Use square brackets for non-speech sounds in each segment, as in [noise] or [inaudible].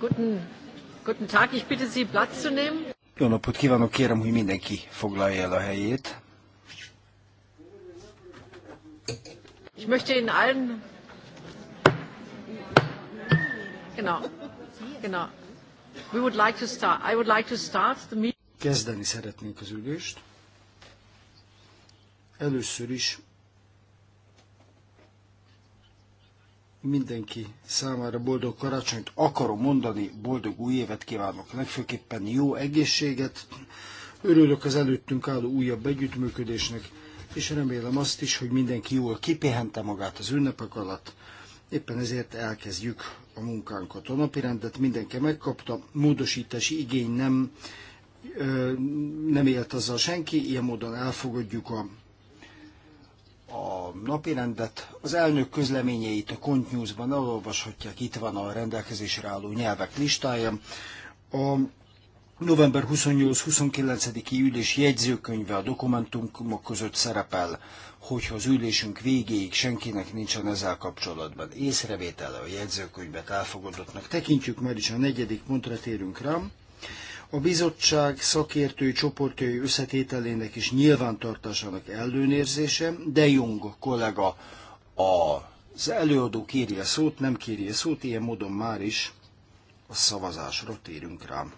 Guten, guten Tag, ich bitte Sie, Platz zu nehmen. Jó napot kívánok, kérem, hogy mindenki foglalja el a helyét. Ich möchte Ihnen allen... Genau, genau. We would like to start. I would like to start the meeting. Kezdeni szeretnénk az ülést. Először is mindenki számára boldog karácsonyt akarom mondani, boldog új évet kívánok, legfőképpen jó egészséget, örülök az előttünk álló újabb együttműködésnek, és remélem azt is, hogy mindenki jól kipihente magát az ünnepek alatt, éppen ezért elkezdjük a munkánkat. A rendet mindenki megkapta, módosítási igény nem, nem élt azzal senki, ilyen módon elfogadjuk a a napirendet, az elnök közleményeit a Kont News-ban elolvashatják, itt van a rendelkezésre álló nyelvek listája. A november 28-29-i ülés jegyzőkönyve a dokumentumok között szerepel, hogyha az ülésünk végéig senkinek nincsen ezzel kapcsolatban észrevétele a jegyzőkönyvet elfogadottnak. Tekintjük már is a negyedik pontra térünk rám a bizottság szakértői csoportjai összetételének és nyilvántartásának ellenőrzése, de Jung kollega az előadó kéri a szót, nem kéri a szót, ilyen módon már is a szavazásra térünk rám.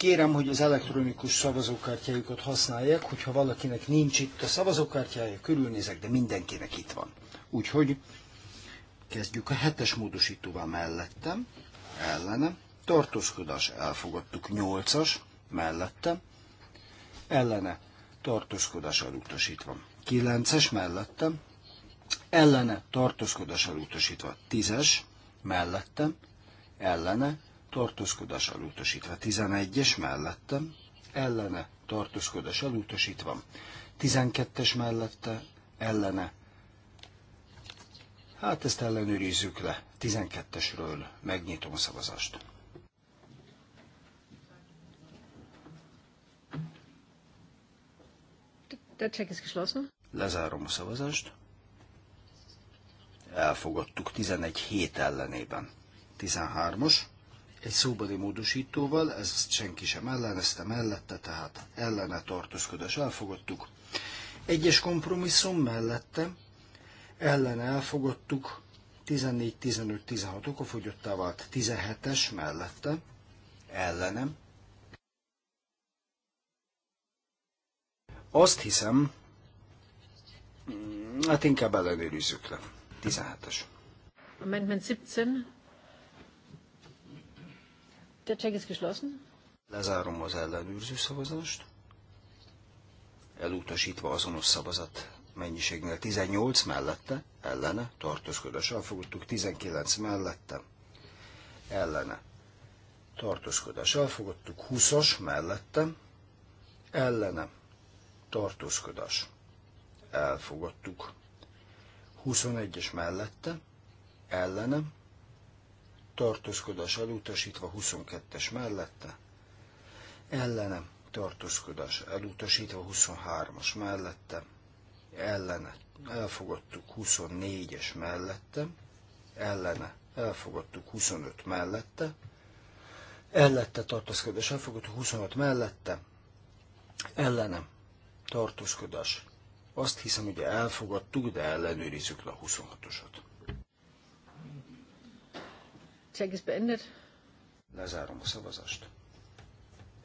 Kérem, hogy az elektronikus szavazókártyájukat használják, hogyha valakinek nincs itt a szavazókártyája, körülnézek, de mindenkinek itt van. Úgyhogy kezdjük a hetes módosítóval mellettem, ellene. tartózkodás elfogadtuk 8-as, mellettem, ellene, tartózkodás elutasítva. 9-es mellettem, ellene, tartózkodás elutasítva. 10-es mellettem, ellene, tartózkodás elutasítva. 11-es mellettem, ellene tartózkodás elutasítva. 12-es mellette, ellene. Hát ezt ellenőrizzük le. 12-esről megnyitom a szavazást. Der Check ist geschlossen. Lezárom a szavazást. Elfogadtuk 11 hét ellenében. 13-os egy szóbeli módosítóval, ezt senki sem ellenezte mellette, tehát ellene tartózkodás elfogadtuk. Egyes kompromisszum mellette ellene elfogadtuk, 14, 15, 16 okofogyottá vált, 17-es mellette, ellenem. Azt hiszem, hát inkább ellenőrizzük le. 17-es. Amendment 17. Der Check ist geschlossen. Lezárom az ellenőrző szavazást. Elutasítva azonos szavazat mennyiségnél 18 mellette, ellene, tartózkodás elfogadtuk, 19 mellette, ellene, tartózkodás elfogadtuk, 20-as mellette, ellene, tartózkodás elfogadtuk, 21-es mellette, ellene, tartózkodás elutasítva 22-es mellette, ellenem tartózkodás elutasítva 23-as mellette, ellene elfogadtuk 24-es mellette, ellene elfogadtuk 25 mellette, ellette tartózkodás elfogadtuk 26 mellette, ellenem tartózkodás. Azt hiszem, hogy elfogadtuk, de ellenőrizzük le a 26-osat. Check is beendet. Lezárom a szavazást.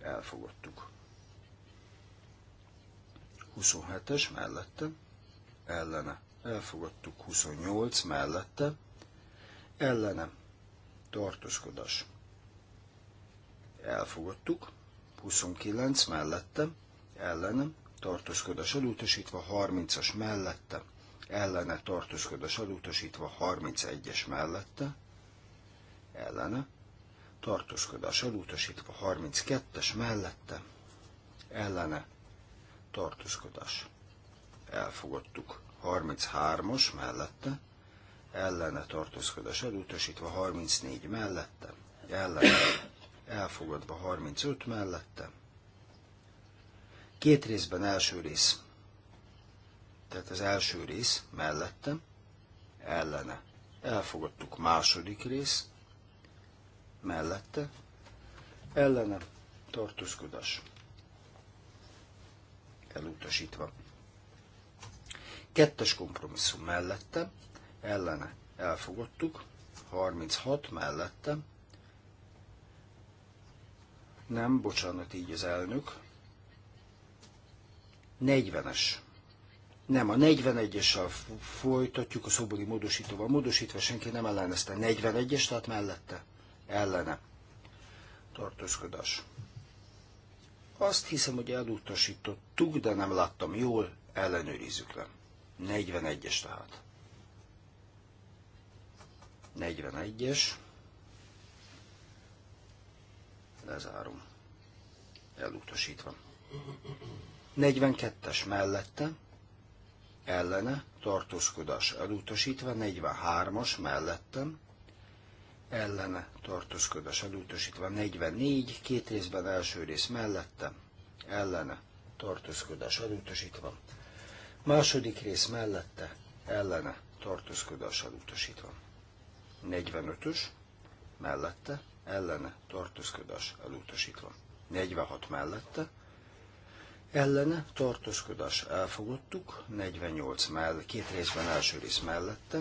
Elfogadtuk. 27-es mellette, ellene. Elfogadtuk 28 mellette, ellene. Tartózkodás. Elfogadtuk. 29 mellette, ellene. Tartózkodás elutasítva, 30-as mellette, ellene tartózkodás elutasítva 31-es mellette, ellene, tartózkodás elutasítva 32-es mellette, ellene, tartózkodás. Elfogadtuk 33-as mellette, ellene tartózkodás elutasítva 34 mellette, ellene elfogadva 35 mellette. Két részben első rész, tehát az első rész mellette, ellene elfogadtuk második rész, mellette, ellene tartózkodás elutasítva. Kettes kompromisszum mellette, ellene elfogadtuk, 36 mellette, nem, bocsánat, így az elnök, 40-es nem, a 41-essel folytatjuk a szobori módosítóval. Módosítva senki nem ellenezte. 41-es, tehát mellette ellene tartózkodás. Azt hiszem, hogy elutasítottuk, de nem láttam jól, ellenőrizzük le. 41-es tehát. 41-es. Lezárom. Elutasítva. 42-es mellette, ellene, tartózkodás elutasítva, 43-as mellettem, ellene tartózkodás elutasítva 44, két részben első rész mellette, ellene tartózkodás elutasítva, második rész mellette, ellene tartózkodás elutasítva. 45-ös, mellette, ellene tartózkodás elutasítva. 46 mellette, ellene tartózkodás elfogadtuk, 48 mell, két részben első rész mellette,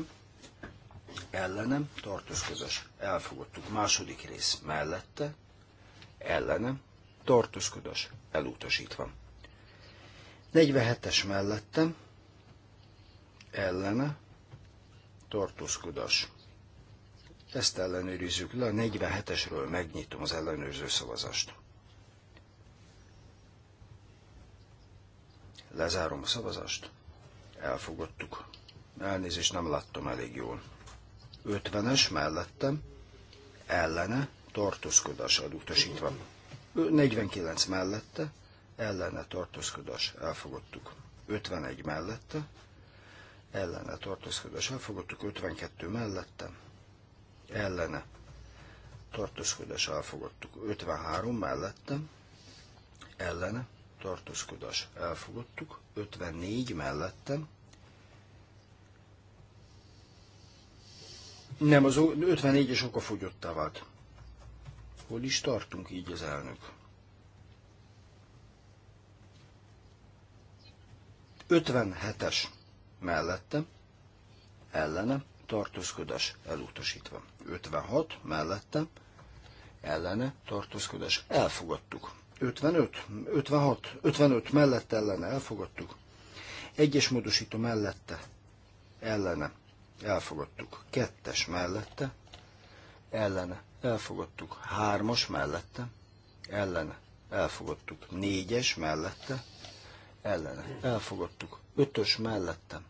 ellenem, tartózkodás, elfogadtuk. Második rész mellette, ellenem, tartózkodás, elutasítva. 47-es mellettem, ellene, tartózkodás. Ezt ellenőrizzük le, a 47-esről megnyitom az ellenőrző szavazást. Lezárom a szavazást. Elfogadtuk. Elnézést nem láttam elég jól ötvenes mellettem, ellene, tartózkodás elutasítva. 49 mellette, ellene tartózkodás elfogadtuk. 51 mellette, ellene tartózkodás elfogadtuk. 52 mellette, ellene tartózkodás elfogadtuk. 53 mellette, ellene tartózkodás elfogadtuk. 54 mellettem, Nem, az 54-es okafogyottá vált. Hol is tartunk így az elnök? 57-es mellette, ellene, tartózkodás elutasítva. 56 mellette, ellene, tartózkodás elfogadtuk. 55, 56, 55 mellette, ellene elfogadtuk. Egyes módosító mellette, ellene elfogadtuk. Kettes mellette, ellene, elfogadtuk. Hármas mellette, ellene, elfogadtuk. Négyes mellette, ellene, elfogadtuk. Ötös mellette,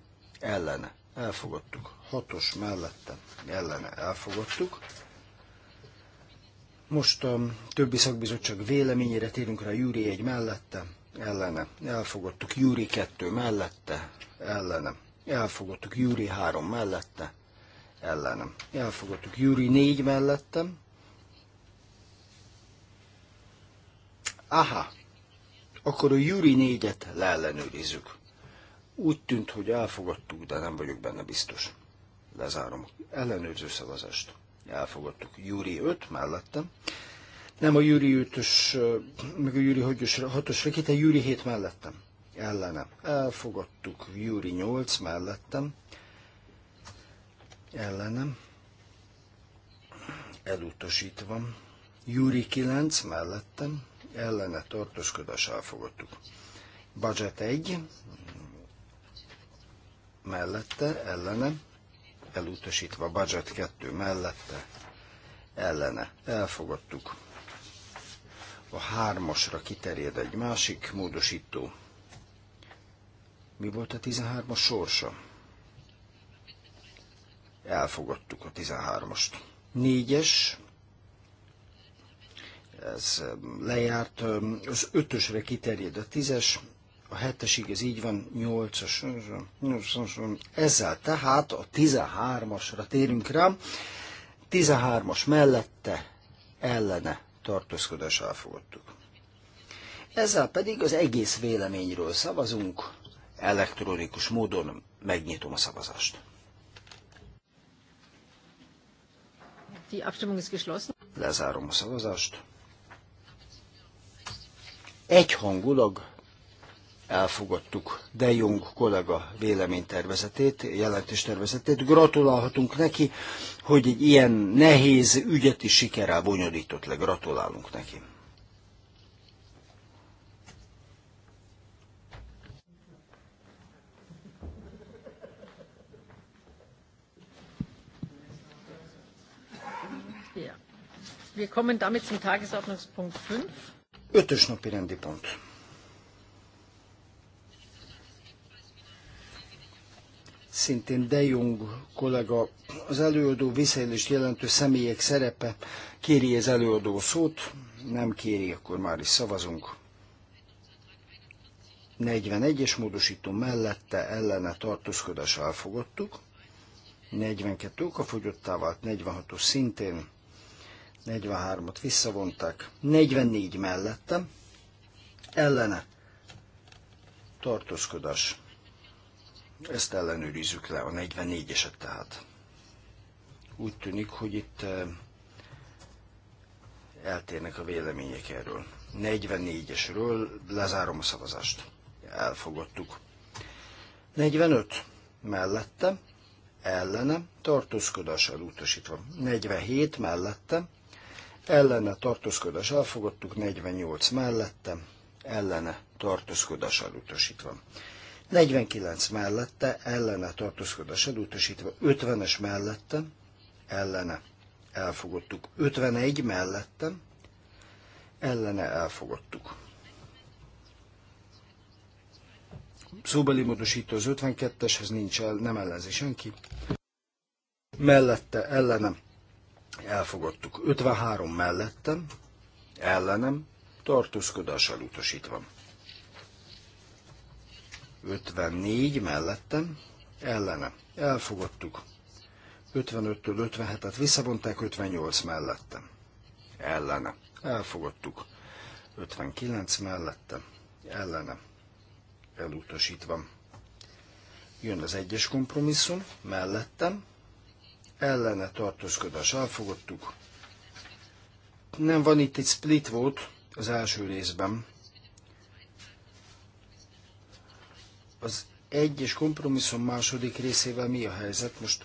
ellene, elfogadtuk. Hatos mellette, ellene, elfogadtuk. Most a többi szakbizottság véleményére térünk rá Júri egy mellette, ellene, elfogadtuk. Júri kettő mellette, ellene, elfogadtuk Júri három mellette, ellenem. Elfogadtuk Júri négy mellettem. Aha, akkor a Júri négyet leellenőrizzük. Úgy tűnt, hogy elfogadtuk, de nem vagyok benne biztos. Lezárom. Ellenőrző szavazást. Elfogadtuk. Júri 5 mellettem. Nem a Júri 5-ös, meg a Júri 6-os, 6 Júri 7 mellettem ellene. Elfogadtuk Júri 8 mellettem, ellenem, elutasítva. Júri 9 mellettem, ellene tartózkodás elfogadtuk. Budget 1 mellette, ellene, elutasítva. Budget 2 mellette, ellene, elfogadtuk. A hármasra kiterjed egy másik módosító mi volt a 13-as sorsa? Elfogadtuk a 13-ast. Négyes. ez lejárt, az ötösre kiterjed a tízes. a hetesig ez így van, Nyolcas. ezzel tehát a 13-asra térünk rá, 13-as mellette ellene tartózkodás elfogadtuk. Ezzel pedig az egész véleményről szavazunk, elektronikus módon megnyitom a szavazást. Lezárom a szavazást. Egyhangulag elfogadtuk De Jong kollega véleménytervezetét, jelentéstervezetét. Gratulálhatunk neki, hogy egy ilyen nehéz ügyet is sikerrel bonyolított le. Gratulálunk neki. Wir kommen damit zum Tagesordnungspunkt 5. Ötös napi rendi pont. Szintén De Jung kollega az előadó visszaélést jelentő személyek szerepe. Kéri az előadó szót, nem kéri, akkor már is szavazunk. 41-es módosító mellette ellene tartózkodás elfogadtuk. 42 fogyottá vált, 46-os szintén, 43-at visszavonták, 44 mellettem, ellene tartózkodás. Ezt ellenőrizzük le, a 44-eset tehát. Úgy tűnik, hogy itt eh, eltérnek a vélemények erről. 44-esről lezárom a szavazást. Elfogadtuk. 45 mellette, ellene, tartózkodás elutasítva. 47 mellette, ellene tartózkodás elfogadtuk, 48 mellette, ellene tartózkodás elutasítva. 49 mellette, ellene tartózkodás elutasítva, 50-es mellette, ellene elfogadtuk, 51 mellette, ellene elfogadtuk. Szóbeli módosító az 52-eshez nincs el, nem ellenzi senki. Mellette, ellenem elfogadtuk. 53 mellettem, ellenem, tartózkodással utasítva. 54 mellettem, ellenem, elfogadtuk. 55-től 57-et visszavonták, 58 mellettem, ellene, elfogadtuk. 59 mellettem, ellene, elutasítva. Jön az egyes kompromisszum, mellettem, ellene tartózkodás elfogadtuk. Nem van itt egy split volt az első részben. Az egyes kompromisszum második részével mi a helyzet? Most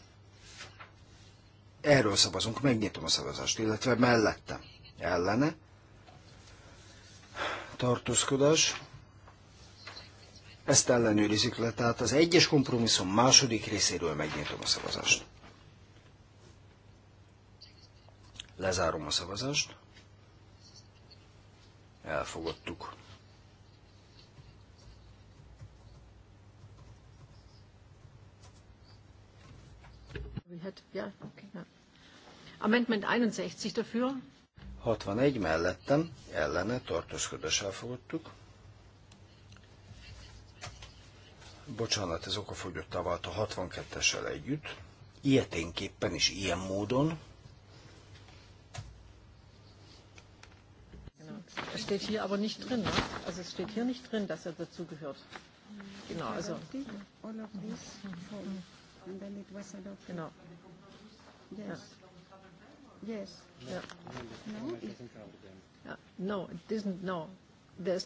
erről szavazunk, megnyitom a szavazást, illetve mellette. Ellene. Tartózkodás. Ezt ellenőrizik le, tehát az egyes kompromisszum második részéről megnyitom a szavazást. Lezárom a szavazást. Elfogadtuk. Amendment 61 dafür. 61 mellettem, ellene tartózkodás elfogadtuk. Bocsánat, ez okafogyott a 62-essel együtt. Ilyeténképpen és ilyen módon Es steht hier aber nicht drin. Ne? Also es steht hier nicht drin, dass er dazugehört. Genau, also. Genau. Yes. Yes. Yeah. No, it, yeah. no, it doesn't.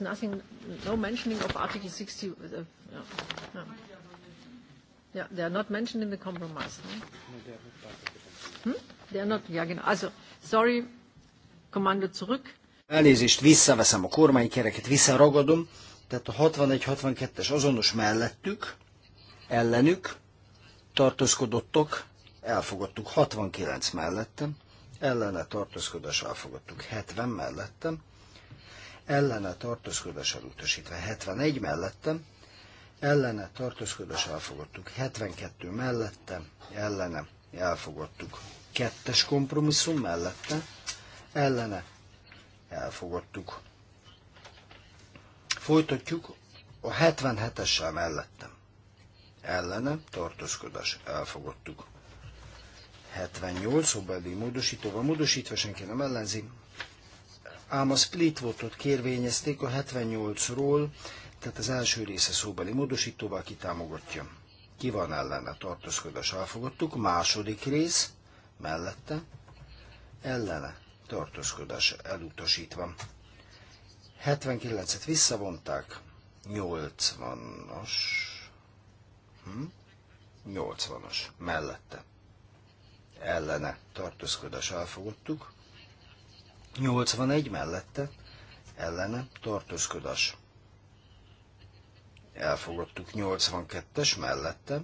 nothing. No mentioning of Article 60. Uh, yeah. No. Yeah, they are not mentioned in the compromise. No? Hm? They are not. Ja, genau. Also, sorry, Kommando zurück Elnézést, visszaveszem a kormánykereket, visszaragadom. Tehát a 61-62-es azonos mellettük, ellenük tartózkodottok, elfogadtuk 69 mellettem, ellene tartózkodás elfogadtuk 70 mellettem, ellene tartózkodás elutasítva 71 mellettem, ellene tartózkodás elfogadtuk 72 mellettem, ellene elfogadtuk kettes kompromisszum mellette, ellene Elfogadtuk. Folytatjuk a 77-essel mellettem. Ellenem tartózkodás. Elfogadtuk. 78 szobeli módosítóval módosítva senki nem ellenzi. Ám a split votot kérvényezték a 78-ról, tehát az első része szóbeli módosítóval kitámogatja. Ki van ellene tartózkodás elfogadtuk, második rész mellette ellene tartózkodás elutasítva. 79-et visszavonták, 80-as, hm? 80-as, mellette, ellene tartózkodás elfogadtuk, 81 mellette, ellene tartózkodás. Elfogadtuk 82-es mellette,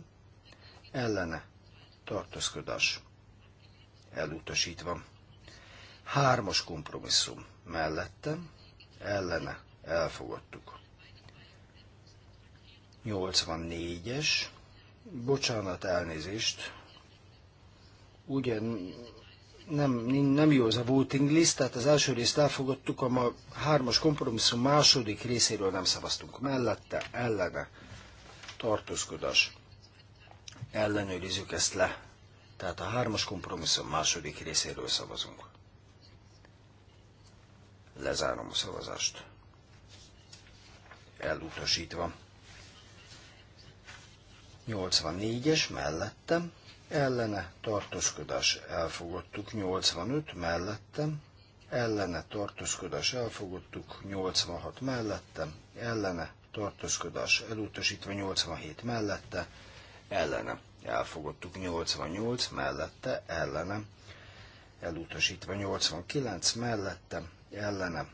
ellene tartózkodás. Elutasítva. Hármas kompromisszum mellettem, ellene elfogadtuk. 84-es, bocsánat, elnézést, ugyan nem, nem jó az a voting list, tehát az első részt elfogadtuk, a ma hármas kompromisszum második részéről nem szavaztunk mellette, ellene, tartózkodás. Ellenőrizzük ezt le. Tehát a hármas kompromisszum második részéről szavazunk. Lezárom a szavazást. Elutasítva. 84-es mellettem, ellene tartózkodás elfogadtuk, 85 mellettem, ellene tartózkodás elfogadtuk, 86 mellettem, ellene tartózkodás elutasítva, 87 mellette, ellene elfogadtuk, 88 mellette, ellene elutasítva, 89 mellettem, ellenem,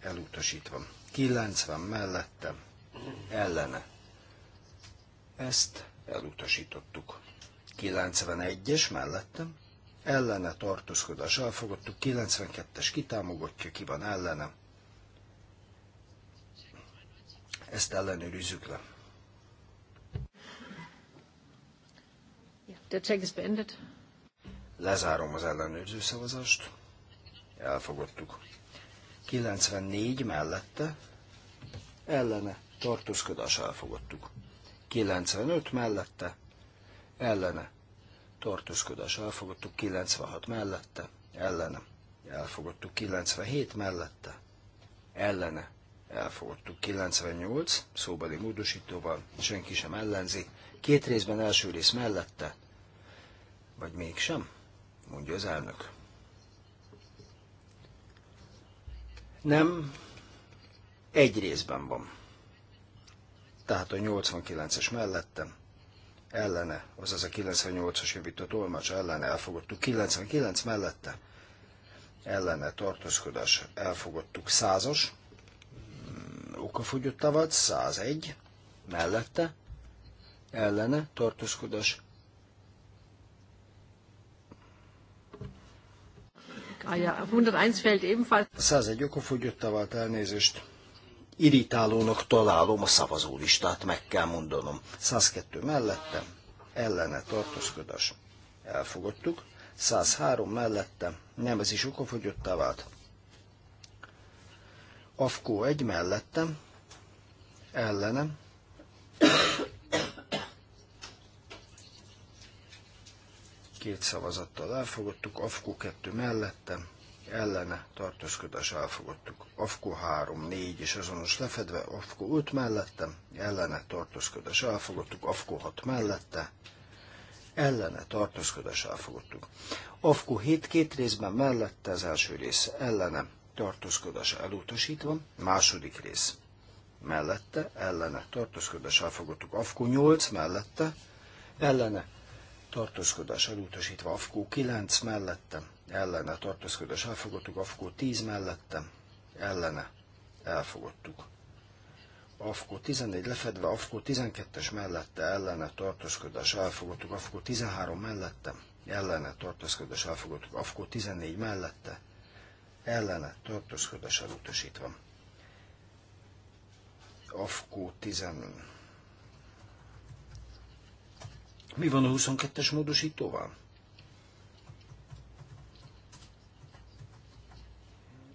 elutasítva. 90 mellettem, ellene. Ezt elutasítottuk. 91-es mellettem, ellene tartózkodás elfogadtuk, 92-es kitámogatja, ki van ellene. Ezt ellenőrizzük le. Lezárom az ellenőrző szavazást. Elfogadtuk. 94 mellette ellene tartózkodás elfogadtuk. 95 mellette ellene tartózkodás elfogadtuk. 96 mellette ellene elfogadtuk. 97 mellette ellene elfogadtuk. 98 szóbeli módosítóval senki sem ellenzi. Két részben első rész mellette, vagy mégsem, mondja az elnök. Nem, egy részben van. Tehát a 89-es mellettem ellene, azaz a 98-as javított olmacs ellene elfogadtuk, 99 mellette ellene tartózkodás elfogadtuk, 100-as, mm, okafogyott tavat, 101 mellette ellene tartózkodás Ah, ja, 101 fällt ebenfalls. 101 okofogyottá vált elnézést. Irritálónak találom a szavazólistát, meg kell mondanom. 102 mellettem, ellene tartózkodás. Elfogadtuk. 103 mellettem, nem, ez is okofogyottá vált. Afkó 1 mellettem, ellenem, két szavazattal elfogadtuk, AFKO 2 mellette, ellene tartózkodás elfogadtuk. AFKO 3, 4 és azonos lefedve, AFKO 5 mellette, ellene tartózkodás elfogadtuk, AFKO 6 mellette, ellene tartózkodás elfogadtuk. AFKO 7 két részben mellette az első rész ellene tartózkodás elutasítva, második rész mellette, ellene tartózkodás elfogadtuk. AFKO 8 mellette, ellene tartózkodás elutasítva, AFKÓ 9 mellettem, ellene tartózkodás elfogadtuk, AFKÓ 10 mellettem, ellene elfogadtuk. AFKÓ 14 lefedve, AFKÓ 12-es mellette ellene tartózkodás elfogadtuk, AFKÓ 13 mellettem, ellene tartózkodás elfogadtuk, AFKÓ 14 mellette, ellene tartózkodás elutasítva. AFKÓ 14. Mi van a 22-es módosítóval?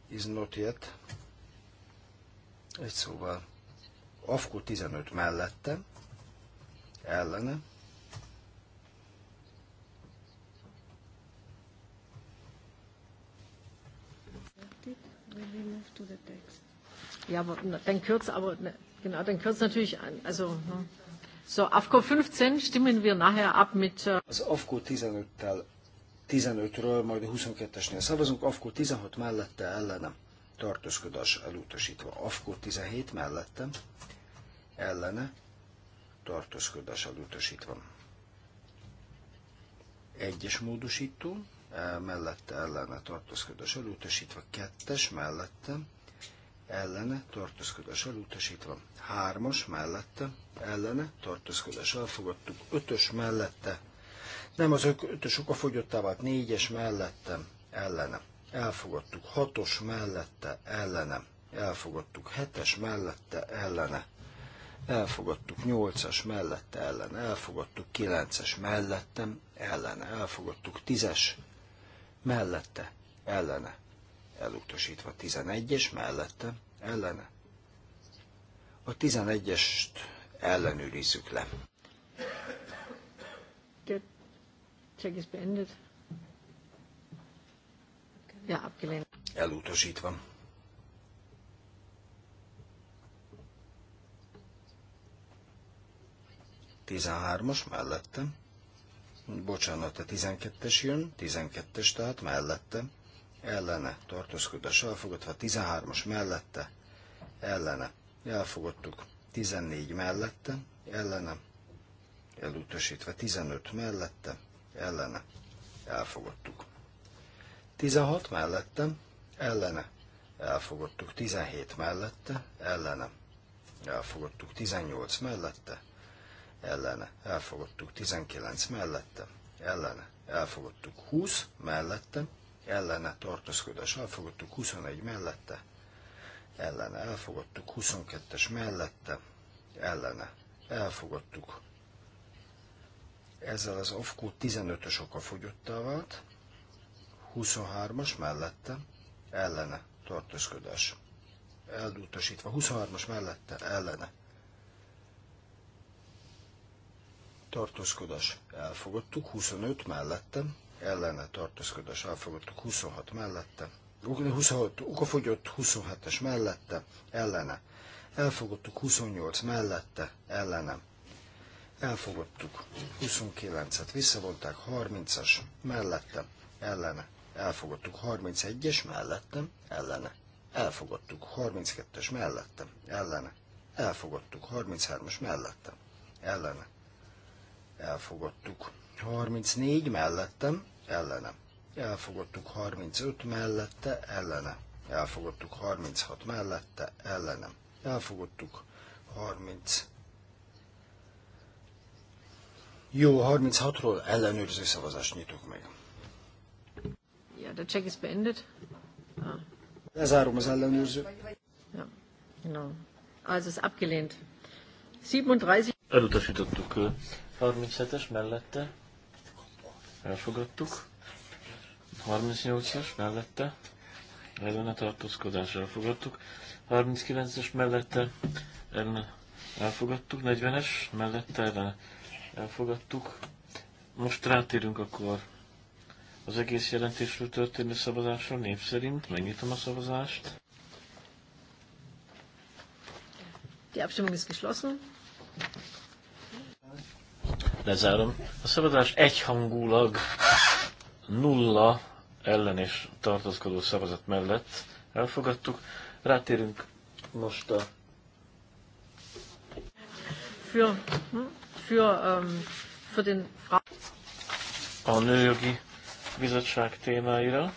Is not yet. Egy szóval. Afko 15 mellette, ellene. Ja, aber dann kürzt aber genau, dann kürzt natürlich Also, ne? So, AFCO 15 stimmen wir nachher ab mit... Uh... Az AFCO 15-tel 15-ről, majd a 22-esnél szavazunk, AFCO 16 mellette ellenem tartózkodás elutasítva. AFKO 17 mellettem, ellene, tartózkodás elutasítva. Egyes módosító, eh, mellette, ellene, tartózkodás elutasítva. Kettes mellettem, ellene tartózkodás elutasítva. Hármas mellette ellene tartózkodás elfogadtuk. Ötös mellette nem az ötös okafogyottá vált, négyes mellette ellene. Elfogadtuk. Hatos mellette ellene. Elfogadtuk. Hetes mellette ellene. Elfogadtuk. Nyolcas mellette ellene Elfogadtuk. Kilences mellettem ellene Elfogadtuk. Tízes mellette ellene elutasítva 11-es mellette, ellene. A 11-est ellenőrizzük le. Der Check beendet. Ja, abgelehnt. Elutasítva. Tizenhármas mellette. Bocsánat, a tizenkettes jön, tizenkettes tehát mellette ellene tartózkodás elfogadva, 13-as mellette ellene elfogadtuk, 14 mellette ellene elutasítva, 15 mellette ellene elfogadtuk. 16 mellette ellene elfogadtuk, 17 mellette ellene elfogadtuk, 18 mellette ellene elfogadtuk, 19 mellette ellene elfogadtuk, 20 mellette ellene tartózkodás elfogadtuk, 21 mellette ellene elfogadtuk, 22-es mellette ellene elfogadtuk. Ezzel az AFKÓ 15-ös oka fogyottá vált, 23-as mellette ellene tartózkodás. Elutasítva, 23-as mellette ellene tartózkodás. Elfogadtuk, 25 mellettem ellene tartózkodás elfogadtuk 26 mellette, 26 okafogyott 27-es mellette, ellene. Elfogadtuk 28 mellette, ellene. Elfogadtuk 29-et, visszavonták 30-as mellette, ellene. Elfogadtuk 31-es mellette, ellene. Elfogadtuk 32-es mellette, ellene. Elfogadtuk 33-as mellette, ellene. Elfogadtuk 34 mellettem, ellenem. Elfogadtuk 35 mellette, ellene. Elfogadtuk 36 mellette, ellenem. Elfogadtuk 30. Jó, 36-ról ellenőrző szavazást nyitok meg. Ja, der Check is beendet. Ah. Lezárom az ellenőrző. Ja, genau. Also ist abgelehnt. 37. Elutasítottuk 37-es mellette elfogadtuk. 38-as mellette ellene tartózkodás elfogadtuk. 39-es mellette ellene elfogadtuk. 40-es mellette ellene elfogadtuk. Most rátérünk akkor az egész jelentésről történő szavazásra név szerint. Megnyitom a szavazást. Die Abstimmung ist geschlossen. Lezárom. A szavazás egyhangulag nulla ellen és tartozkodó szavazat mellett elfogadtuk. Rátérünk most a für, hm, für, um, für den a nőjogi bizottság témáira.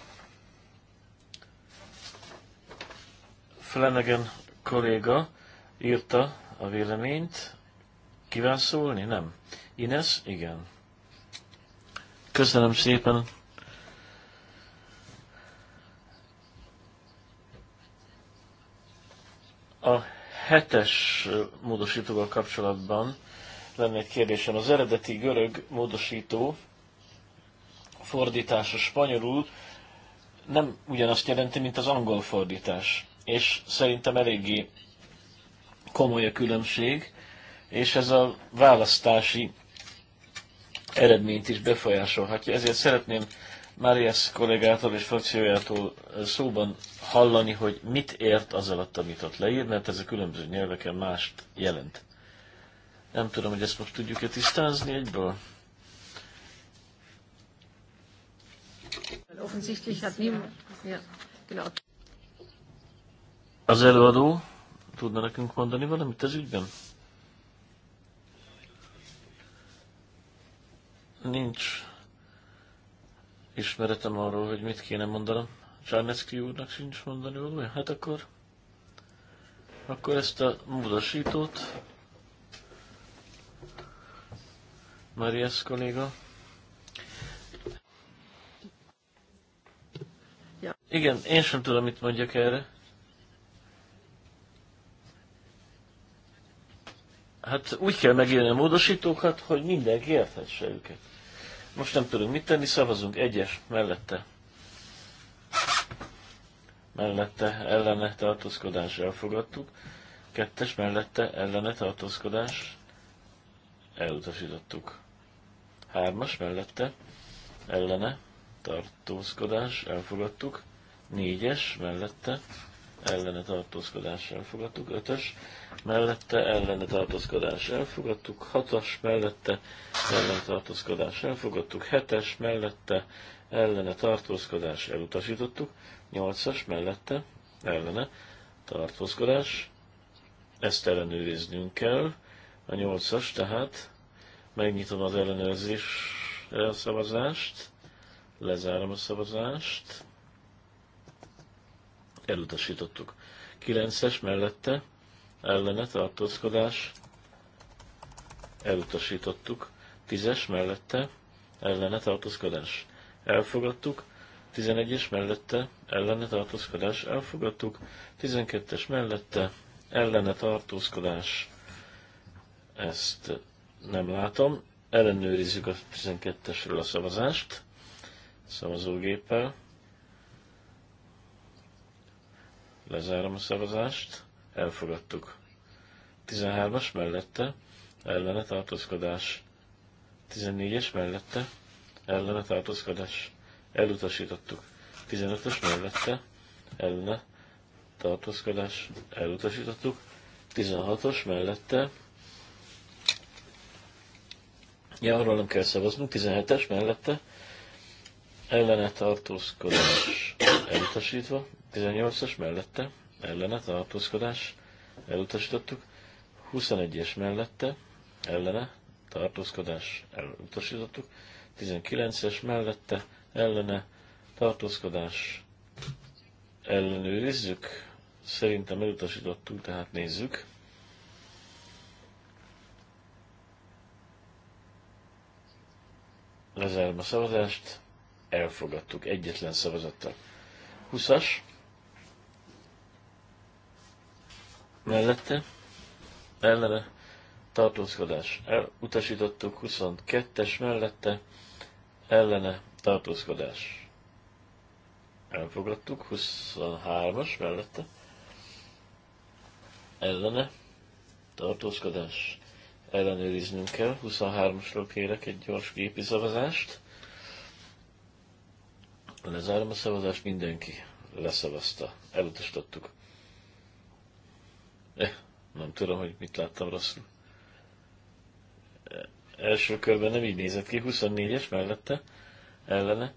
Flanagan kolléga írta a véleményt. Kíván szólni? Nem. Ines, igen. Köszönöm szépen. A hetes módosítóval kapcsolatban lenne egy kérdésem. Az eredeti görög módosító fordítása spanyolul nem ugyanazt jelenti, mint az angol fordítás. És szerintem eléggé komoly a különbség, és ez a választási eredményt is befolyásolhatja. Ezért szeretném Máriás kollégától és frakciójától eh, szóban hallani, hogy mit ért az alatt, amit ott leír, mert ez a különböző nyelveken mást jelent. Nem tudom, hogy ezt most tudjuk-e tisztázni egyből. Az előadó tudna nekünk mondani valamit ez ügyben? Nincs ismeretem arról, hogy mit kéne mondanom. Csárneszki úrnak sincs mondani valója? Hát akkor... Akkor ezt a módosítót... Marias kolléga. Ja. Igen, én sem tudom, mit mondjak erre. Hát úgy kell megélni a módosítókat, hogy mindenki érthesse őket. Most nem tudunk mit tenni, szavazunk egyes mellette. Mellette ellene tartózkodás elfogadtuk. Kettes mellette ellene tartózkodás elutasítottuk. Hármas mellette ellene tartózkodás elfogadtuk. Négyes mellette ellene tartózkodás elfogadtuk. Ötös mellette ellene tartózkodás elfogadtuk, 6-as mellette ellene tartózkodás elfogadtuk, 7-es mellette ellene tartózkodás elutasítottuk, 8-as mellette ellene tartózkodás, ezt ellenőriznünk kell, a 8-as, tehát megnyitom az ellenőrzésre eh, szavazást, lezárom a szavazást, elutasítottuk. 9-es mellette ellene tartózkodás elutasítottuk. Tízes mellette ellene tartózkodás elfogadtuk. Tizenegyes mellette ellene tartózkodás elfogadtuk. Tizenkettes mellette ellene tartózkodás ezt nem látom. Ellenőrizzük a 12-esről a szavazást szavazógéppel. Lezárom a szavazást elfogadtuk. 13-as mellette ellene tartózkodás. 14-es mellette ellene tartózkodás. Elutasítottuk. 15-ös mellette ellene tartózkodás. Elutasítottuk. 16-os mellette Ja, arról nem kell szavaznunk. 17-es mellette ellene tartózkodás elutasítva. 18-as mellette ellene tartózkodás elutasítottuk, 21-es mellette ellene tartózkodás elutasítottuk, 19-es mellette ellene tartózkodás ellenőrizzük, szerintem elutasítottuk, tehát nézzük. Lezárom a szavazást, elfogadtuk egyetlen szavazattal. 20-as mellette, ellene tartózkodás elutasítottuk, 22-es mellette, ellene tartózkodás elfogadtuk, 23-as mellette, ellene tartózkodás ellenőriznünk kell, 23-asról kérek egy gyors gépi szavazást, lezárom a szavazást, mindenki leszavazta, elutasítottuk. Eh, nem tudom, hogy mit láttam rosszul. Eh, első körben nem így nézett ki, 24-es mellette, ellene.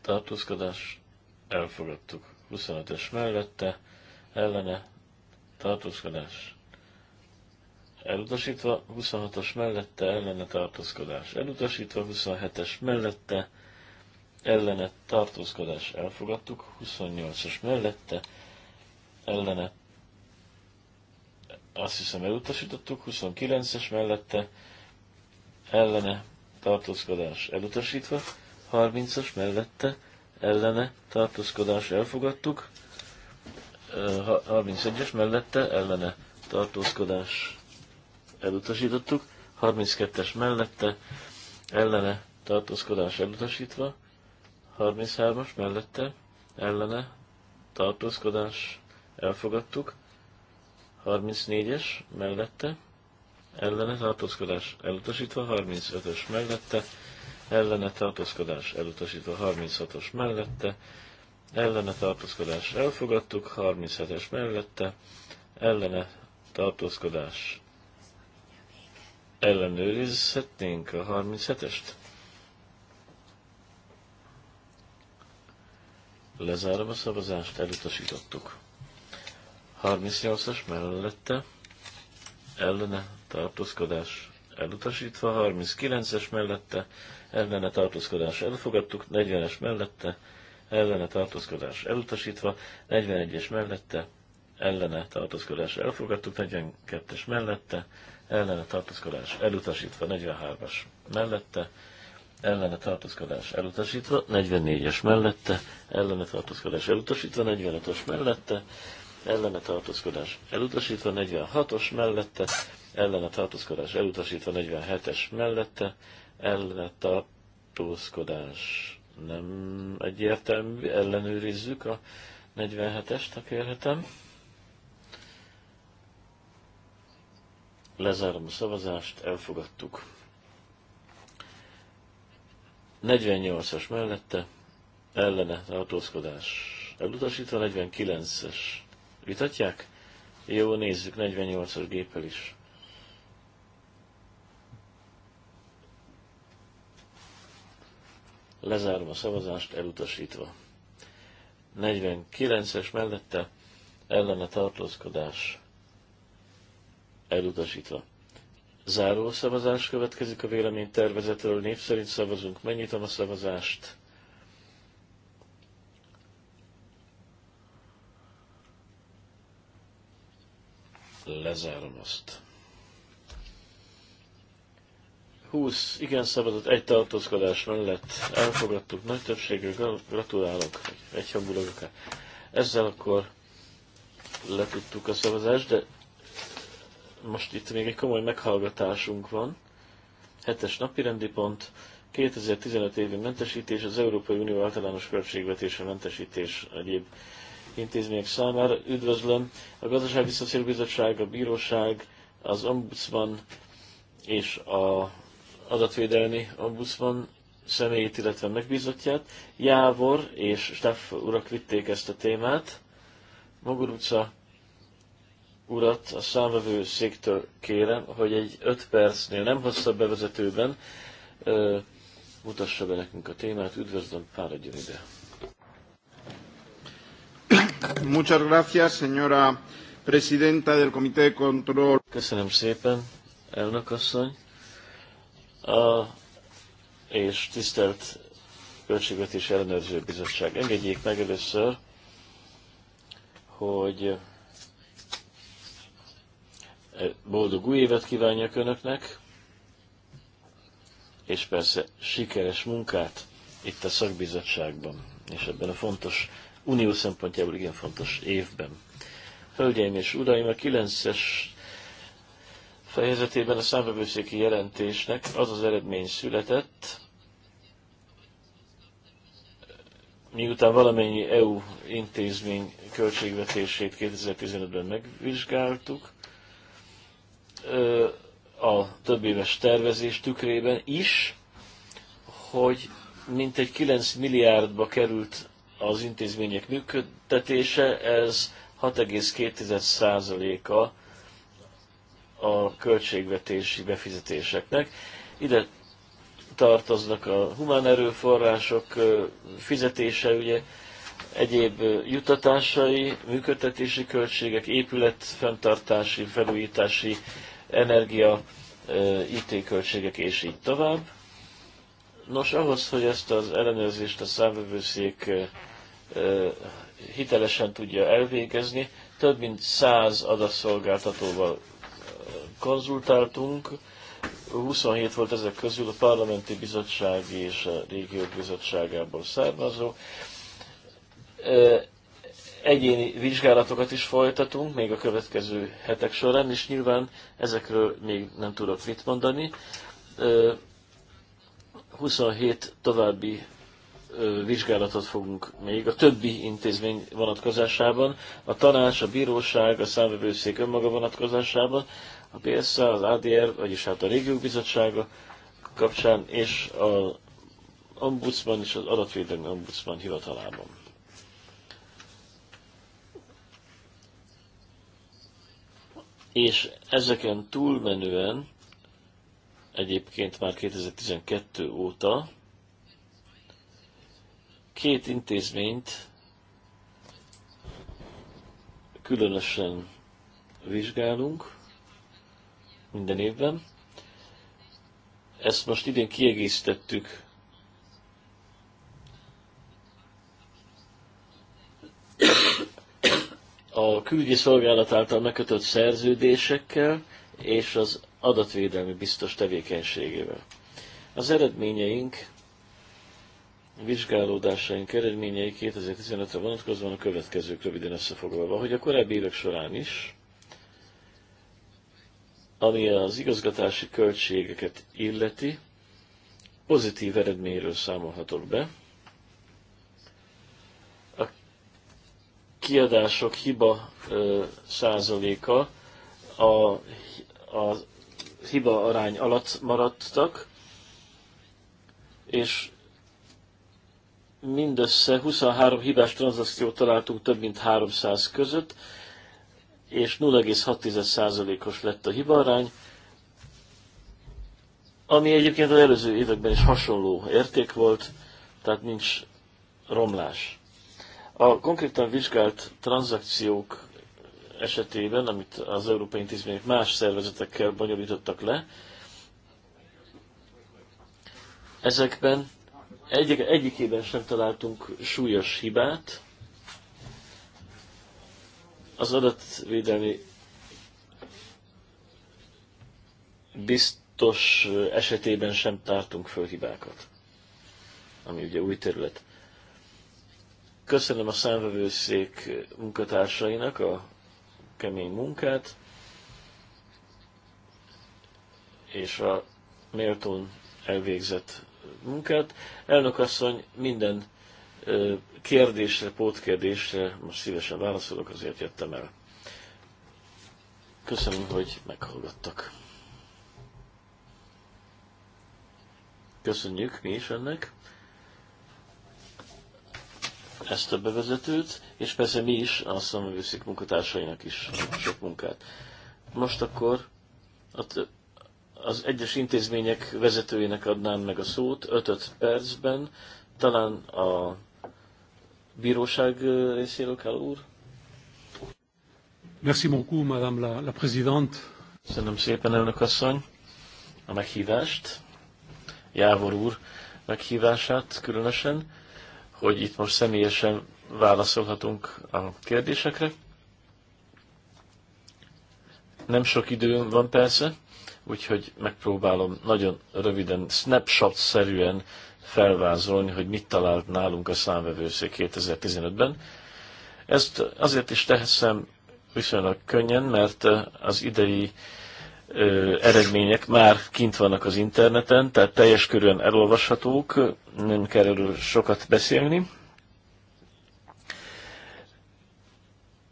Tartózkodás, elfogadtuk. 25-es mellette, ellene, tartózkodás, elutasítva 26-os mellette ellene tartózkodás, elutasítva 27-es mellette ellene tartózkodás, elfogadtuk 28-as mellette ellene azt hiszem elutasítottuk, 29-es mellette ellene tartózkodás elutasítva, 30-as mellette ellene tartózkodás elfogadtuk, 31-es mellette ellene tartózkodás elutasítottuk, 32-es mellette ellene tartózkodás elutasítva, 33-as mellette ellene tartózkodás elfogadtuk. 34-es mellette, ellene tartózkodás elutasítva, 35-ös mellette, ellene tartózkodás elutasítva, 36-os mellette, ellene tartózkodás elfogadtuk, 37-es mellette, ellene tartózkodás ellenőrizhetnénk a 37-est? Lezárom a szavazást, elutasítottuk. 38-as mellette ellene tartózkodás elutasítva, 39-es mellette ellene tartózkodás elfogadtuk, 40-es mellette ellene tartózkodás elutasítva, 41-es mellette ellene tartózkodás elfogadtuk, 42-es mellette ellene tartózkodás elutasítva, 43-as mellette ellene tartózkodás elutasítva, 44-es mellette ellene tartózkodás elutasítva, 45-ös mellette ellene tartózkodás elutasítva, 46-os mellette, ellene tartózkodás elutasítva, 47-es mellette, ellene tartózkodás nem egyértelmű, ellenőrizzük a 47-est, ha kérhetem. Lezárom a szavazást, elfogadtuk. 48-as mellette, ellene tartózkodás elutasítva, 49-es vitatják? Jó, nézzük 48-as géppel is. Lezárom a szavazást elutasítva. 49-es mellette ellene tartózkodás elutasítva. Záró szavazás következik a véleménytervezetről, név szerint szavazunk, megnyitom a szavazást. lezárom azt. 20 igen szabadott, egy tartózkodás mellett elfogadtuk nagy többségre. gratulálok, Egy akár. Ezzel akkor letudtuk a szavazást, de most itt még egy komoly meghallgatásunk van. Hetes napi rendi pont, 2015 évi mentesítés, az Európai Unió általános költségvetése mentesítés egyéb intézmények számára. Üdvözlöm a Gazdasági Bizottság, a Bíróság, az Ombudsman és az adatvédelmi ombudsman személyét, illetve megbízottját. Jávor és Staff urak vitték ezt a témát. Moguruca urat a számvevő széktől kérem, hogy egy 5 percnél nem hosszabb bevezetőben ö, mutassa be nekünk a témát. Üdvözlöm, fáradjon ide! Muchas gracias, señora presidenta del Comité de Control. Köszönöm szépen, elnök asszony. A, és tisztelt Költségvetés Ellenőrző Bizottság. Engedjék meg először, hogy eh, boldog új évet kívánjak Önöknek, és persze sikeres munkát itt a szakbizottságban, és ebben a fontos unió szempontjából igen fontos évben. Hölgyeim és uraim, a 9-es fejezetében a számbevőszéki jelentésnek az az eredmény született, miután valamennyi EU intézmény költségvetését 2015-ben megvizsgáltuk, a több éves tervezés tükrében is, hogy mintegy 9 milliárdba került az intézmények működtetése, ez 6,2%-a a költségvetési befizetéseknek. Ide tartoznak a humán erőforrások fizetése, ugye egyéb jutatásai, működtetési költségek, épület fenntartási, felújítási, energia, IT költségek és így tovább. Nos, ahhoz, hogy ezt az ellenőrzést a számvevőszék hitelesen tudja elvégezni. Több mint száz adatszolgáltatóval konzultáltunk, 27 volt ezek közül a parlamenti bizottság és a régiók bizottságából származó. Egyéni vizsgálatokat is folytatunk, még a következő hetek során, és nyilván ezekről még nem tudok mit mondani. 27 további vizsgálatot fogunk még a többi intézmény vonatkozásában, a tanács, a bíróság, a számvevőszék önmaga vonatkozásában, a BSZ, az ADR, vagyis hát a régiók bizottsága kapcsán, és az ombudsman és az adatvédelmi ombudsman hivatalában. És ezeken túlmenően egyébként már 2012 óta két intézményt különösen vizsgálunk minden évben. Ezt most idén kiegészítettük a külügyi szolgálat által megkötött szerződésekkel és az adatvédelmi biztos tevékenységével. Az eredményeink vizsgálódásaink eredményei 2015-re vonatkozóan a következők röviden összefoglalva, hogy a korábbi évek során is, ami az igazgatási költségeket illeti, pozitív eredményről számolhatok be. A kiadások hiba ö, százaléka a, a hiba arány alatt maradtak, és mindössze 23 hibás tranzakciót találtunk több mint 300 között, és 0,6%-os lett a hibarány, ami egyébként az előző években is hasonló érték volt, tehát nincs romlás. A konkrétan vizsgált tranzakciók esetében, amit az Európai Intézmények más szervezetekkel bonyolítottak le, ezekben egy, egyikében sem találtunk súlyos hibát. Az adatvédelmi biztos esetében sem tártunk föl hibákat, ami ugye új terület. Köszönöm a számvevőszék munkatársainak a kemény munkát, és a méltón elvégzett munkát. Elnök asszony minden kérdésre, pótkérdésre most szívesen válaszolok, azért jöttem el. Köszönöm, hogy meghallgattak. Köszönjük mi is ennek ezt a bevezetőt, és persze mi is, a számvőszik munkatársainak is sok munkát. Most akkor a az egyes intézmények vezetőjének adnám meg a szót 5 5 percben, talán a bíróság részéről kell úr. Merci beaucoup, madame la, la présidente. Köszönöm szépen, elnök asszony, a meghívást, Jávor úr meghívását különösen, hogy itt most személyesen válaszolhatunk a kérdésekre. Nem sok időm van persze, úgyhogy megpróbálom nagyon röviden, snapshot-szerűen felvázolni, hogy mit talált nálunk a számvevőszék 2015-ben. Ezt azért is teszem viszonylag könnyen, mert az idei ö, eredmények már kint vannak az interneten, tehát teljes körűen elolvashatók, nem kell erről sokat beszélni.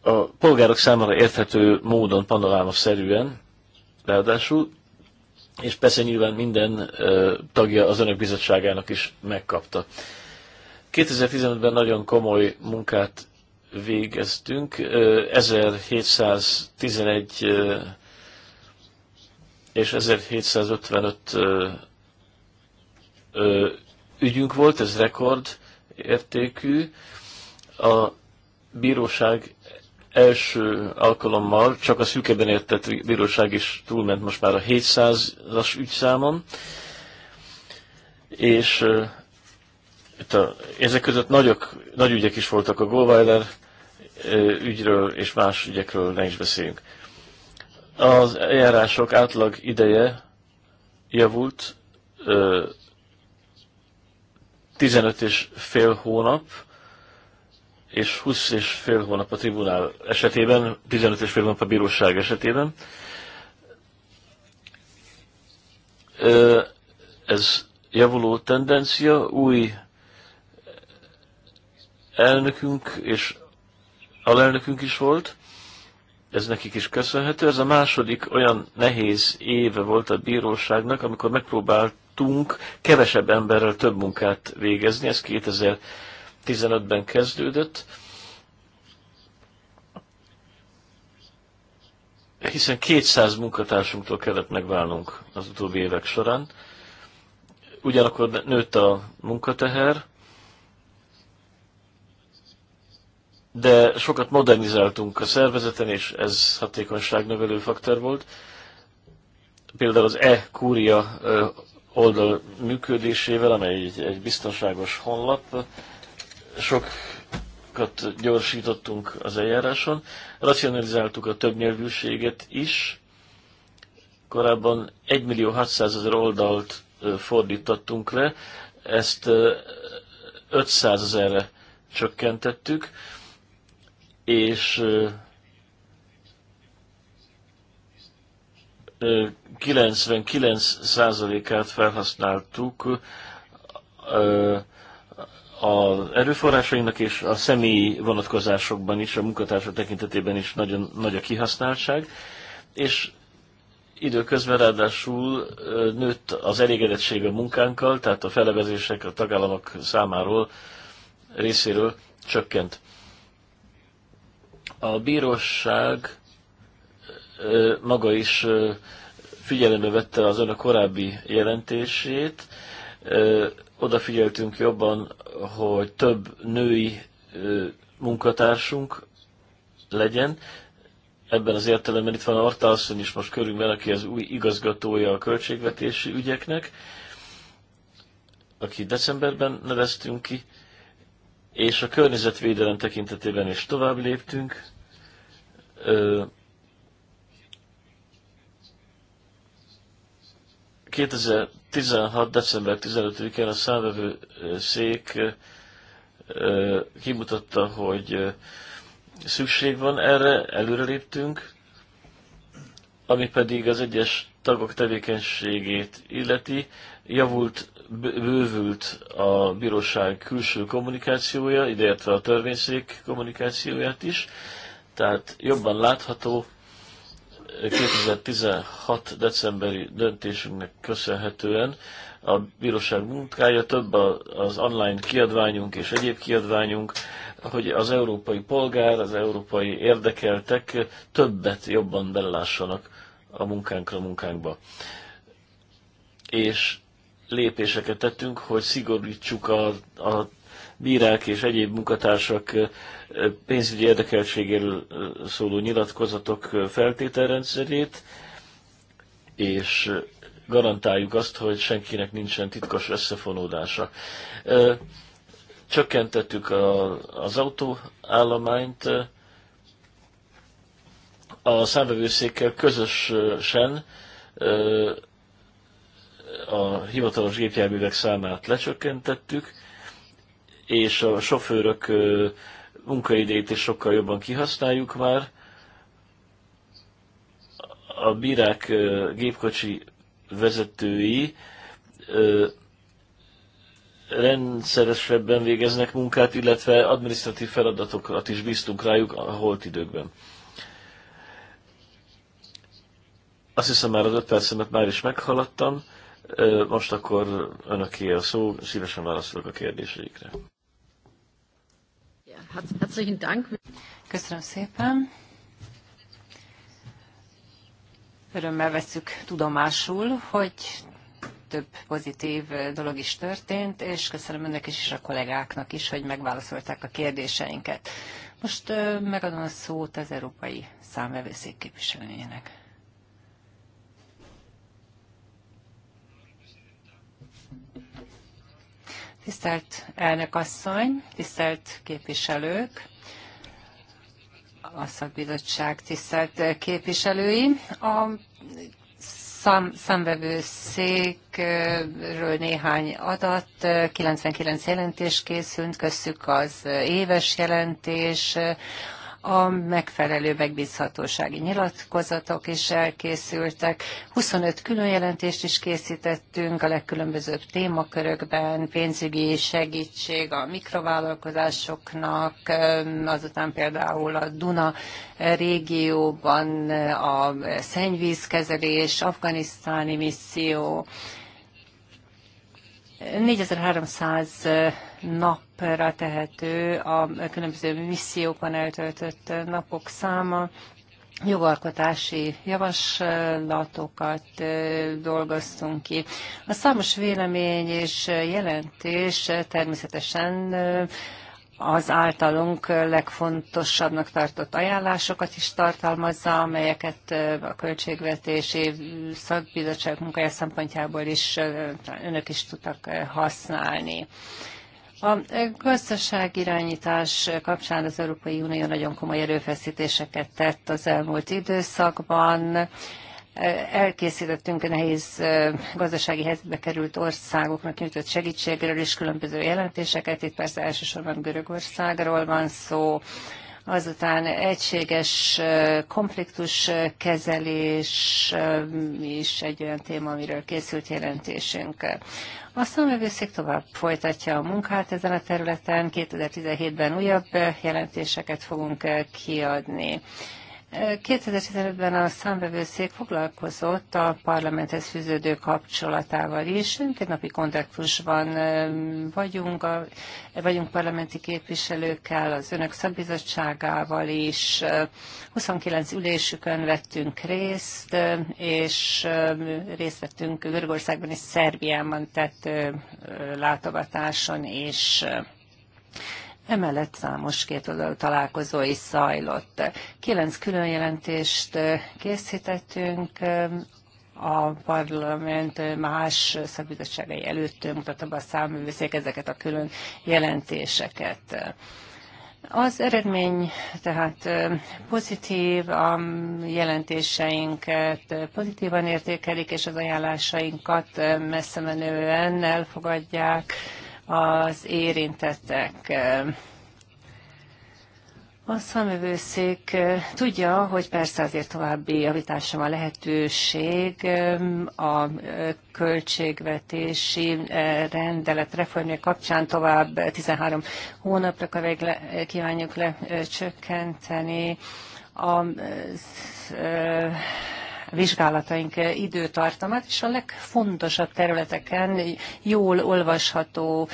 A polgárok számára érthető módon, panorámaszerűen, ráadásul és persze nyilván minden ö, tagja az önök bizottságának is megkapta. 2015-ben nagyon komoly munkát végeztünk, 1711 és 1755 ügyünk volt, ez rekord értékű. A bíróság első alkalommal csak a szűkebben értett bíróság is túlment most már a 700-as ügyszámon, és itt a, ezek között nagyok, nagy ügyek is voltak a Goldweiler ügyről és más ügyekről ne is beszéljünk. Az eljárások átlag ideje javult 15 és fél hónap, és 20 és fél hónap a tribunál esetében, 15 és fél hónap a bíróság esetében. Ez javuló tendencia, új elnökünk és alelnökünk is volt, ez nekik is köszönhető. Ez a második olyan nehéz éve volt a bíróságnak, amikor megpróbáltunk kevesebb emberrel több munkát végezni, ez 15-ben kezdődött, hiszen 200 munkatársunktól kellett megválnunk az utóbbi évek során. Ugyanakkor nőtt a munkateher, de sokat modernizáltunk a szervezeten, és ez hatékonyságnövelő faktor volt. Például az e-kúria oldal működésével, amely egy, egy biztonságos honlap, sokat gyorsítottunk az eljáráson, racionalizáltuk a többnyelvűséget is, korábban 1 millió 600 ezer oldalt fordítottunk le, ezt 500 ezerre csökkentettük, és 99%-át felhasználtuk az erőforrásainak és a személyi vonatkozásokban is, a munkatársa tekintetében is nagyon nagy a kihasználtság, és időközben ráadásul nőtt az elégedettség a munkánkkal, tehát a felevezések a tagállamok számáról részéről csökkent. A bíróság maga is figyelembe vette az önök korábbi jelentését, odafigyeltünk jobban, hogy több női munkatársunk legyen. Ebben az értelemben itt van Arta is most körünkben, aki az új igazgatója a költségvetési ügyeknek, aki decemberben neveztünk ki, és a környezetvédelem tekintetében is tovább léptünk. Ö, 16. december 15-én a számvevő szék kimutatta, hogy szükség van erre, előreléptünk, ami pedig az egyes tagok tevékenységét illeti, javult, bővült a bíróság külső kommunikációja, ideértve a törvényszék kommunikációját is, tehát jobban látható 2016. decemberi döntésünknek köszönhetően a bíróság munkája, több az online kiadványunk és egyéb kiadványunk, hogy az európai polgár, az európai érdekeltek többet jobban belelássanak a munkánkra, a munkánkba. És lépéseket tettünk, hogy szigorítsuk a, a bírák és egyéb munkatársak pénzügyi érdekeltségéről szóló nyilatkozatok feltételrendszerét, és garantáljuk azt, hogy senkinek nincsen titkos összefonódása. Csökkentettük az autóállományt, a számvevőszékkel közösen a hivatalos gépjárművek számát lecsökkentettük, és a sofőrök munkaidét is sokkal jobban kihasználjuk már. A bírák gépkocsi vezetői rendszeresebben végeznek munkát, illetve adminisztratív feladatokat is bíztunk rájuk a holt időkben. Azt hiszem már az öt percemet már is meghaladtam. Most akkor önöké a szó, szívesen válaszolok a kérdéseikre. Herzlichen Dank. Köszönöm szépen. Örömmel veszük tudomásul, hogy több pozitív dolog is történt, és köszönöm önnek is, és a kollégáknak is, hogy megválaszolták a kérdéseinket. Most megadom a szót az Európai Számvevőszék képviselőjének. Tisztelt elnök asszony, tisztelt képviselők, a szakbizottság tisztelt képviselői. A szám, székről néhány adat, 99 jelentés készült, köztük az éves jelentés, a megfelelő megbízhatósági nyilatkozatok is elkészültek. 25 külön jelentést is készítettünk a legkülönbözőbb témakörökben, pénzügyi segítség a mikrovállalkozásoknak, azután például a Duna régióban a szennyvízkezelés, afganisztáni misszió, 4300 nap napra tehető a különböző missziókon eltöltött napok száma, jogalkotási javaslatokat dolgoztunk ki. A számos vélemény és jelentés természetesen az általunk legfontosabbnak tartott ajánlásokat is tartalmazza, amelyeket a költségvetési szakbizottság munkája szempontjából is önök is tudtak használni. A irányítás kapcsán az Európai Unió nagyon komoly erőfeszítéseket tett az elmúlt időszakban. Elkészítettünk nehéz gazdasági helyzetbe került országoknak nyújtott segítségről és különböző jelentéseket. Itt persze elsősorban Görögországról van szó azután egységes konfliktus kezelés is egy olyan téma, amiről készült jelentésünk. A számövőszék tovább folytatja a munkát ezen a területen, 2017-ben újabb jelentéseket fogunk kiadni. 2015-ben a számvevőszék foglalkozott a parlamenthez fűződő kapcsolatával is. Napi kontaktusban vagyunk, a, vagyunk parlamenti képviselőkkel, az önök szabbizottságával is. 29 ülésükön vettünk részt, és részt vettünk Görögországban és Szerbiában tett látogatáson is. Emellett számos oldal találkozó is zajlott. Kilenc külön jelentést készítettünk, a parlament más szakbizottságai előtt mutatta be a száműveszék ezeket a külön jelentéseket. Az eredmény tehát pozitív, a jelentéseinket pozitívan értékelik, és az ajánlásainkat messze menően elfogadják az érintettek. A szaművőszék tudja, hogy persze azért további javításra van lehetőség a költségvetési rendelet reformja kapcsán tovább 13 hónapra le, kívánjuk lecsökkenteni a vizsgálataink időtartamát, és a legfontosabb területeken jól olvasható,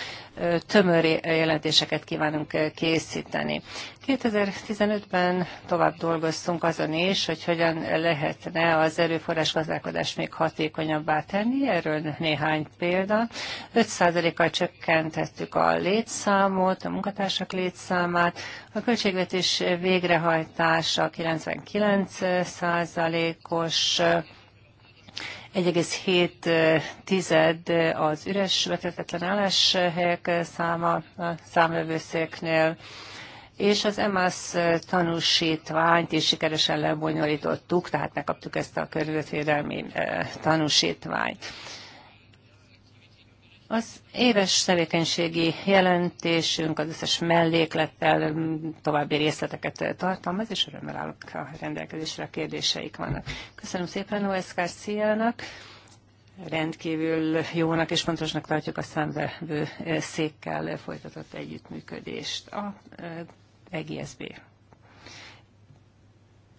tömör jelentéseket kívánunk készíteni. 2015-ben tovább dolgoztunk azon is, hogy hogyan lehetne az erőforrás gazdálkodás még hatékonyabbá tenni. Erről néhány példa. 5%-kal csökkentettük a létszámot, a munkatársak létszámát, a költségvetés végrehajtása 99%-os, és 1,7 az üres vetetetlen álláshelyek száma a számvevőszéknél, és az EMAS tanúsítványt is sikeresen lebonyolítottuk, tehát megkaptuk ezt a környezetvédelmi tanúsítványt. Az éves tevékenységi jelentésünk az összes melléklettel további részleteket tartalmaz, és örömmel állok a rendelkezésre, a kérdéseik vannak. Köszönöm szépen OSZ Garcia-nak, rendkívül jónak és fontosnak tartjuk a számvevő székkel folytatott együttműködést. A EGSB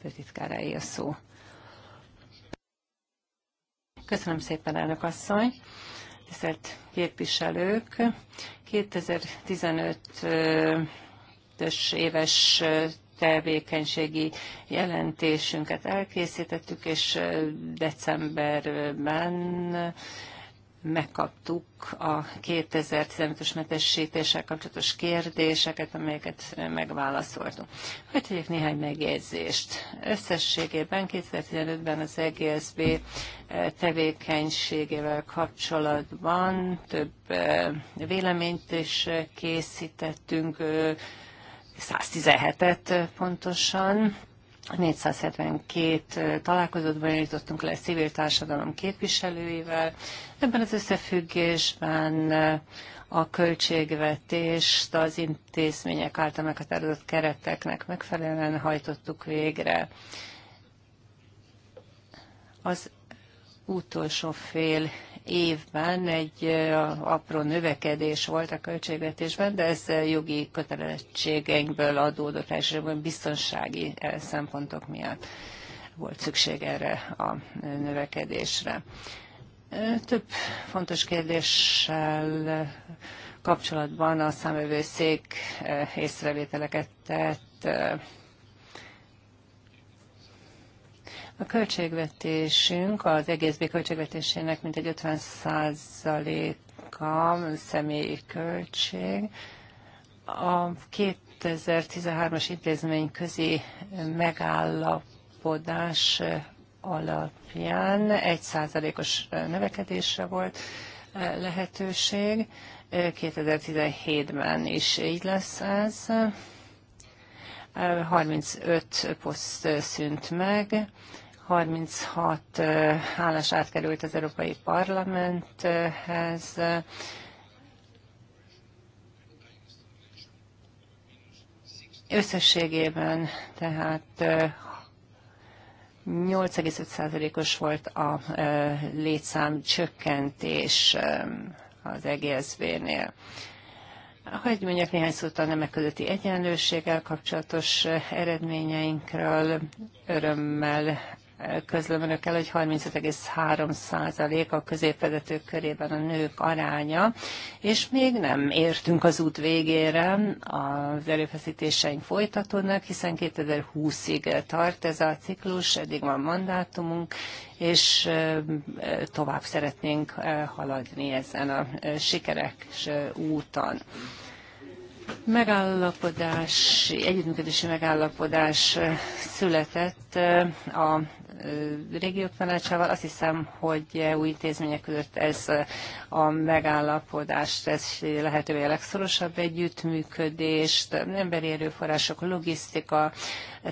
főtitkárái a szó. Köszönöm szépen, elnök asszony tisztelt képviselők! 2015-ös éves tevékenységi jelentésünket elkészítettük, és decemberben megkaptuk a 2015-ös mentesítéssel kapcsolatos kérdéseket, amelyeket megválaszoltunk. Hogy tegyek néhány megjegyzést. Összességében 2015-ben az EGSB eh, tevékenységével kapcsolatban több eh, véleményt is eh, készítettünk, 117-et pontosan, 472 találkozót bonyolítottunk le civil társadalom képviselőivel, Ebben az összefüggésben eh, a költségvetést az intézmények által meghatározott kereteknek megfelelően hajtottuk végre. Az utolsó fél évben egy eh, apró növekedés volt a költségvetésben, de ez eh, jogi kötelezettségeinkből adódott, elsősorban biztonsági szempontok miatt volt szükség erre a növekedésre. Több fontos kérdéssel kapcsolatban a számövőszék észrevételeket tett. A költségvetésünk, az egész költségvetésének mintegy 50 százaléka személyi költség. A 2013-as intézmény közi megállapodás alapján egy százalékos növekedésre volt lehetőség. 2017-ben is így lesz ez. 35 poszt szűnt meg, 36 állás átkerült az Európai Parlamenthez, összességében tehát 8,5%-os volt a létszám csökkentés az EGSZB-nél. Hogy mondjak néhány szót a nemek közötti egyenlőséggel kapcsolatos eredményeinkről, örömmel közlöm önökkel, hogy 35,3% a középvezetők körében a nők aránya, és még nem értünk az út végére, az erőfeszítéseink folytatódnak, hiszen 2020-ig tart ez a ciklus, eddig van mandátumunk, és tovább szeretnénk haladni ezen a sikeres úton megállapodás, együttműködési megállapodás született a régiók tanácsával. Azt hiszem, hogy új intézmények között ez a megállapodást ez lehetővé a legszorosabb együttműködést, emberi erőforrások, logisztika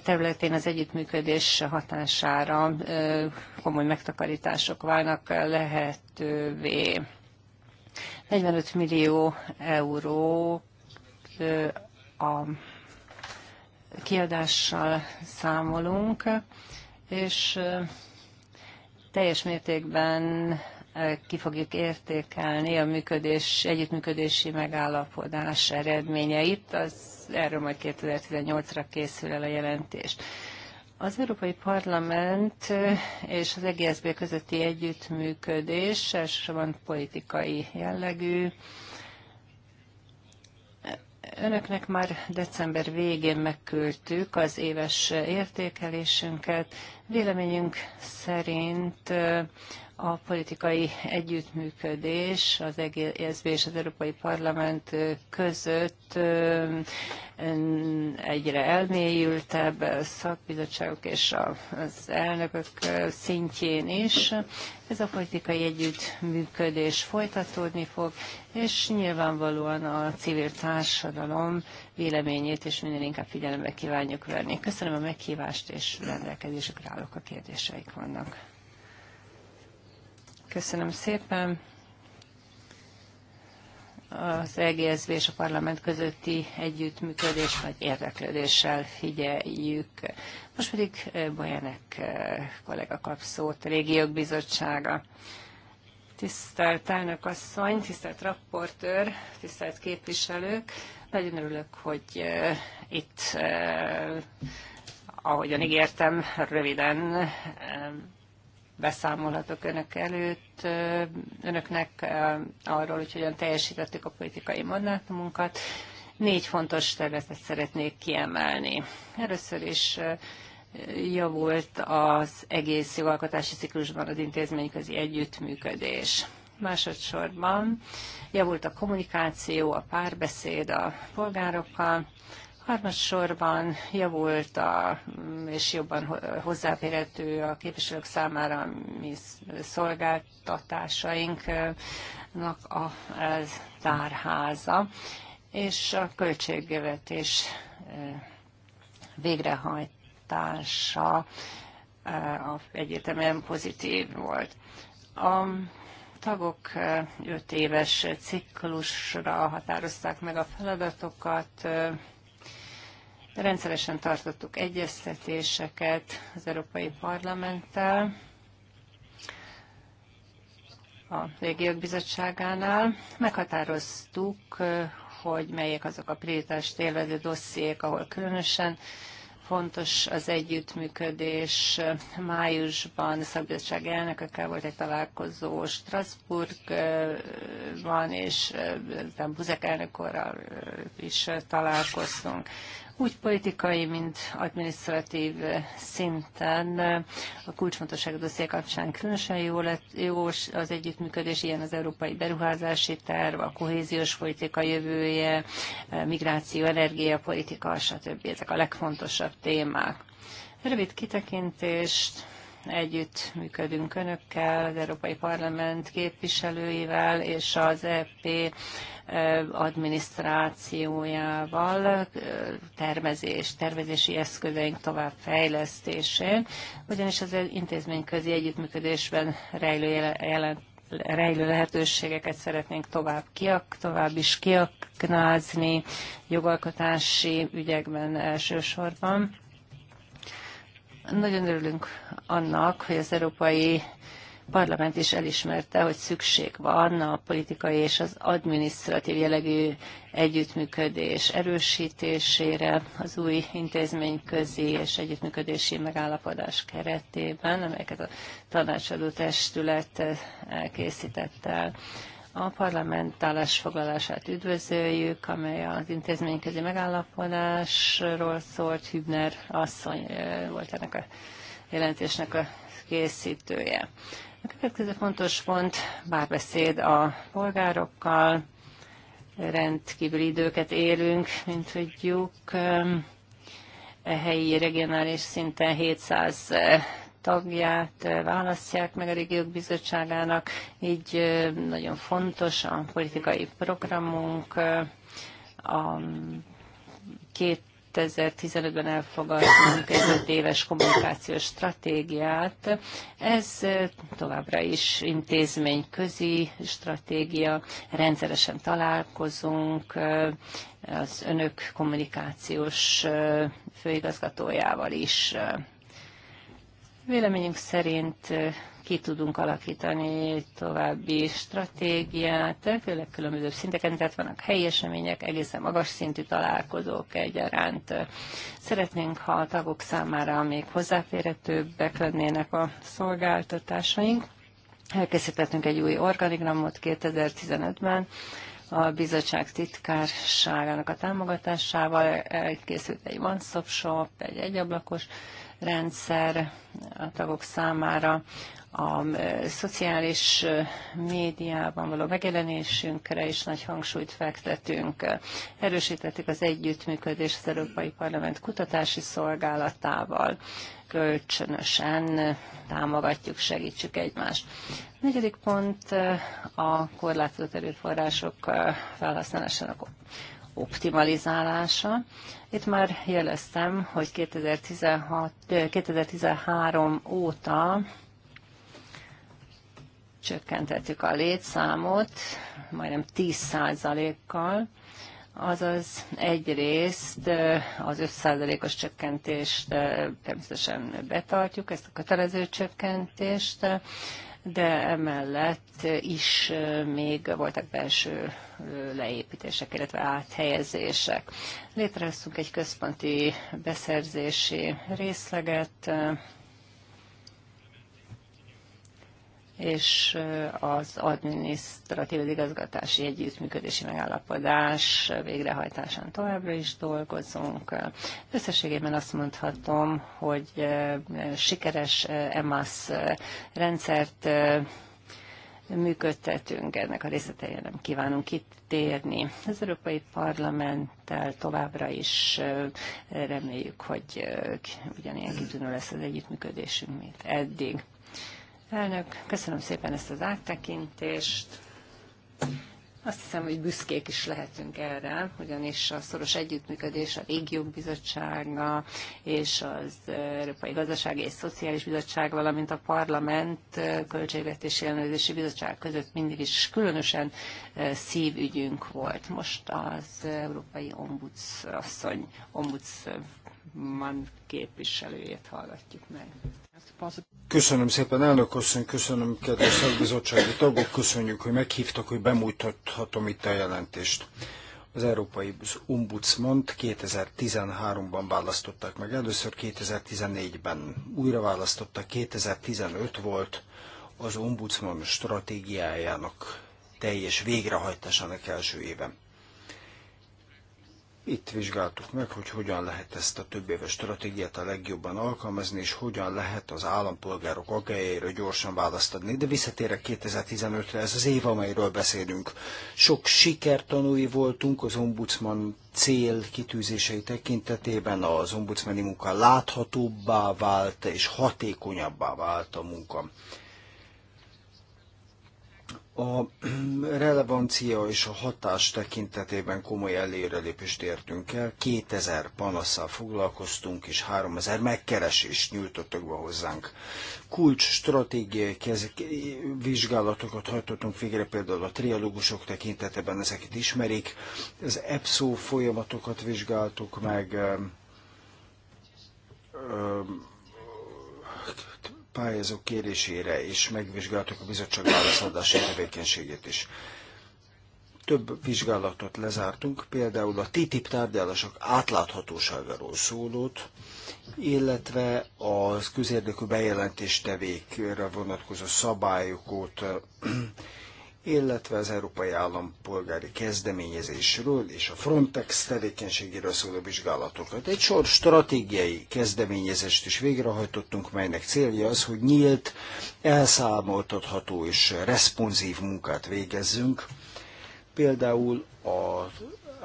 területén az együttműködés hatására komoly megtakarítások válnak lehetővé. 45 millió euró a kiadással számolunk, és teljes mértékben ki fogjuk értékelni a működés, együttműködési megállapodás eredményeit. Az, erről majd 2018-ra készül el a jelentést. Az Európai Parlament és az EGSZB közötti együttműködés elsősorban politikai jellegű. Önöknek már december végén megküldtük az éves értékelésünket, Véleményünk szerint a politikai együttműködés az EGSZB és az Európai Parlament között egyre elmélyültebb szakbizottságok és az elnökök szintjén is. Ez a politikai együttműködés folytatódni fog, és nyilvánvalóan a civil társadalom véleményét és minden inkább figyelembe kívánjuk venni. Köszönöm a meghívást, és rendelkezésükre várok, a kérdéseik vannak. Köszönöm szépen. Az EGSZB és a parlament közötti együttműködés nagy érdeklődéssel figyeljük. Most pedig eh, Bojanek eh, kollega kap szót, Régiók Bizottsága. Tisztelt elnök asszony, tisztelt rapportőr, tisztelt képviselők! Nagyon örülök, hogy eh, itt ahogyan ígértem, röviden beszámolhatok önök előtt, önöknek arról, hogy hogyan teljesítettük a politikai mandátumunkat. Négy fontos területet szeretnék kiemelni. Először is javult az egész jogalkotási ciklusban az intézményközi együttműködés. Másodszorban javult a kommunikáció, a párbeszéd a polgárokkal, Harmadsorban javult a, és jobban hozzáférhető a képviselők számára a mi szolgáltatásainknak a tárháza, és a költségvetés végrehajtása egyértelműen pozitív volt. A tagok öt éves ciklusra határozták meg a feladatokat, Rendszeresen tartottuk egyeztetéseket az Európai Parlamenttel, a Régiók Bizottságánál. Meghatároztuk, hogy melyek azok a prioritást élvező dossziék, ahol különösen fontos az együttműködés. Májusban a szabadság elnökökkel volt egy találkozó Strasbourgban, és Buzek elnökorral is találkoztunk úgy politikai, mint administratív eh, szinten eh, a kulcsfontosságú dosszié kapcsán különösen jó, lett, jó az együttműködés, ilyen az európai beruházási terv, a kohéziós politika jövője, eh, migráció, energiapolitika, stb. Ezek a legfontosabb témák. Rövid kitekintést együtt működünk önökkel, az Európai Parlament képviselőivel és az EP eh, adminisztrációjával, eh, tervezés, tervezési eszközeink fejlesztésén, ugyanis az intézményközi együttműködésben rejlő jelent rejlő lehetőségeket szeretnénk tovább, kiak, tovább is kiaknázni jogalkotási ügyekben elsősorban. Nagyon örülünk annak, hogy az Európai Parlament is elismerte, hogy szükség van a politikai és az adminisztratív jellegű együttműködés erősítésére az új intézményközi és együttműködési megállapodás keretében, amelyeket a tanácsadó testület készített el. A parlament állásfoglalását üdvözöljük, amely az intézményközi megállapodásról szólt. Hübner asszony volt ennek a jelentésnek a készítője. A következő fontos pont párbeszéd a polgárokkal. Rendkívüli időket élünk, mint tudjuk. A e helyi, regionális szinten 700 tagját eh, választják meg a régiók bizottságának, így eh, nagyon fontos a politikai programunk, eh, a két 2015-ben elfogadtunk egy öt éves kommunikációs stratégiát. Ez továbbra is intézményközi stratégia, rendszeresen találkozunk az önök kommunikációs főigazgatójával is Véleményünk szerint ki tudunk alakítani további stratégiát, főleg különböző szinteken, tehát vannak helyi események, egészen magas szintű találkozók egyaránt. Szeretnénk, ha a tagok számára még hozzáférhetőbbek lennének a szolgáltatásaink. Elkészítettünk egy új organigramot 2015-ben, a bizottság titkárságának a támogatásával elkészült egy one-stop shop, egy egyablakos rendszer a tagok számára, a szociális médiában való megjelenésünkre is nagy hangsúlyt fektetünk. Erősítettük az együttműködést az Európai Parlament kutatási szolgálatával, kölcsönösen támogatjuk, segítsük egymást. A negyedik pont a korlátozott erőforrások felhasználásának optimalizálása. Itt már jeleztem, hogy 2016, 2013 óta csökkentettük a létszámot, majdnem 10%-kal, azaz egyrészt az 5%-os csökkentést természetesen betartjuk, ezt a kötelező csökkentést, de emellett is még voltak belső leépítések, illetve áthelyezések. Létrehoztunk egy központi beszerzési részleget, és az adminisztratív igazgatási együttműködési megállapodás végrehajtásán továbbra is dolgozunk. Összességében azt mondhatom, hogy sikeres EMAS rendszert működtetünk, ennek a részleteire nem kívánunk kitérni. Az Európai Parlamenttel továbbra is reméljük, hogy ugyanilyen kitűnő lesz az együttműködésünk, mint eddig. Elnök, köszönöm szépen ezt az áttekintést. Azt hiszem, hogy büszkék is lehetünk erre, ugyanis a szoros együttműködés a Régiók Bizottsága és az Európai Gazdasági és Szociális Bizottság, valamint a Parlament Költségvetési Ellenőrzési Bizottság között mindig is különösen szívügyünk volt. Most az Európai Ombuds asszony, Ombudsman képviselőjét hallgatjuk meg. Köszönöm szépen, elnök asszony, köszönöm kedves szakbizottsági tagok, köszönjük, hogy meghívtak, hogy bemutathatom itt a jelentést. Az Európai ombudsman 2013-ban választották meg, először 2014-ben újra választottak, 2015 volt az ombudsman stratégiájának teljes végrehajtásának első éve. Itt vizsgáltuk meg, hogy hogyan lehet ezt a több éves stratégiát a legjobban alkalmazni, és hogyan lehet az állampolgárok aggájaira gyorsan választ adni. De visszatérek 2015-re, ez az év, amelyről beszélünk. Sok sikertanúi voltunk az ombudsman cél kitűzései tekintetében, az ombudsmani munka láthatóbbá vált és hatékonyabbá vált a munka a [clears throat] relevancia és a hatás tekintetében komoly előrelépést értünk el. 2000 panaszsal foglalkoztunk, és 3000 megkeresést nyújtottak be hozzánk. Kulcs stratégiai vizsgálatokat hajtottunk végre, például a trialógusok tekintetében ezeket ismerik. Az EPSO folyamatokat vizsgáltuk meg, pályázók kérésére, és megvizsgáltuk a bizottság válaszadási tevékenységét is. Több vizsgálatot lezártunk, például a TTIP tárgyalások átláthatóságáról szólót, illetve az közérdekű bejelentés vonatkozó szabályokat illetve az Európai Állampolgári Kezdeményezésről és a Frontex tevékenységéről szóló vizsgálatokat. Egy sor stratégiai kezdeményezést is végrehajtottunk, melynek célja az, hogy nyílt, elszámoltatható és responsív munkát végezzünk. Például a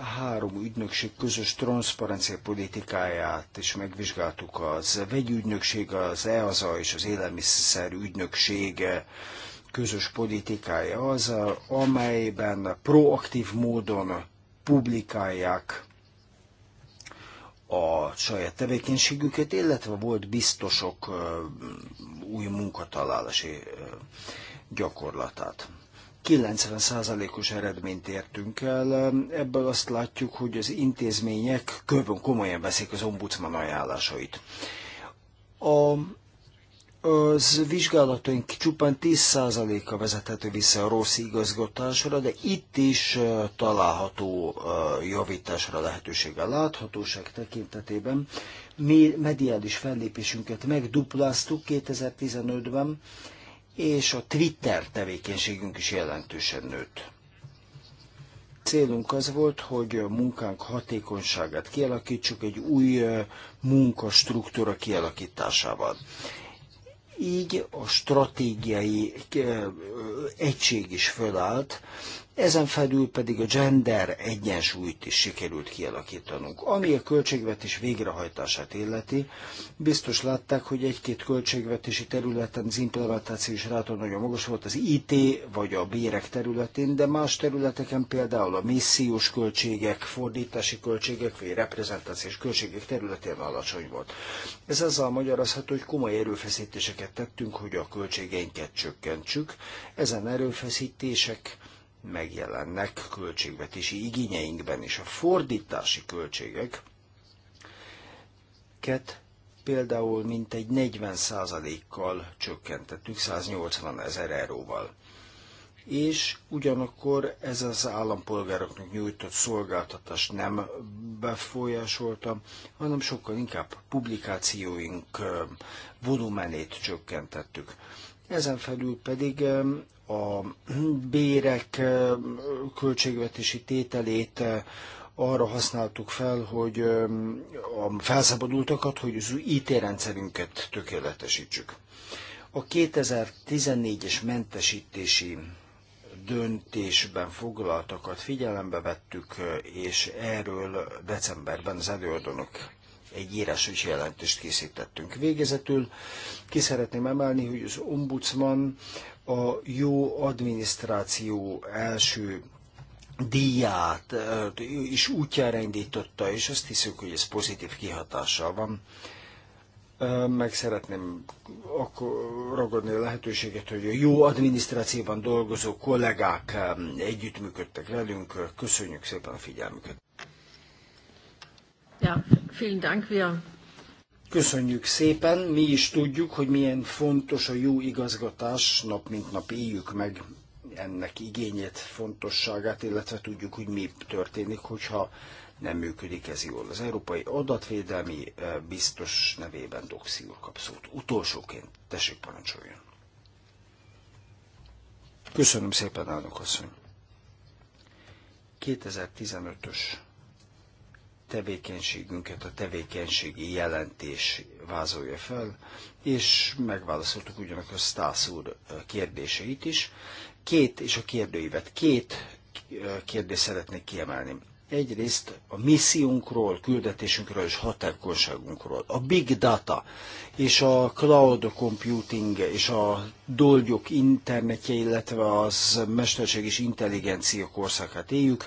három ügynökség közös transzparencia politikáját is megvizsgáltuk, az vegyügynökség, az EASA és az élelmiszer ügynöksége közös politikája az, amelyben proaktív módon publikálják a saját tevékenységüket, illetve volt biztosok új munkatalálási gyakorlatát. 90%-os eredményt értünk el, ebből azt látjuk, hogy az intézmények körben komolyan veszik az ombudsman ajánlásait. A az vizsgálataink csupán 10%-a vezethető vissza a rossz igazgatásra, de itt is található javításra lehetőség a láthatóság tekintetében. Mi mediális fellépésünket megdupláztuk 2015-ben, és a Twitter tevékenységünk is jelentősen nőtt. Célunk az volt, hogy a munkánk hatékonyságát kialakítsuk egy új munkastruktúra kialakításával. Így a stratégiai eh, eh, egység is fölállt, ezen felül pedig a gender egyensúlyt is sikerült kialakítanunk. Ami a költségvetés végrehajtását illeti, biztos látták, hogy egy-két költségvetési területen az is ráta nagyon magas volt, az IT vagy a bérek területén, de más területeken például a missziós költségek, fordítási költségek vagy reprezentációs költségek területén alacsony volt. Ez azzal magyarázható, hogy komoly erőfeszítéseket tettünk, hogy a költségeinket csökkentsük. Ezen erőfeszítések megjelennek költségvetési igényeinkben, és a fordítási költségeket például mintegy 40%-kal csökkentettük 180 ezer euróval. És ugyanakkor ez az állampolgároknak nyújtott szolgáltatás nem befolyásolta, hanem sokkal inkább publikációink volumenét csökkentettük. Ezen felül pedig a bérek költségvetési tételét arra használtuk fel, hogy a felszabadultakat, hogy az új IT-rendszerünket tökéletesítsük. A 2014-es mentesítési döntésben foglaltakat figyelembe vettük, és erről decemberben az előadónak egy írásos jelentést készítettünk. Végezetül ki szeretném emelni, hogy az ombudsman a jó adminisztráció első díját is útjára indította, és azt hiszük, hogy ez pozitív kihatással van. Meg szeretném akkor ragadni a lehetőséget, hogy a jó adminisztrációban dolgozó kollégák együttműködtek velünk. Köszönjük szépen a figyelmüket! Ja, vielen Dank. Wir Köszönjük szépen, mi is tudjuk, hogy milyen fontos a jó igazgatás, nap mint nap éljük meg ennek igényét, fontosságát, illetve tudjuk, hogy mi történik, hogyha nem működik ez jól. Az Európai Adatvédelmi eh, Biztos nevében Doxi úr kap szót. Utolsóként, tessék parancsoljon. Köszönöm szépen, elnök asszony. 2015-ös tevékenységünket a tevékenységi jelentés vázolja fel, és megválaszoltuk ugyanakkor Stász úr kérdéseit is. Két, és a kérdőívet, két kérdést szeretnék kiemelni egyrészt a missziunkról, küldetésünkről és hatékonyságunkról. A big data és a cloud computing és a dolgyok internetje, illetve az és intelligencia korszakát éljük.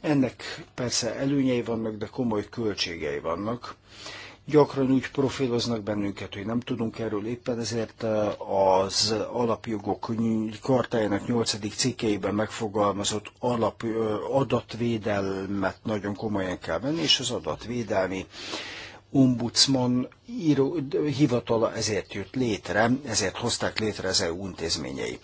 Ennek persze előnyei vannak, de komoly költségei vannak gyakran úgy profiloznak bennünket, hogy nem tudunk erről, éppen ezért eh, az alapjogok kartájának 8. cikkeiben megfogalmazott alap, eh, adatvédelmet nagyon komolyan kell venni, és az adatvédelmi ombudsman író, hivatala ezért jött létre, ezért hozták létre az EU intézményei.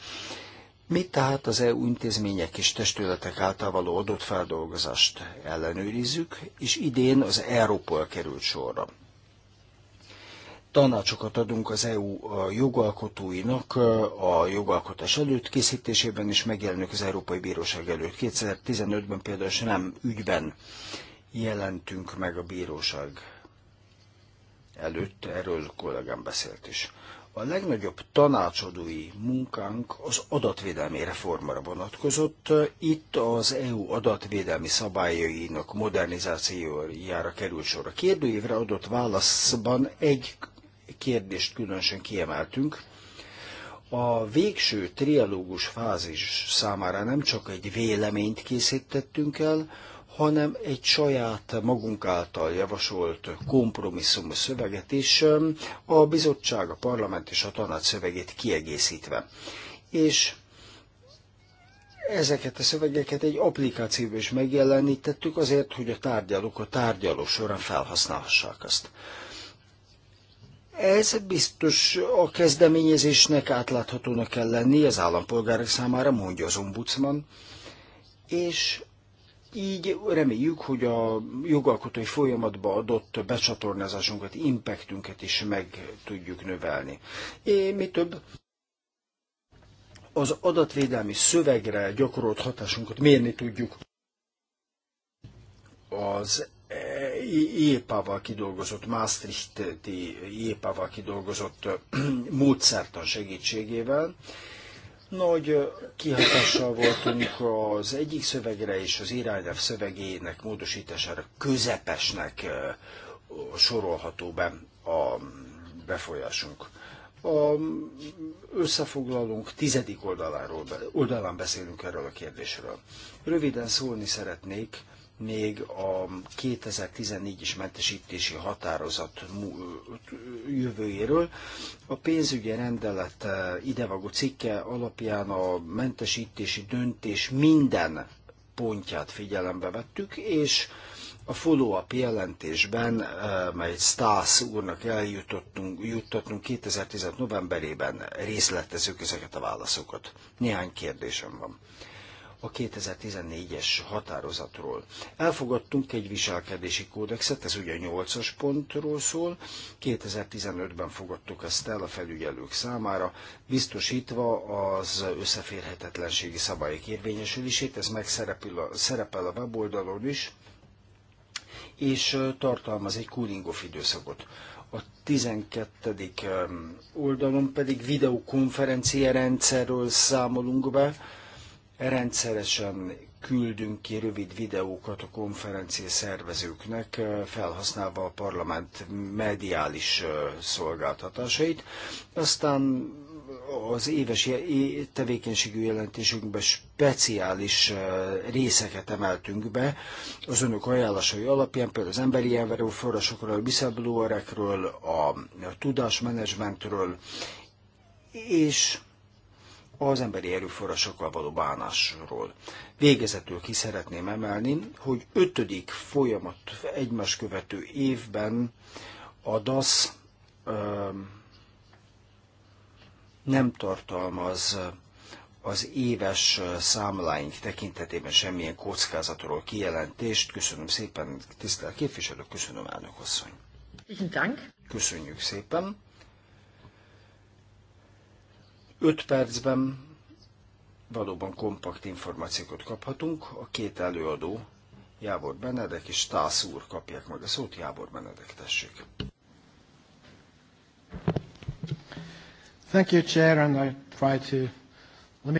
Mit tehát az EU intézmények és testületek által való adott feldolgozást ellenőrizzük, és idén az Európol került sorra tanácsokat adunk az EU jogalkotóinak a jogalkotás előtt készítésében, és megjelenünk az Európai Bíróság előtt. 2015-ben például nem ügyben jelentünk meg a bíróság előtt, erről kollégám beszélt is. A legnagyobb tanácsadói munkánk az adatvédelmi reformra vonatkozott. Itt az EU adatvédelmi szabályainak modernizációjára került sor. A kérdőívre adott válaszban egy kérdést különösen kiemeltünk. A végső trialógus fázis számára nem csak egy véleményt készítettünk el, hanem egy saját magunk által javasolt kompromisszumos szöveget is, a bizottság, a parlament és a tanács szövegét kiegészítve. És ezeket a szövegeket egy applikációban is megjelenítettük azért, hogy a tárgyalók a tárgyaló során felhasználhassák azt. Ez biztos a kezdeményezésnek átláthatónak kell lenni az állampolgárok számára, mondja az ombudsman, és így reméljük, hogy a jogalkotói folyamatba adott becsatornázásunkat, impactünket is meg tudjuk növelni. Én mi több, az adatvédelmi szövegre gyakorolt hatásunkat mérni tudjuk. Az iepa kidolgozott, Maastrichti iepa kidolgozott [clears throat] módszertan segítségével. Nagy kihatással voltunk az egyik szövegre és az irányelv szövegének módosítására közepesnek sorolható be a befolyásunk. A összefoglalunk tizedik oldaláról, oldalán beszélünk erről a kérdésről. Röviden szólni szeretnék még a 2014-es mentesítési határozat jövőjéről. A pénzügyi rendelet e, idevagó cikke alapján a mentesítési döntés minden pontját figyelembe vettük, és a follow-up jelentésben, e, mely Stász úrnak eljutottunk juttatunk 2010 novemberében részletezzük ezeket a válaszokat. Néhány kérdésem van a 2014-es határozatról. Elfogadtunk egy viselkedési kódexet, ez ugye 8-as pontról szól, 2015-ben fogadtuk ezt el a felügyelők számára, biztosítva az összeférhetetlenségi szabályok érvényesülését, ez meg a, szerepel a weboldalon is, és tartalmaz egy cooling off időszakot. A 12. oldalon pedig videokonferencia rendszerről számolunk be, Rendszeresen küldünk ki rövid videókat a konferencia szervezőknek, felhasználva a parlament mediális szolgáltatásait. Aztán az éves tevékenységű jelentésünkben speciális részeket emeltünk be az önök ajánlásai alapján, például az emberi forrásokról, a whistleblowerekről, a tudásmenedzsmentről, és az emberi erőforrásokkal való bánásról. Végezetül ki szeretném emelni, hogy ötödik folyamat egymás követő évben a DASZ nem tartalmaz az éves számláink tekintetében semmilyen kockázatról kijelentést. Köszönöm szépen, tisztelt képviselő, köszönöm elnök asszony. Köszönjük szépen. 5 percben valóban kompakt információkat kaphatunk. A két előadó, Jábor Benedek és Tász úr kapják meg a szót. Jábor Benedek, tessék. Thank you, Chair, and I try to...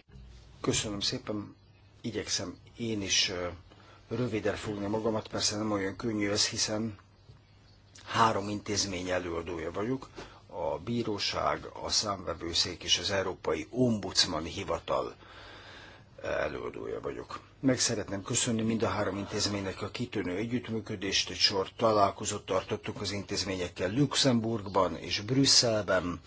Köszönöm szépen. Igyekszem én is röviden fogni magamat, persze nem olyan könnyű ez, hiszen három intézmény előadója vagyok a bíróság, a számvevőszék és az Európai Ombudsman Hivatal előadója vagyok. Meg szeretném köszönni mind a három intézménynek a kitűnő együttműködést, egy sor találkozót tartottuk az intézményekkel Luxemburgban és Brüsszelben.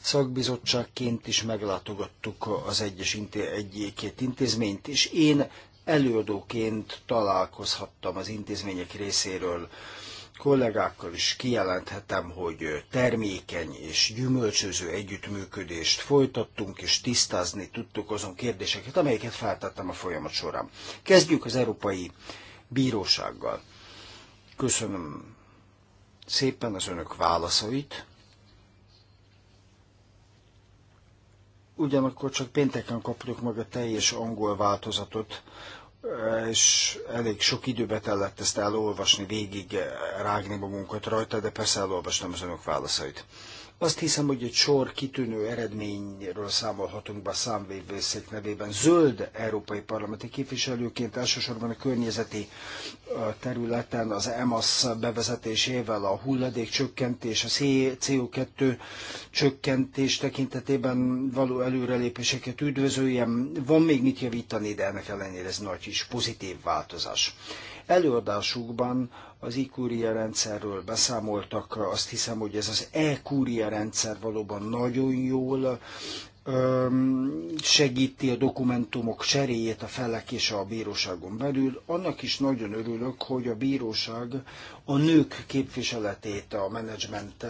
Szakbizottságként is meglátogattuk az egyes inté- egy-két intézményt, és én előadóként találkozhattam az intézmények részéről kollégákkal is kijelenthetem, hogy termékeny és gyümölcsöző együttműködést folytattunk, és tisztázni tudtuk azon kérdéseket, amelyeket feltettem a folyamat során. Kezdjük az Európai Bírósággal. Köszönöm szépen az önök válaszait. Ugyanakkor csak pénteken kaptuk meg a teljes angol változatot, és elég sok időbe tellett ezt elolvasni, végig eh, rágni magunkat rajta, de persze elolvastam az önök válaszait. Azt hiszem, hogy egy sor kitűnő eredményről számolhatunk be a számvédőszék nevében. Zöld európai parlamenti képviselőként elsősorban a környezeti területen az EMAS bevezetésével a hulladék csökkentés, a CO2 csökkentés tekintetében való előrelépéseket üdvözöljem. Van még mit javítani, de ennek ellenére ez nagy is pozitív változás. Előadásukban az e-kúria rendszerről beszámoltak, azt hiszem, hogy ez az e-kúria rendszer valóban nagyon jól segíti a dokumentumok cseréjét a felek és a bíróságon belül. Annak is nagyon örülök, hogy a bíróság a nők képviseletét a menedzsment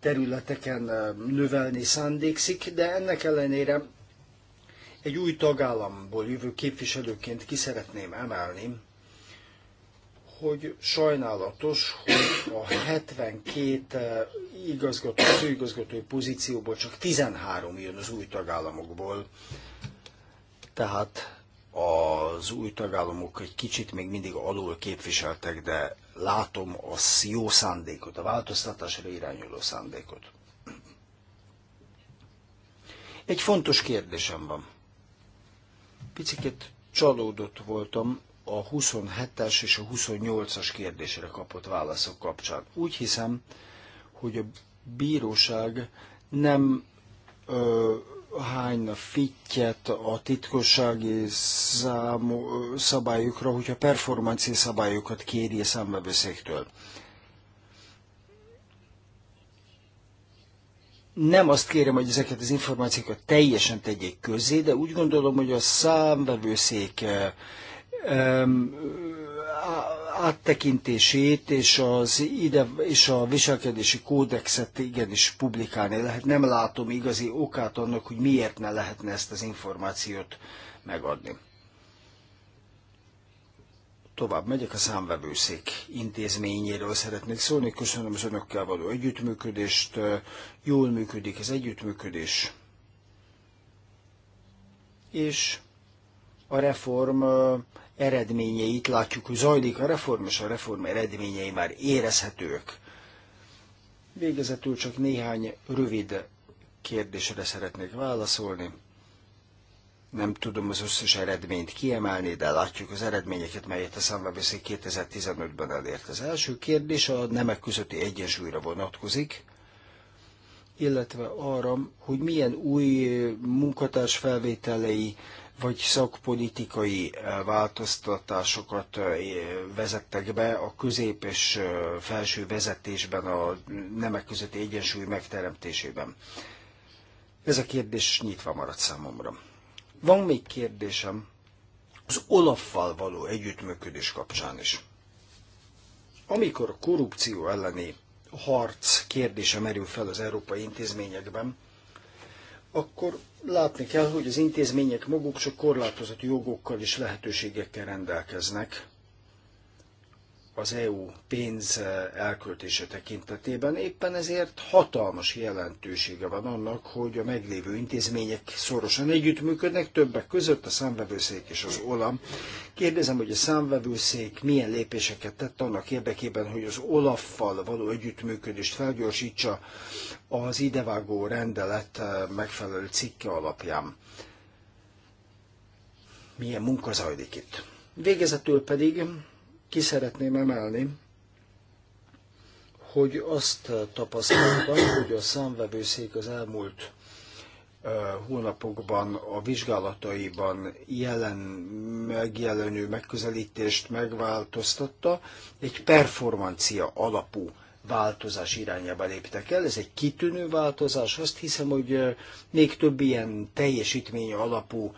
területeken növelni szándékszik, de ennek ellenére egy új tagállamból jövő képviselőként ki szeretném emelni, hogy sajnálatos, hogy a 72 eh, igazgató, főigazgató pozícióból csak 13 jön az új tagállamokból. Tehát az új tagállamok egy kicsit még mindig alul képviseltek, de látom a jó szándékot, a változtatásra irányuló szándékot. Egy fontos kérdésem van. Picit csalódott voltam, a 27-es és a 28-as kérdésre kapott válaszok kapcsán. Úgy hiszem, hogy a bíróság nem ö, hányna fittyet a titkossági számú, szabályokra, hogyha performanci szabályokat kéri a számbevőszéktől. nem azt kérem, hogy ezeket az információkat teljesen tegyék közzé, de úgy gondolom, hogy a számvevőszék áttekintését és, az ide, és a viselkedési kódexet igenis publikálni lehet. Nem látom igazi okát annak, hogy miért ne lehetne ezt az információt megadni. Tovább megyek a számvevőszék intézményéről szeretnék szólni. Köszönöm az önökkel való együttműködést. Jól működik az együttműködés. És a reform eredményeit látjuk, hogy zajlik a reform, és a reform eredményei már érezhetők. Végezetül csak néhány rövid kérdésre szeretnék válaszolni. Nem tudom az összes eredményt kiemelni, de látjuk az eredményeket, melyet a számlavőszék 2015-ben elért. Az első kérdés a nemek közötti egyensúlyra vonatkozik, illetve arra, hogy milyen új munkatárs felvételei, vagy szakpolitikai eh, változtatásokat eh, vezettek be a közép és eh, felső vezetésben, a nemek közötti egyensúly megteremtésében. Ez a kérdés nyitva maradt számomra. Van még kérdésem az Olaffal való együttműködés kapcsán is. Amikor a korrupció elleni harc kérdése merül fel az európai intézményekben, akkor látni kell, hogy az intézmények maguk csak korlátozott jogokkal és lehetőségekkel rendelkeznek az EU pénz eh, elköltése tekintetében. Éppen ezért hatalmas jelentősége van annak, hogy a meglévő intézmények szorosan együttműködnek, többek között a számvevőszék és az OLAM. Kérdezem, hogy a számvevőszék milyen lépéseket tett annak érdekében, hogy az OLAF-fal való együttműködést felgyorsítsa az idevágó rendelet eh, megfelelő cikke alapján. Milyen munka zajlik itt? Végezetül pedig ki szeretném emelni, hogy azt tapasztaltam, hogy a számvevőszék az elmúlt hónapokban a vizsgálataiban jelen megjelenő megközelítést megváltoztatta, egy performancia alapú változás irányába léptek el. Ez egy kitűnő változás. Azt hiszem, hogy még több ilyen teljesítmény alapú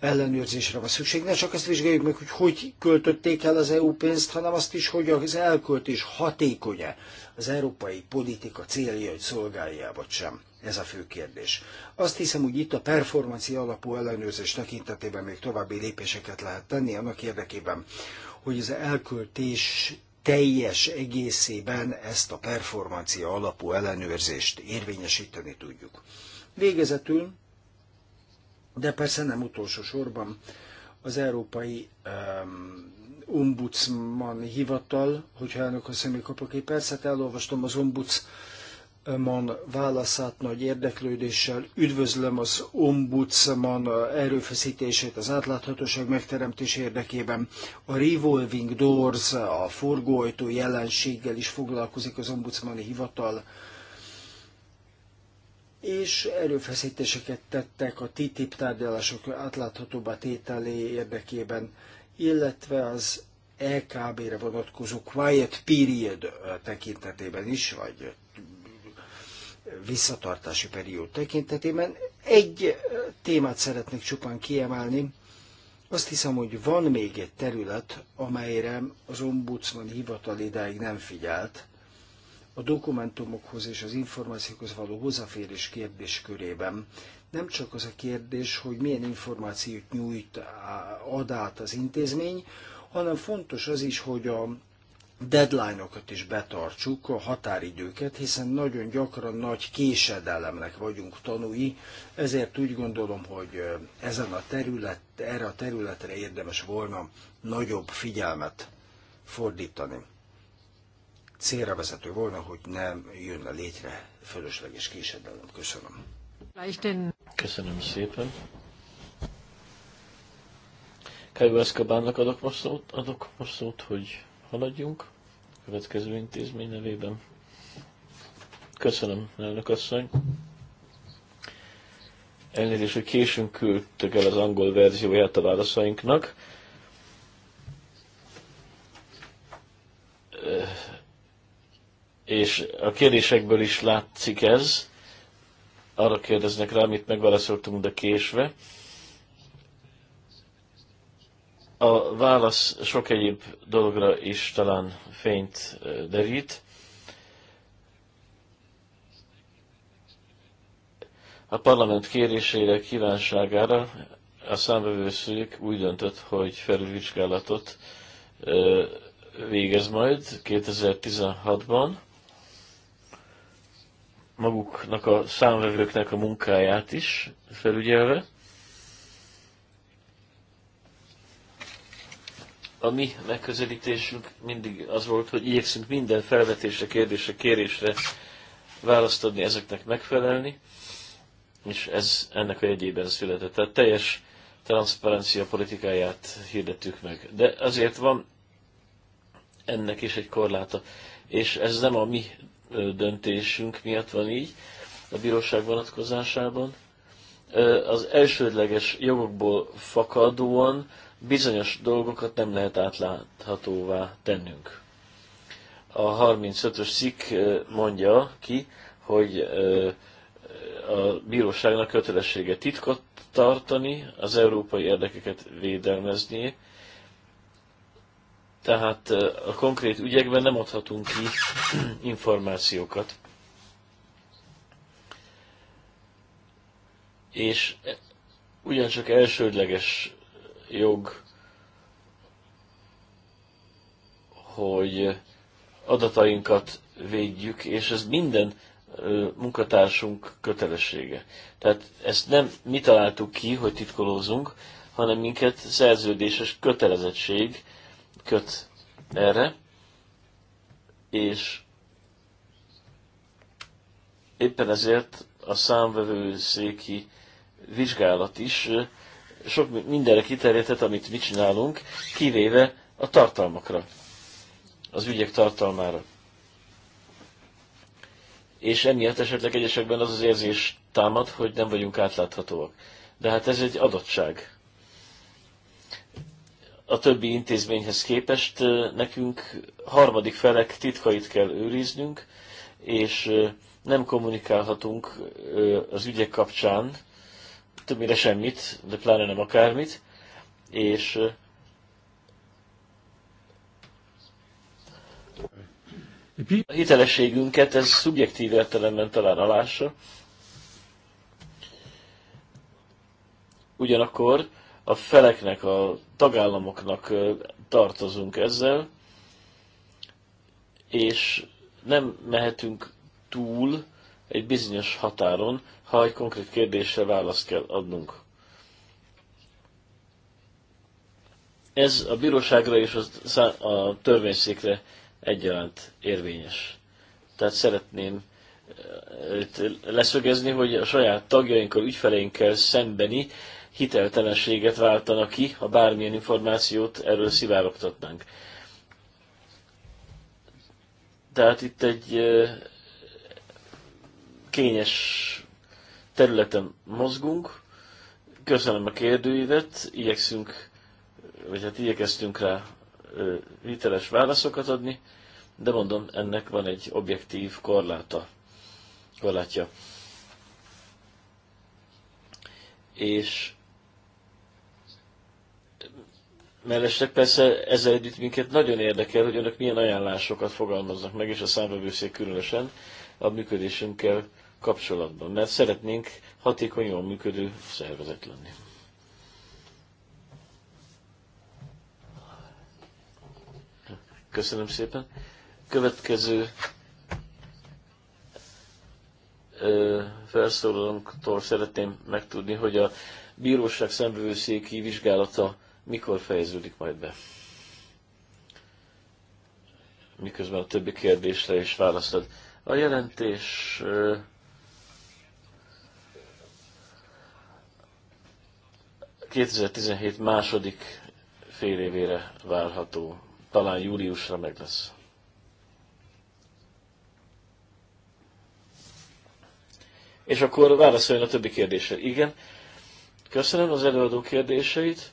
ellenőrzésre van szükség. Ne csak ezt vizsgáljuk meg, hogy hogy költötték el az EU pénzt, hanem azt is, hogy az elköltés hatékonya az európai politika hogy szolgálja, vagy sem. Ez a fő kérdés. Azt hiszem, hogy itt a performanci alapú ellenőrzés tekintetében még további lépéseket lehet tenni annak érdekében, hogy az elköltés teljes egészében ezt a performancia alapú ellenőrzést érvényesíteni tudjuk. Végezetül, de persze nem utolsó sorban, az Európai um, Ombudsman hivatal, hogyha elnök személy kap, egy percet, hát elolvastam az ombuds ombudsman válaszát nagy érdeklődéssel. Üdvözlöm az ombudsman erőfeszítését az átláthatóság megteremtés érdekében. A Revolving Doors, a forgóajtó jelenséggel is foglalkozik az ombudsmani hivatal és erőfeszítéseket tettek a TTIP tárgyalások átláthatóbbá tételé érdekében, illetve az EKB-re vonatkozó quiet period tekintetében is, vagy visszatartási periód tekintetében. Egy eh, témát szeretnék csupán kiemelni. Azt hiszem, hogy van még egy terület, amelyre az ombudsman hivatal idáig nem figyelt. A dokumentumokhoz és az információkhoz való hozzáférés kérdés körében nem csak az a kérdés, hogy milyen információt nyújt, ad át az intézmény, hanem fontos az is, hogy a deadline-okat is betartsuk, a határidőket, hiszen nagyon gyakran nagy késedelemnek vagyunk tanúi, ezért úgy gondolom, hogy ezen a terület, erre a területre érdemes volna nagyobb figyelmet fordítani. Célra vezető volna, hogy nem jönne létre fölösleges késedelem. Köszönöm. Köszönöm szépen. Kajó Eszkabának adok most szót, adok most szót, hogy haladjunk. a Következő intézmény nevében. Köszönöm, elnök asszony. Elnézést, hogy későn küldtök el az angol verzióját a válaszainknak. És a kérdésekből is látszik ez. Arra kérdeznek rá, amit megválaszoltunk, de késve. A válasz sok egyéb dologra is talán fényt derít. A parlament kérésére, kívánságára a számbevőszők úgy döntött, hogy felülvizsgálatot végez majd 2016-ban. Maguknak a számvevőknek a munkáját is felügyelve. a mi megközelítésünk mindig az volt, hogy igyekszünk minden felvetésre, kérdésre, kérésre választ adni, ezeknek megfelelni, és ez ennek a jegyében született. Tehát teljes transzparencia politikáját hirdettük meg. De azért van ennek is egy korláta, és ez nem a mi döntésünk miatt van így, a bíróság vonatkozásában. Az elsődleges jogokból fakadóan bizonyos dolgokat nem lehet átláthatóvá tennünk. A 35-ös szik mondja ki, hogy a bíróságnak kötelessége titkot tartani, az európai érdekeket védelmezni, tehát a konkrét ügyekben nem adhatunk ki [clears throat] információkat. És ugyancsak elsődleges jog, hogy adatainkat védjük, és ez minden munkatársunk kötelessége. Tehát ezt nem mi találtuk ki, hogy titkolózunk, hanem minket szerződéses kötelezettség köt erre, és éppen ezért a számvevőszéki vizsgálat is sok mindenre kiterjedhet, amit mi csinálunk, kivéve a tartalmakra, az ügyek tartalmára. És emiatt esetleg egyesekben az az érzés támad, hogy nem vagyunk átláthatóak. De hát ez egy adottság. A többi intézményhez képest nekünk harmadik felek titkait kell őriznünk, és nem kommunikálhatunk az ügyek kapcsán, többnyire semmit, de pláne nem akármit, és a hitelességünket ez szubjektív értelemben talán alása. Ugyanakkor a feleknek, a tagállamoknak tartozunk ezzel, és nem mehetünk túl egy bizonyos határon, ha egy konkrét kérdésre választ kell adnunk. Ez a bíróságra és a törvényszékre egyaránt érvényes. Tehát szeretném eh, leszögezni, hogy a saját tagjainkkal, ügyfeleinkkel szembeni hiteltelenséget váltana ki, ha bármilyen információt erről szivárogtatnánk. Tehát itt egy eh, kényes területen mozgunk. Köszönöm a kérdőívet, igyekszünk, vagy hát igyekeztünk rá hiteles válaszokat adni, de mondom, ennek van egy objektív korláta, korlátja. És mellesleg persze ezzel együtt minket nagyon érdekel, hogy önök milyen ajánlásokat fogalmaznak meg, és a számvevőszék különösen a működésünkkel kapcsolatban, mert szeretnénk hatékony, jól működő szervezet lenni. Köszönöm szépen. Következő felszólalónktól szeretném megtudni, hogy a bíróság szembevőszéki vizsgálata mikor fejeződik majd be. Miközben a többi kérdésre is választod. A jelentés 2017 második fél évére várható. Talán júliusra meg lesz. És akkor válaszoljon a többi kérdésre. Igen, köszönöm az előadó kérdéseit,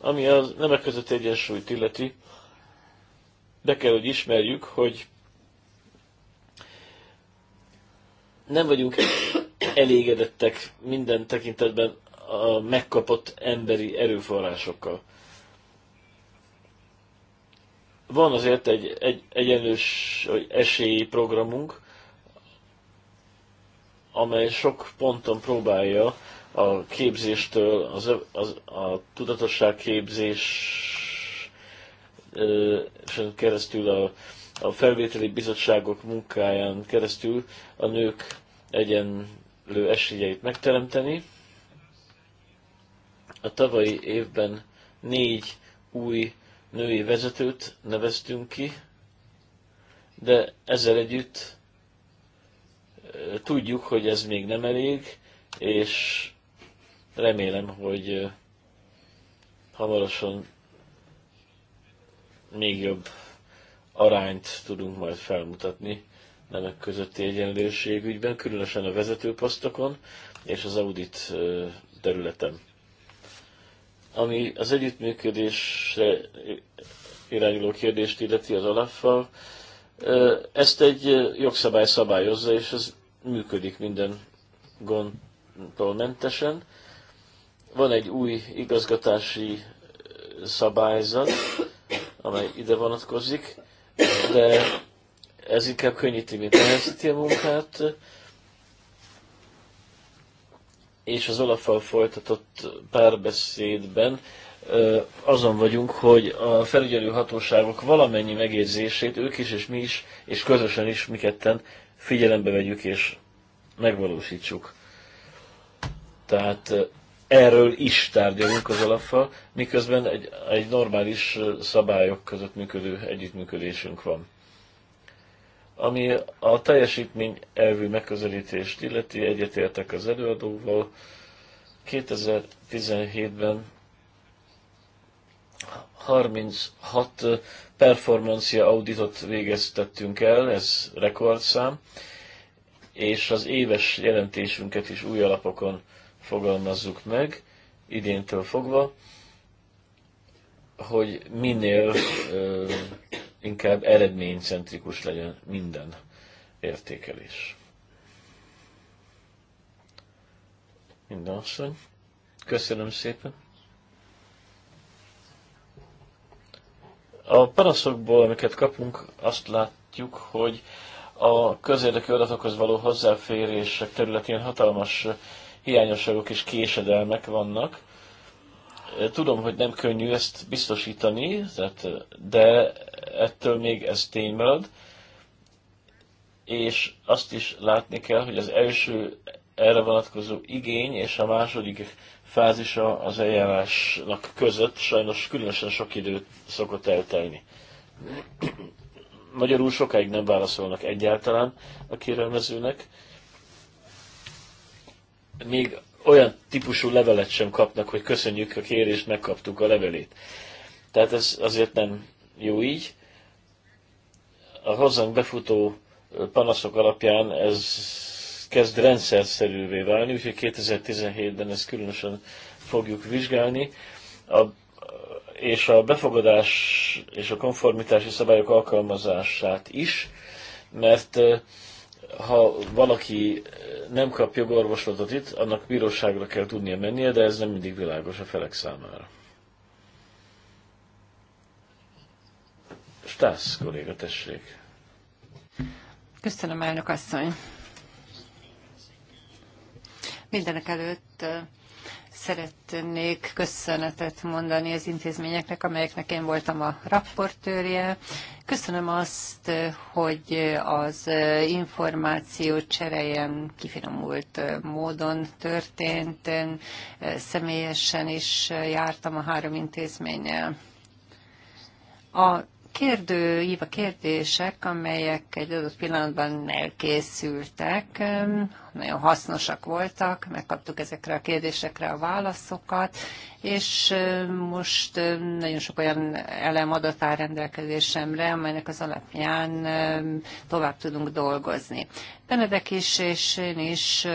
ami a nemek között egyensúlyt illeti. de kell, hogy ismerjük, hogy nem vagyunk elégedettek minden tekintetben a megkapott emberi erőforrásokkal. Van azért egy, egy egyenlős esélyi programunk, amely sok ponton próbálja a képzéstől, az, az, a tudatosság képzés keresztül, a, a felvételi bizottságok munkáján keresztül a nők egyenlő esélyeit megteremteni a tavalyi évben négy új női vezetőt neveztünk ki, de ezzel együtt tudjuk, hogy ez még nem elég, és remélem, hogy hamarosan még jobb arányt tudunk majd felmutatni nemek közötti egyenlőségügyben, különösen a vezetőposztokon és az audit területen. Ami az együttműködésre irányuló kérdést illeti az alaffal, ezt egy jogszabály szabályozza, és ez működik minden gondtól mentesen. Van egy új igazgatási szabályzat, amely ide vonatkozik, de ez inkább könnyíti, mint nehezíti a munkát és az olafal folytatott párbeszédben azon vagyunk, hogy a felügyelő hatóságok valamennyi megérzését ők is és mi is, és közösen is mi ketten figyelembe vegyük és megvalósítsuk. Tehát erről is tárgyalunk az alapfal, miközben egy, egy normális szabályok között működő együttműködésünk van. Ami a teljesítmény elvű megközelítést illeti, egyetértek az előadóval. 2017-ben 36 performancia auditot végeztettünk el, ez rekordszám, és az éves jelentésünket is új alapokon fogalmazzuk meg, idéntől fogva, hogy minél ö, inkább eredménycentrikus legyen minden értékelés. Minden asszony. Köszönöm szépen. A panaszokból, amiket kapunk, azt látjuk, hogy a közérdekű adatokhoz való hozzáférések területén hatalmas hiányosságok és késedelmek vannak. Tudom, hogy nem könnyű ezt biztosítani, tehát, de ettől még ez ténymarad, és azt is látni kell, hogy az első erre vonatkozó igény és a második fázisa az eljárásnak között sajnos különösen sok időt szokott eltelni. Magyarul sokáig nem válaszolnak egyáltalán a kérelmezőnek. Még olyan típusú levelet sem kapnak, hogy köszönjük a kérést, megkaptuk a levelét. Tehát ez azért nem jó így. A hozzánk befutó panaszok alapján ez kezd rendszerszerűvé válni, úgyhogy 2017-ben ezt különösen fogjuk vizsgálni. A, és a befogadás és a konformitási szabályok alkalmazását is, mert ha valaki eh, nem kap jogorvoslatot itt, annak bíróságra kell tudnia mennie, de ez nem mindig világos a felek számára. Stász kolléga, tessék. Köszönöm, elnök asszony. Mindenek előtt eh, szeretnék köszönetet mondani az intézményeknek, amelyeknek én voltam a rapportőrje. Köszönöm azt, hogy az információ cserejen kifinomult módon történt. Én személyesen is jártam a három intézménnyel. A kérdő, a kérdések, amelyek egy adott pillanatban elkészültek, nagyon hasznosak voltak, megkaptuk ezekre a kérdésekre a válaszokat, és most nagyon sok olyan elem adott áll rendelkezésemre, amelynek az alapján tovább tudunk dolgozni. Benedek is és én is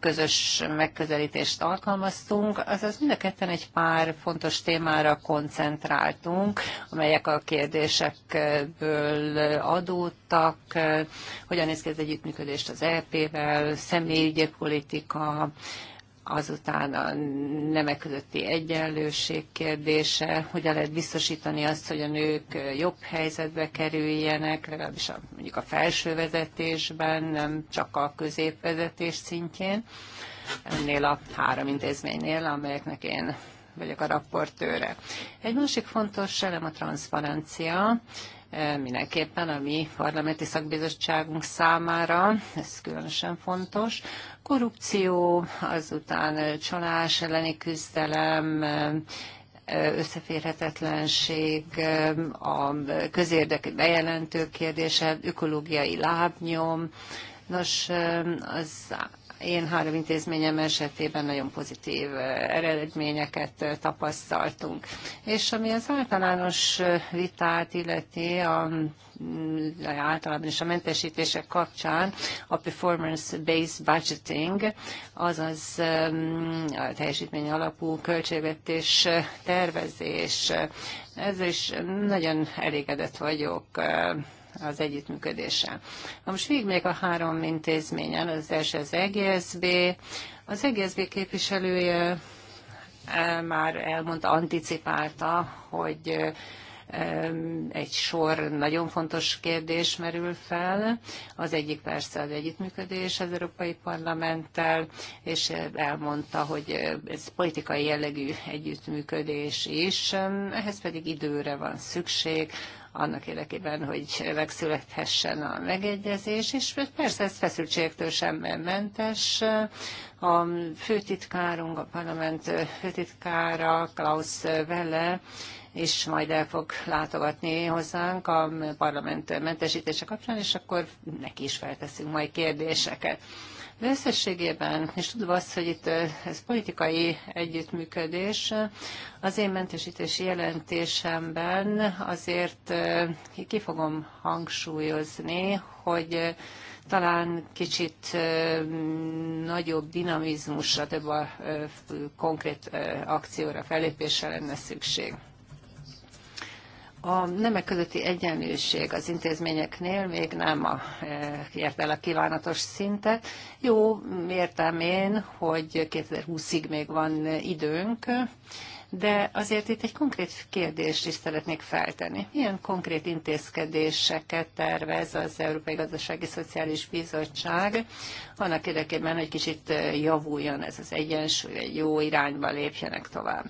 közös megközelítést alkalmaztunk, azaz mind a ketten egy pár fontos témára koncentráltunk, amelyek a kérdésekből adódtak, hogyan néz ki az együttműködést az EP-vel, személyügyi politika, azután a nemek közötti egyenlőség kérdése, hogyan lehet biztosítani azt, hogy a nők jobb helyzetbe kerüljenek, legalábbis a, mondjuk a felső vezetésben, nem csak a középvezetés szintjén, ennél a három intézménynél, amelyeknek én vagyok a raportőre. Egy másik fontos elem a transzparencia mindenképpen a mi parlamenti szakbizottságunk számára, ez különösen fontos. Korrupció, azután csalás elleni küzdelem, összeférhetetlenség, a közérdek bejelentő kérdése, ökológiai lábnyom, Nos, az én három intézményem esetében nagyon pozitív eh, eredményeket eh, tapasztaltunk. És ami az általános eh, vitát illeti, a, mm, általában is a mentesítések kapcsán a performance-based budgeting, azaz mm, a teljesítmény alapú költségvetés tervezés. Ez is nagyon elégedett vagyok az együttműködéssel. Na most végig a három intézményen, az első az EGSB. Az EGSB képviselője eh, már elmondta, anticipálta, hogy eh, egy sor nagyon fontos kérdés merül fel. Az egyik persze az együttműködés az Európai Parlamenttel, és elmondta, hogy ez politikai jellegű együttműködés is, ehhez pedig időre van szükség, annak érdekében, hogy megszülethessen a megegyezés, és persze ez feszültségtől sem mentes. A főtitkárunk, a parlament főtitkára Klaus Welle és majd el fog látogatni hozzánk a parlament mentesítése kapcsán, és akkor neki is felteszünk majd kérdéseket. De összességében, és tudva azt, hogy itt ez politikai együttműködés, az én mentesítési jelentésemben azért ki fogom hangsúlyozni, hogy talán kicsit nagyobb dinamizmusra, több a konkrét akcióra, fellépésre lenne szükség. A nemek közötti egyenlőség az intézményeknél még nem a, e, ért el a kívánatos szintet. Jó, értem én, hogy 2020-ig még van időnk, de azért itt egy konkrét kérdést is szeretnék feltenni. Milyen konkrét intézkedéseket tervez az Európai Gazdasági Szociális Bizottság annak érdekében, hogy kicsit javuljon ez az egyensúly, hogy jó irányba lépjenek tovább?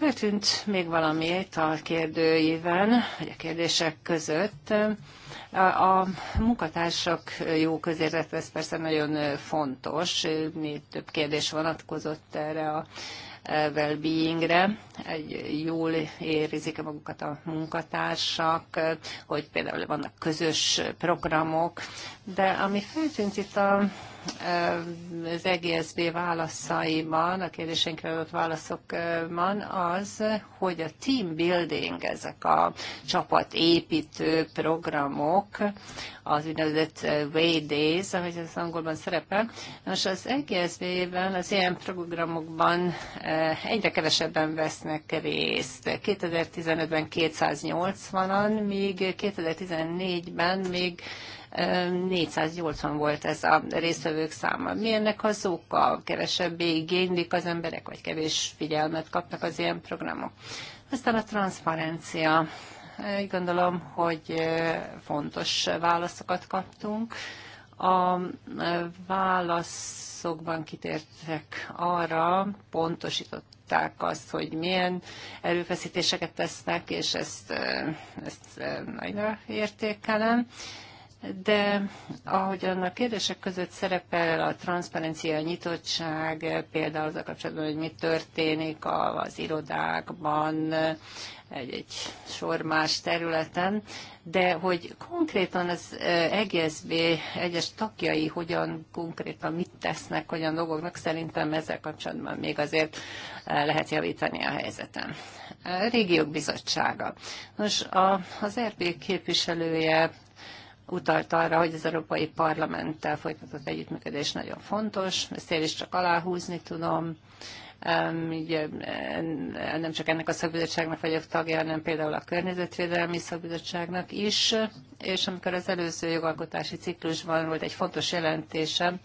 Feltűnt még valamit a kérdőjében, vagy a kérdések között. A munkatársak jó közérzet, ez persze nagyon fontos. Mi több kérdés vonatkozott erre a e, well-beingre, egy jól érzik -e magukat a munkatársak, hogy például vannak közös programok, de ami feltűnt itt a az EGSB válaszaiban, a kérdésénkre adott válaszokban az, hogy a team building, ezek a csapatépítő programok, az úgynevezett way days, ahogy az angolban szerepel. Most az EGSB-ben, az ilyen programokban egyre kevesebben vesznek részt. 2015-ben 280-an, míg 2014-ben még 480 volt ez a részvevők száma. Mi ennek az oka? Kevesebbé igénylik az emberek, vagy kevés figyelmet kapnak az ilyen programok? Aztán a transzparencia. Úgy gondolom, hogy fontos válaszokat kaptunk. A válaszokban kitértek arra, pontosították azt, hogy milyen erőfeszítéseket tesznek, és ezt, ezt nagyra értékelem de ahogyan a kérdések között szerepel a transzparencia, a nyitottság, például az a kapcsolatban, hogy mi történik az irodákban, egy, egy sor más területen, de hogy konkrétan az EGSB egyes tagjai hogyan konkrétan mit tesznek, hogyan dolgoknak, szerintem ezzel kapcsolatban még azért lehet javítani a helyzeten. A régiók Bizottsága. Nos, a, az RB képviselője utalt arra, hogy az Európai Parlamenttel folytatott együttműködés nagyon fontos, ezt én is csak aláhúzni tudom. így, nem csak ennek a szakbizottságnak vagyok tagja, hanem például a Környezetvédelmi Szakbizottságnak is, és amikor az előző jogalkotási ciklusban volt egy fontos jelentésem,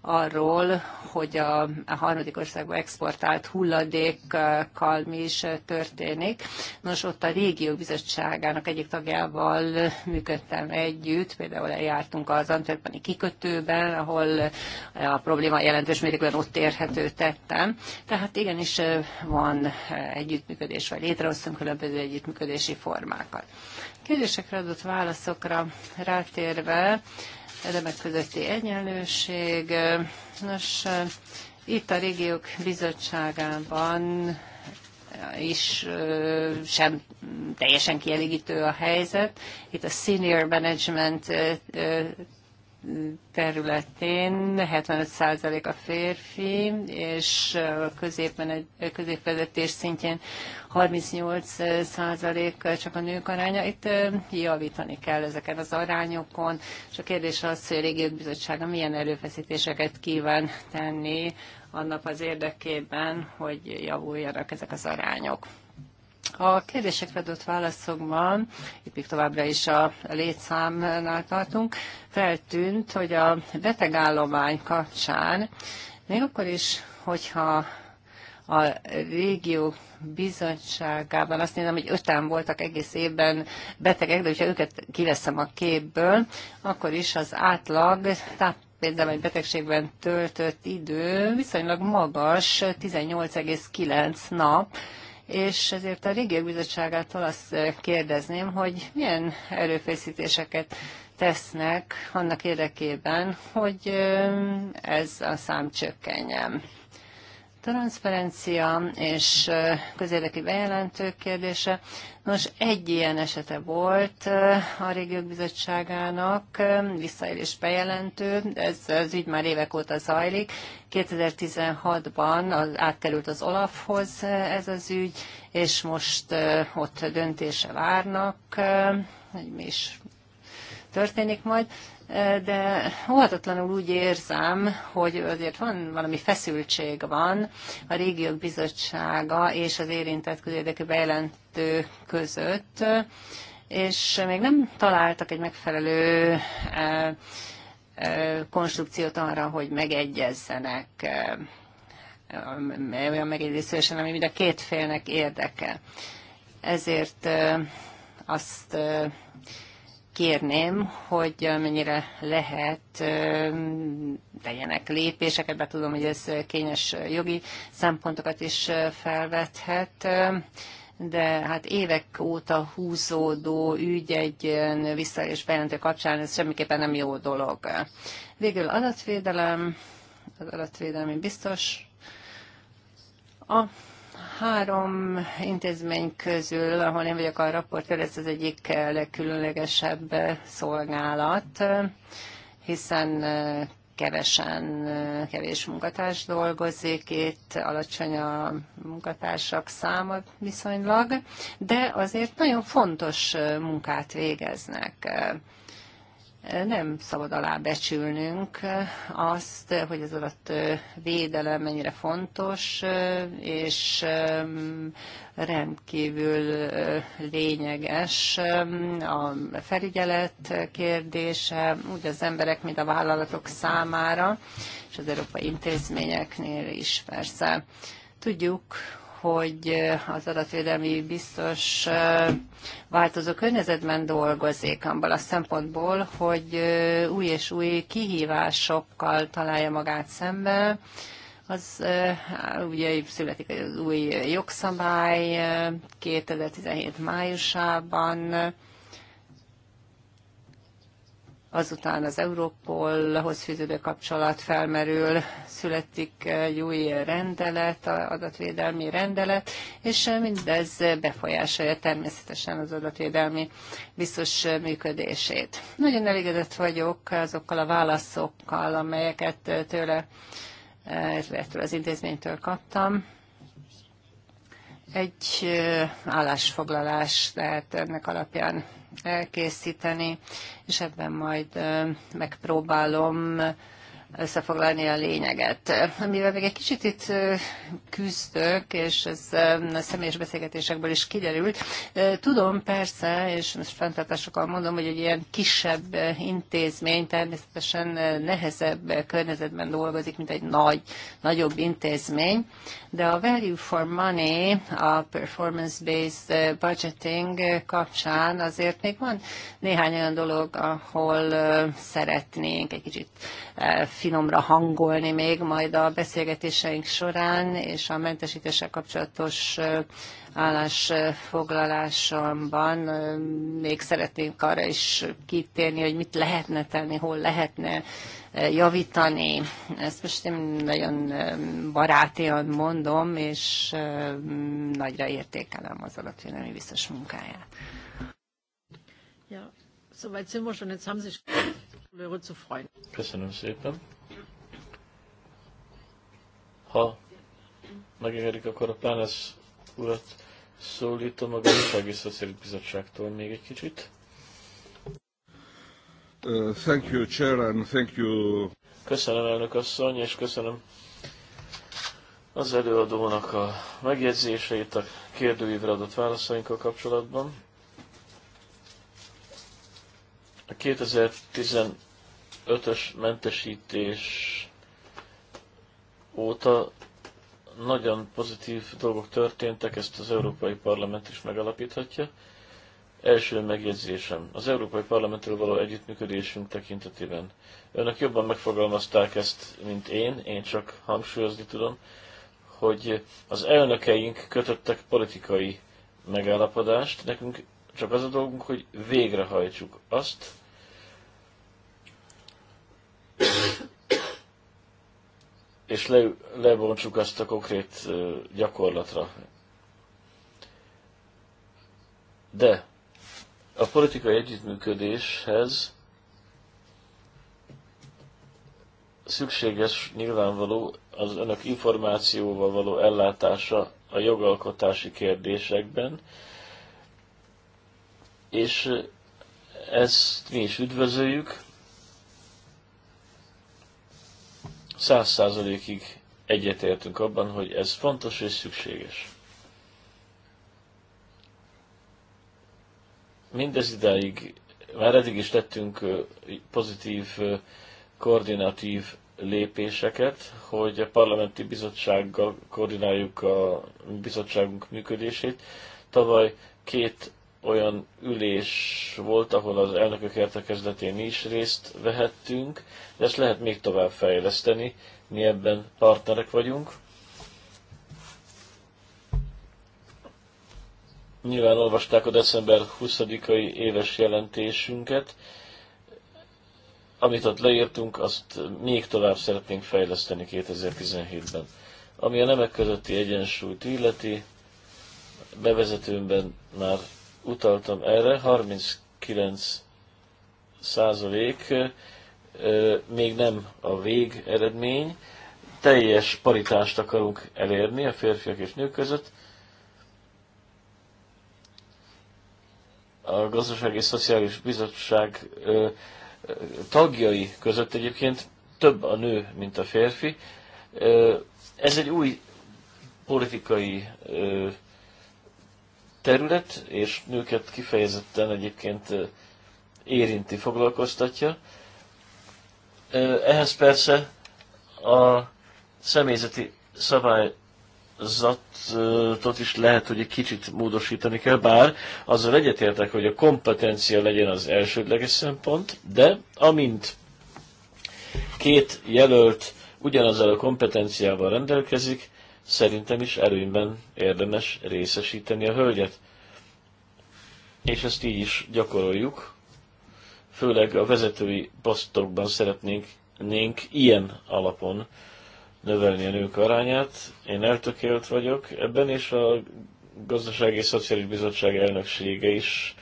arról, hogy a, a harmadik országba exportált hulladékkal mi is történik. Nos, ott a régió bizottságának egyik tagjával működtem együtt, például eljártunk az Antwerpeni kikötőben, ahol a probléma jelentős mértékben ott érhető tettem. Tehát igenis van együttműködés, vagy létrehoztunk különböző együttműködési formákat. Kérdésekre adott válaszokra rátérve, nemek közötti egyenlőség. Nos, itt a régiók bizottságában is sem teljesen kielégítő a helyzet. Itt a senior management területén 75% a férfi, és a középen, középvezetés szintjén 38% csak a nők aránya. Itt javítani kell ezeken az arányokon, és a kérdés az, hogy a Régiók Bizottsága milyen erőfeszítéseket kíván tenni annak az érdekében, hogy javuljanak ezek az arányok. A kérdésekre adott válaszokban, itt még továbbra is a létszámnál tartunk, feltűnt, hogy a betegállomány kapcsán, még akkor is, hogyha a régió bizottságában azt nézem, hogy öten voltak egész évben betegek, de hogyha őket kiveszem a képből, akkor is az átlag tehát például egy betegségben töltött idő viszonylag magas, 18,9 nap, és ezért a Régiók Bizottságától azt eh, kérdezném, hogy milyen erőfeszítéseket tesznek annak érdekében, hogy eh, ez a szám csökkenjen transzferencia és közérdekű bejelentők kérdése. Nos, egy ilyen esete volt a Régiók Bizottságának, visszaélés bejelentő, ez az ügy már évek óta zajlik. 2016-ban az, átkerült az Olafhoz ez az ügy, és most ott döntése várnak, hogy mi is történik majd de óhatatlanul úgy érzem, hogy azért van valami feszültség van a régiók bizottsága és az érintett közérdekű bejelentő között, és még nem találtak egy megfelelő e, e, konstrukciót arra, hogy megegyezzenek e, olyan megegyezésen, ami mind a két félnek érdeke. Ezért azt kérném, hogy mennyire lehet tegyenek lépések, ebben tudom, hogy ez kényes jogi szempontokat is felvethet, de hát évek óta húzódó ügy egy ilyen vissza és bejelentő kapcsán, ez semmiképpen nem jó dolog. Végül adatvédelem, az adatvédelmi biztos. A három intézmény közül, ahol én vagyok a raportőr, ez az egyik legkülönlegesebb szolgálat, hiszen kevesen, kevés munkatárs dolgozik, itt alacsony a munkatársak száma viszonylag, de azért nagyon fontos munkát végeznek nem szabad alábecsülnünk azt, hogy az adat védelem mennyire fontos, és um, rendkívül uh, lényeges um, a felügyelet kérdése, úgy az emberek, mint a vállalatok számára, és az európai intézményeknél is persze. Tudjuk, hogy eh, az adatvédelmi biztos eh, változó környezetben dolgozik, abban a szempontból, hogy eh, új és új kihívásokkal találja magát szembe, az ugye születik az új jogszabály 2017 májusában, azután az Európolhoz fűződő kapcsolat felmerül, születik egy új rendelet, adatvédelmi rendelet, és mindez befolyásolja természetesen az adatvédelmi biztos működését. Nagyon elégedett vagyok azokkal a válaszokkal, amelyeket tőle, illetve az intézménytől kaptam. Egy állásfoglalás lehet ennek alapján elkészíteni, és ebben majd megpróbálom összefoglalni a lényeget. Amivel még egy kicsit itt küzdök, és ez a személyes beszélgetésekből is kiderült. Tudom persze, és most fenntartásokkal mondom, hogy egy ilyen kisebb intézmény természetesen nehezebb környezetben dolgozik, mint egy nagy, nagyobb intézmény, de a value for money, a performance-based budgeting kapcsán azért még van néhány olyan dolog, ahol szeretnénk egy kicsit finomra hangolni még majd a beszélgetéseink során, és a mentesítéssel kapcsolatos állásfoglalásomban még szeretnénk arra is kitérni, hogy mit lehetne tenni, hol lehetne javítani. Ezt most én nagyon barátian mondom, és nagyra értékelem az alapvédelmi biztos munkáját. Ja, szóval sind wir schon. Jetzt haben Sie Köszönöm szépen. Ha megengedik, akkor a Pánesz urat szólítom a Gazdasági Szociális Bizottságtól még egy kicsit. Uh, thank you, Chair, and thank you. Köszönöm, elnök asszony, és köszönöm az előadónak a megjegyzéseit a kérdőívre adott válaszainkkal kapcsolatban. 2015-ös mentesítés óta nagyon pozitív dolgok történtek, ezt az Európai Parlament is megalapíthatja. Első megjegyzésem. Az Európai Parlamentről való együttműködésünk tekintetében. Önök jobban megfogalmazták ezt, mint én, én csak hangsúlyozni tudom, hogy az elnökeink kötöttek politikai megállapodást, nekünk csak az a dolgunk, hogy végrehajtsuk azt, és le, lebontsuk azt a konkrét gyakorlatra. De a politikai együttműködéshez szükséges nyilvánvaló az önök információval való ellátása a jogalkotási kérdésekben, és ezt mi is üdvözöljük, száz százalékig egyetértünk abban, hogy ez fontos és szükséges. Mindez idáig, már eddig is tettünk pozitív, koordinatív lépéseket, hogy a parlamenti bizottsággal koordináljuk a bizottságunk működését. Tavaly két olyan ülés volt, ahol az elnökök értekezletén is részt vehettünk, de ezt lehet még tovább fejleszteni, mi ebben partnerek vagyunk. Nyilván olvasták a december 20-ai éves jelentésünket, amit ott leírtunk, azt még tovább szeretnénk fejleszteni 2017-ben. Ami a nemek közötti egyensúlyt illeti, bevezetőmben már utaltam erre, 39 százalék még nem a vég eredmény. Teljes paritást akarunk elérni a férfiak és nők között. A Gazdasági és Szociális Bizottság tagjai között egyébként több a nő, mint a férfi. Ez egy új politikai terület, és nőket kifejezetten egyébként érinti, foglalkoztatja. Ehhez persze a személyzeti szabályzatot is lehet, hogy egy kicsit módosítani kell, bár azzal egyetértek, hogy a kompetencia legyen az elsődleges szempont, de amint két jelölt ugyanazzal a kompetenciával rendelkezik, szerintem is előnyben érdemes részesíteni a hölgyet. És ezt így is gyakoroljuk. Főleg a vezetői posztokban szeretnénk nénk ilyen alapon növelni a nők arányát. Én eltökélt vagyok ebben, és a Gazdasági és Szociális Bizottság elnöksége is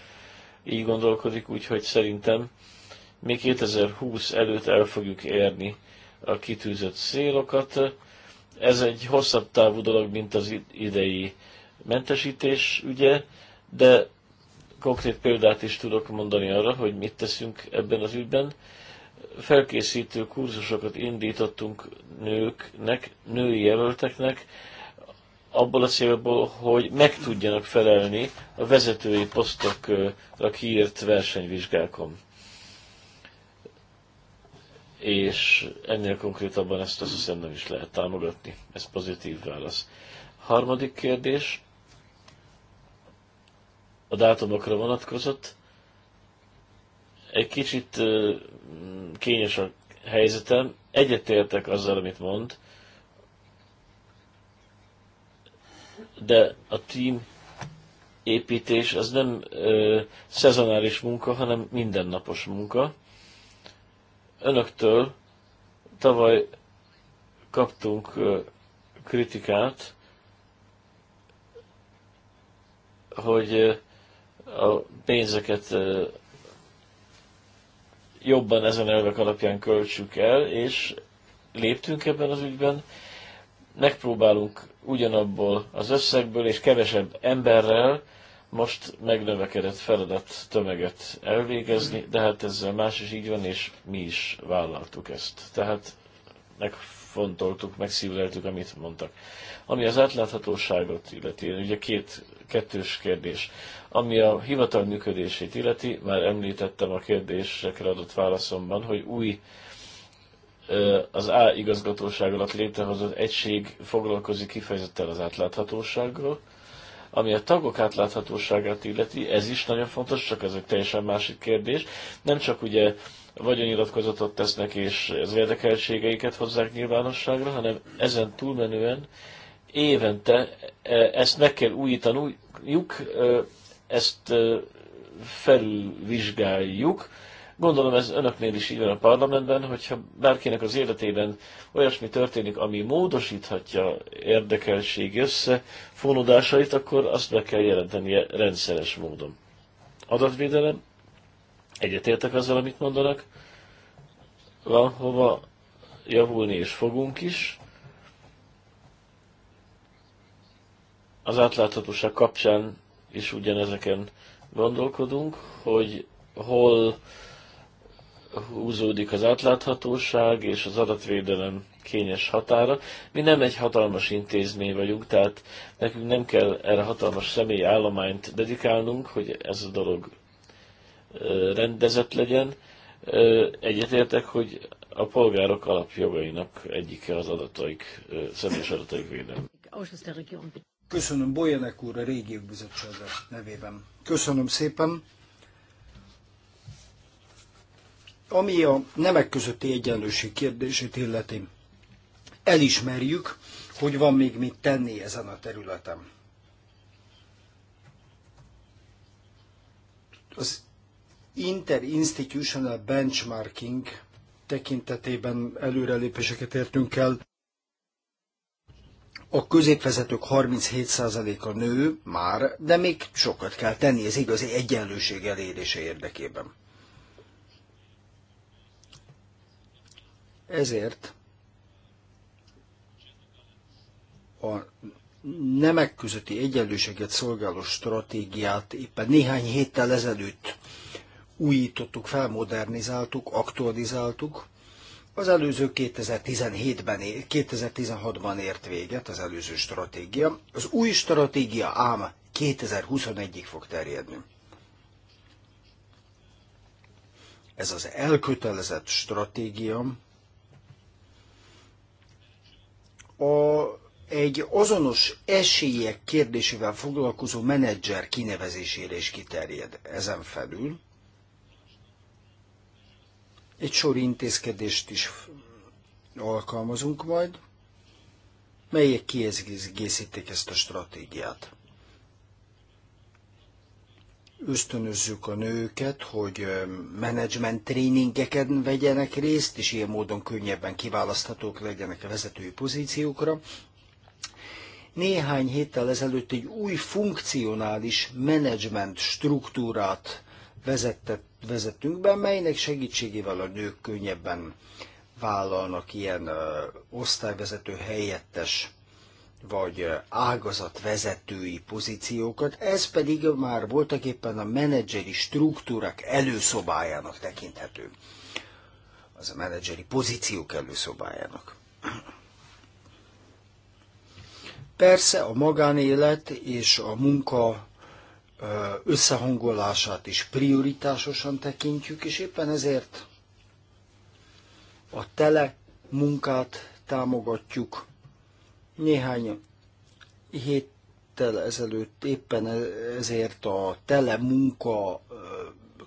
így gondolkodik, úgyhogy szerintem még 2020 előtt el fogjuk érni a kitűzött célokat ez egy hosszabb távú dolog, mint az idei mentesítés, ugye, de konkrét példát is tudok mondani arra, hogy mit teszünk ebben az ügyben. Felkészítő kurzusokat indítottunk nőknek, női jelölteknek, abból a célból, hogy meg tudjanak felelni a vezetői posztokra kiírt versenyvizsgákon és ennél konkrétabban ezt azt hiszem nem is lehet támogatni. Ez pozitív válasz. Harmadik kérdés a dátumokra vonatkozott. Egy kicsit kényes a helyzetem. Egyetértek azzal, amit mond, de a team építés az nem ö, szezonális munka, hanem mindennapos munka önöktől tavaly kaptunk kritikát, hogy a pénzeket jobban ezen elvek alapján költsük el, és léptünk ebben az ügyben. Megpróbálunk ugyanabból az összegből és kevesebb emberrel most megnövekedett feladat tömeget elvégezni, de hát ezzel más is így van, és mi is vállaltuk ezt. Tehát megfontoltuk, megszívleltük, amit mondtak. Ami az átláthatóságot illeti, ugye két kettős kérdés. Ami a hivatal működését illeti, már említettem a kérdésekre adott válaszomban, hogy új az A igazgatóság alatt létrehozott egység foglalkozik kifejezetten az átláthatósággal, ami a tagok átláthatóságát illeti, ez is nagyon fontos, csak ez egy teljesen másik kérdés. Nem csak ugye vagyonnyilatkozatot tesznek és az érdekeltségeiket hozzák nyilvánosságra, hanem ezen túlmenően évente e, ezt meg kell újítanunk, e, ezt e, felülvizsgáljuk, Gondolom ez önöknél is így van a parlamentben, hogyha bárkinek az életében olyasmi történik, ami módosíthatja össze összefonódásait, akkor azt be kell jelentenie rendszeres módon. Adatvédelem, egyetértek azzal, amit mondanak, van hova javulni, és fogunk is. Az átláthatóság kapcsán is ugyanezeken gondolkodunk, hogy hol húzódik az átláthatóság és az adatvédelem kényes határa. Mi nem egy hatalmas intézmény vagyunk, tehát nekünk nem kell erre hatalmas személyi állományt dedikálnunk, hogy ez a dolog rendezett legyen. Egyetértek, hogy a polgárok alapjogainak egyike az adataik, személyes adataik védelme. Köszönöm Bolyanek úr a régiók bizottsága nevében. Köszönöm szépen. Ami a nemek közötti egyenlőség kérdését illeti, elismerjük, hogy van még mit tenni ezen a területen. Az interinstitutional benchmarking tekintetében előrelépéseket értünk el. A középvezetők 37%-a nő már, de még sokat kell tenni az igazi egyenlőség elérése érdekében. Ezért a nemek közötti egyenlőséget szolgáló stratégiát éppen néhány héttel ezelőtt újítottuk, felmodernizáltuk, aktualizáltuk. Az előző 2017-ben, 2016-ban ért véget az előző stratégia. Az új stratégia ám 2021-ig fog terjedni. Ez az elkötelezett stratégia a, egy azonos esélyek kérdésével foglalkozó menedzser kinevezésére is kiterjed ezen felül. Egy sor intézkedést is alkalmazunk majd, melyek kiegészítik ezt a stratégiát ösztönözzük a nőket, hogy menedzsment tréningeken vegyenek részt, és ilyen módon könnyebben kiválaszthatók legyenek a vezetői pozíciókra. Néhány héttel ezelőtt egy új funkcionális menedzsment struktúrát vezettünk be, melynek segítségével a nők könnyebben vállalnak ilyen osztályvezető helyettes vagy ágazatvezetői pozíciókat, ez pedig már voltak éppen a menedzseri struktúrák előszobájának tekinthető. Az a menedzseri pozíciók előszobájának. Persze a magánélet és a munka összehangolását is prioritásosan tekintjük, és éppen ezért a tele munkát támogatjuk, néhány héttel ezelőtt éppen e- ezért a tele munka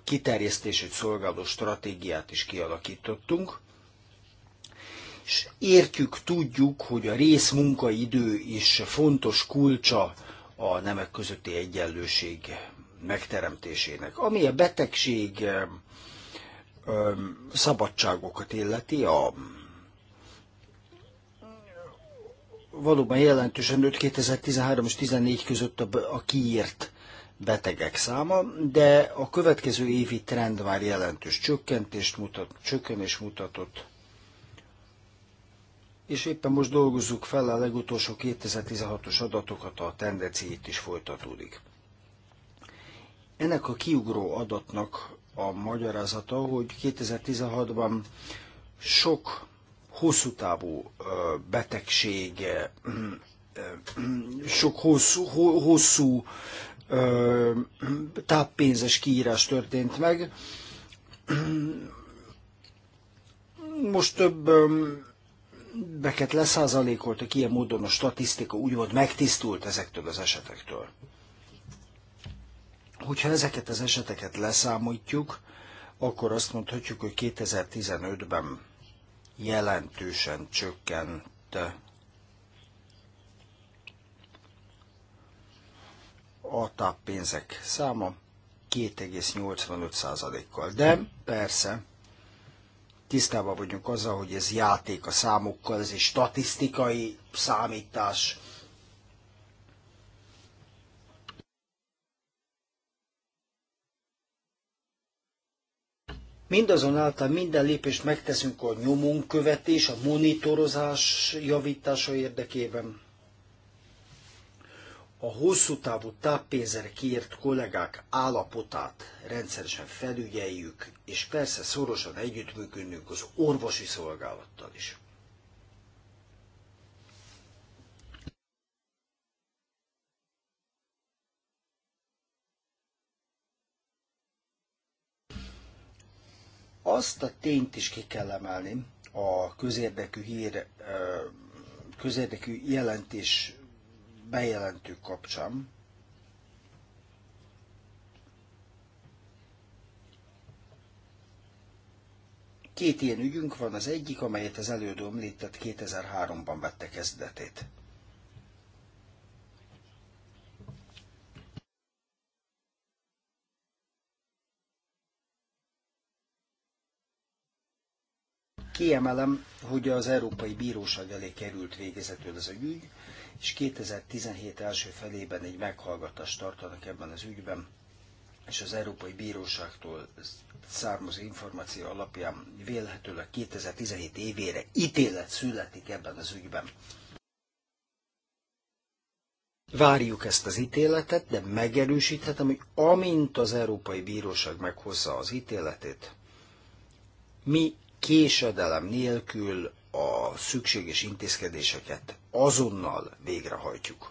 kiterjesztését szolgáló stratégiát is kialakítottunk, és értjük, tudjuk, hogy a részmunkaidő is fontos kulcsa a nemek közötti egyenlőség megteremtésének, ami a betegség szabadságokat illeti, a valóban jelentősen nőtt 2013 és 2014 között a, a kiírt betegek száma, de a következő évi trend már jelentős csökkentést mutat, csökkenés mutatott. És éppen most dolgozzuk fel a legutolsó 2016-os adatokat, a tendenciét is folytatódik. Ennek a kiugró adatnak a magyarázata, hogy 2016-ban sok hosszú távú betegség, sok hosszú, hosszú táppénzes kiírás történt meg. Most több beket leszázalékoltak, ilyen módon a statisztika úgymond megtisztult ezektől az esetektől. Hogyha ezeket az eseteket leszámítjuk, akkor azt mondhatjuk, hogy 2015-ben jelentősen csökkent a táppénzek száma 2,85%-kal. De persze, tisztában vagyunk azzal, hogy ez játék a számokkal, ez egy statisztikai számítás, Mindazonáltal minden lépést megteszünk a nyomonkövetés, a monitorozás javítása érdekében. A hosszú távú táppénzre kiért kollégák állapotát rendszeresen felügyeljük, és persze szorosan együttműködünk az orvosi szolgálattal is. azt a tényt is ki kell emelni a közérdekű hír, közérdekű jelentés bejelentő kapcsán, Két ilyen ügyünk van, az egyik, amelyet az előadó említett 2003-ban vette kezdetét. Kiemelem, hogy az Európai Bíróság elé került végezetül ez a ügy, és 2017 első felében egy meghallgatást tartanak ebben az ügyben, és az Európai Bíróságtól származó információ alapján vélhetőleg 2017 évére ítélet születik ebben az ügyben. Várjuk ezt az ítéletet, de megerősíthetem, hogy amint az Európai Bíróság meghozza az ítéletét, mi késedelem nélkül a szükséges intézkedéseket azonnal végrehajtjuk.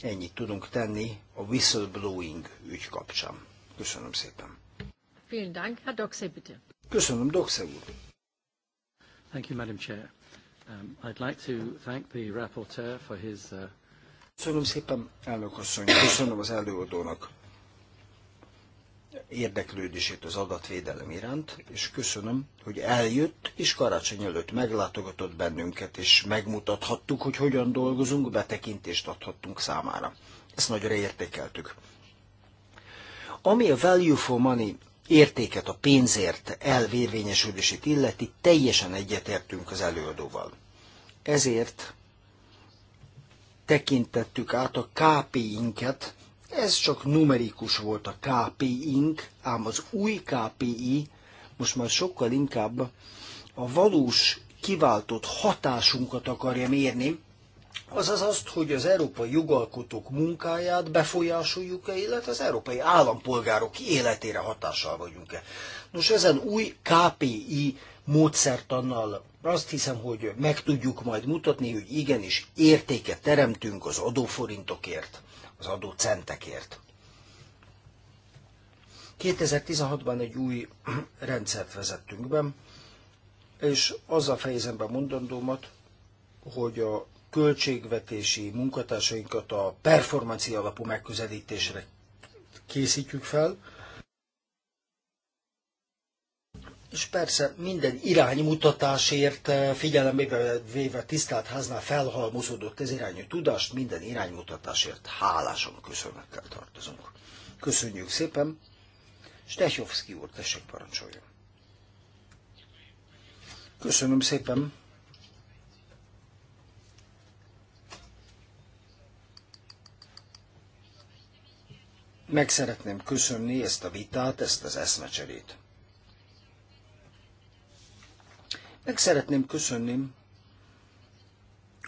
Ennyit tudunk tenni a whistleblowing ügy kapcsán. Köszönöm szépen. Vielen Dank, Herr Doxe, bitte. Köszönöm, Doxe úr. Thank you, Madam Chair. Um, I'd like to thank the rapporteur for his... Uh... Köszönöm szépen, elnök asszony. Köszönöm az előadónak érdeklődését az adatvédelem iránt, és köszönöm, hogy eljött, és karácsony előtt meglátogatott bennünket, és megmutathattuk, hogy hogyan dolgozunk, betekintést adhattunk számára. Ezt nagyra értékeltük. Ami a value for money értéket a pénzért elvérvényesülését illeti, teljesen egyetértünk az előadóval. Ezért tekintettük át a KPI-nket, ez csak numerikus volt a KPI-nk, ám az új KPI most már sokkal inkább a valós kiváltott hatásunkat akarja mérni, azaz azt, hogy az európai jogalkotók munkáját befolyásoljuk-e, illetve az európai állampolgárok életére hatással vagyunk-e. Nos, ezen új KPI módszertannal azt hiszem, hogy meg tudjuk majd mutatni, hogy igenis értéket teremtünk az adóforintokért az adó centekért. 2016-ban egy új [clears throat] rendszert vezettünk be, és azzal fejezem be mondandómat, hogy a költségvetési munkatársainkat a performancia alapú megközelítésre készítjük fel, és persze minden iránymutatásért eh, figyelembe véve tisztelt háznál felhalmozódott ez irányú tudást, minden iránymutatásért hálásan köszönettel tartozunk. Köszönjük szépen, Stechowski úr, tessék parancsoljon. Köszönöm szépen. Meg szeretném köszönni ezt a vitát, ezt az eszmecserét. Meg szeretném köszönni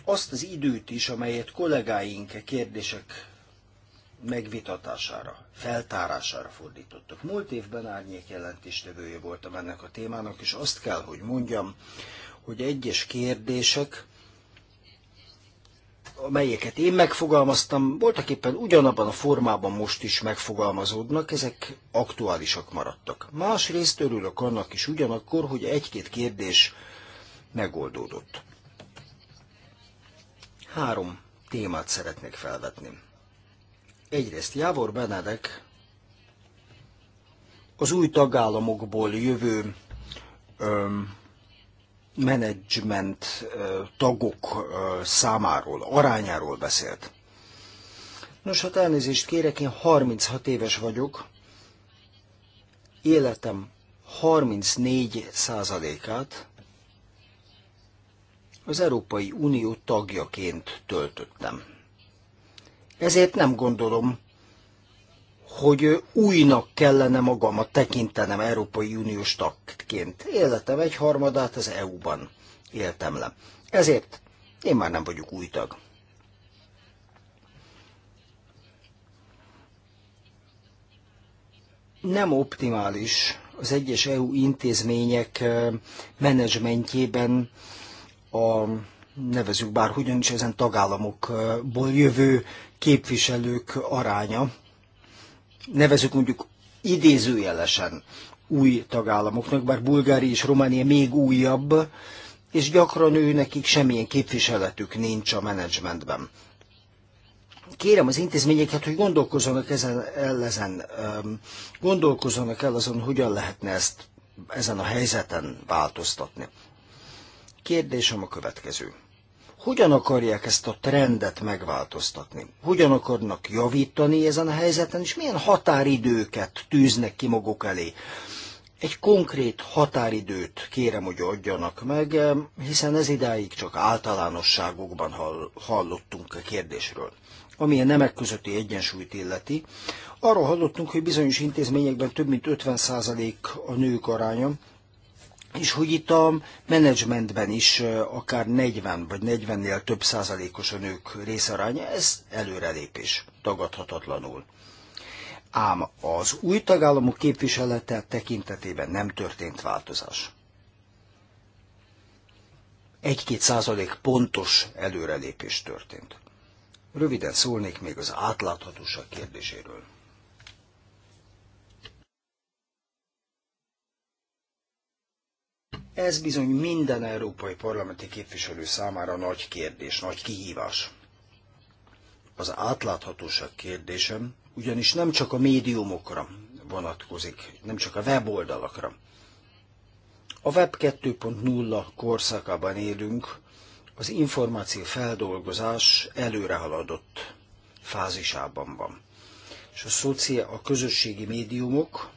azt az időt is, amelyet kollégáink a e kérdések megvitatására, feltárására fordítottak. Múlt évben árnyék jelentéstevője voltam ennek a témának, és azt kell, hogy mondjam, hogy egyes kérdések amelyeket én megfogalmaztam, voltak éppen ugyanabban a formában most is megfogalmazódnak, ezek aktuálisak maradtak. Másrészt örülök annak is ugyanakkor, hogy egy-két kérdés megoldódott. Három témát szeretnék felvetni. Egyrészt Jávor Benedek az új tagállamokból jövő öm, menedzsment tagok számáról, arányáról beszélt. Nos, hát elnézést kérek, én 36 éves vagyok, életem 34 százalékát az Európai Unió tagjaként töltöttem. Ezért nem gondolom, hogy újnak kellene magamat tekintenem Európai Uniós tagként. Életem egy harmadát az EU-ban éltem le. Ezért én már nem vagyok új tag. Nem optimális az egyes EU intézmények menedzsmentjében a nevezük bárhogyan is ezen tagállamokból jövő képviselők aránya, nevezük mondjuk idézőjelesen új tagállamoknak, bár Bulgária és Románia még újabb, és gyakran ő nekik semmilyen képviseletük nincs a menedzsmentben. Kérem az intézményeket, hogy gondolkozzanak ezen, el, ezen, gondolkozzanak el azon, hogyan lehetne ezt ezen a helyzeten változtatni. Kérdésem a következő. Hogyan akarják ezt a trendet megváltoztatni? Hogyan akarnak javítani ezen a helyzeten, és milyen határidőket tűznek ki maguk elé? Egy konkrét határidőt kérem, hogy adjanak meg, hiszen ez idáig csak általánosságokban hallottunk a kérdésről. Ami a nemek közötti egyensúlyt illeti, arról hallottunk, hogy bizonyos intézményekben több mint 50% a nők aránya, és hogy itt a menedzsmentben is akár 40 vagy 40-nél több százalékos a nők részaránya, ez előrelépés, tagadhatatlanul. Ám az új tagállamok képviselete tekintetében nem történt változás. Egy-két százalék pontos előrelépés történt. Röviden szólnék még az átláthatóság kérdéséről. Ez bizony minden európai parlamenti képviselő számára nagy kérdés, nagy kihívás. Az átláthatóság kérdésem ugyanis nem csak a médiumokra vonatkozik, nem csak a weboldalakra. A Web 2.0 korszakában élünk, az információ feldolgozás előrehaladott fázisában van. És a, szocia, a közösségi médiumok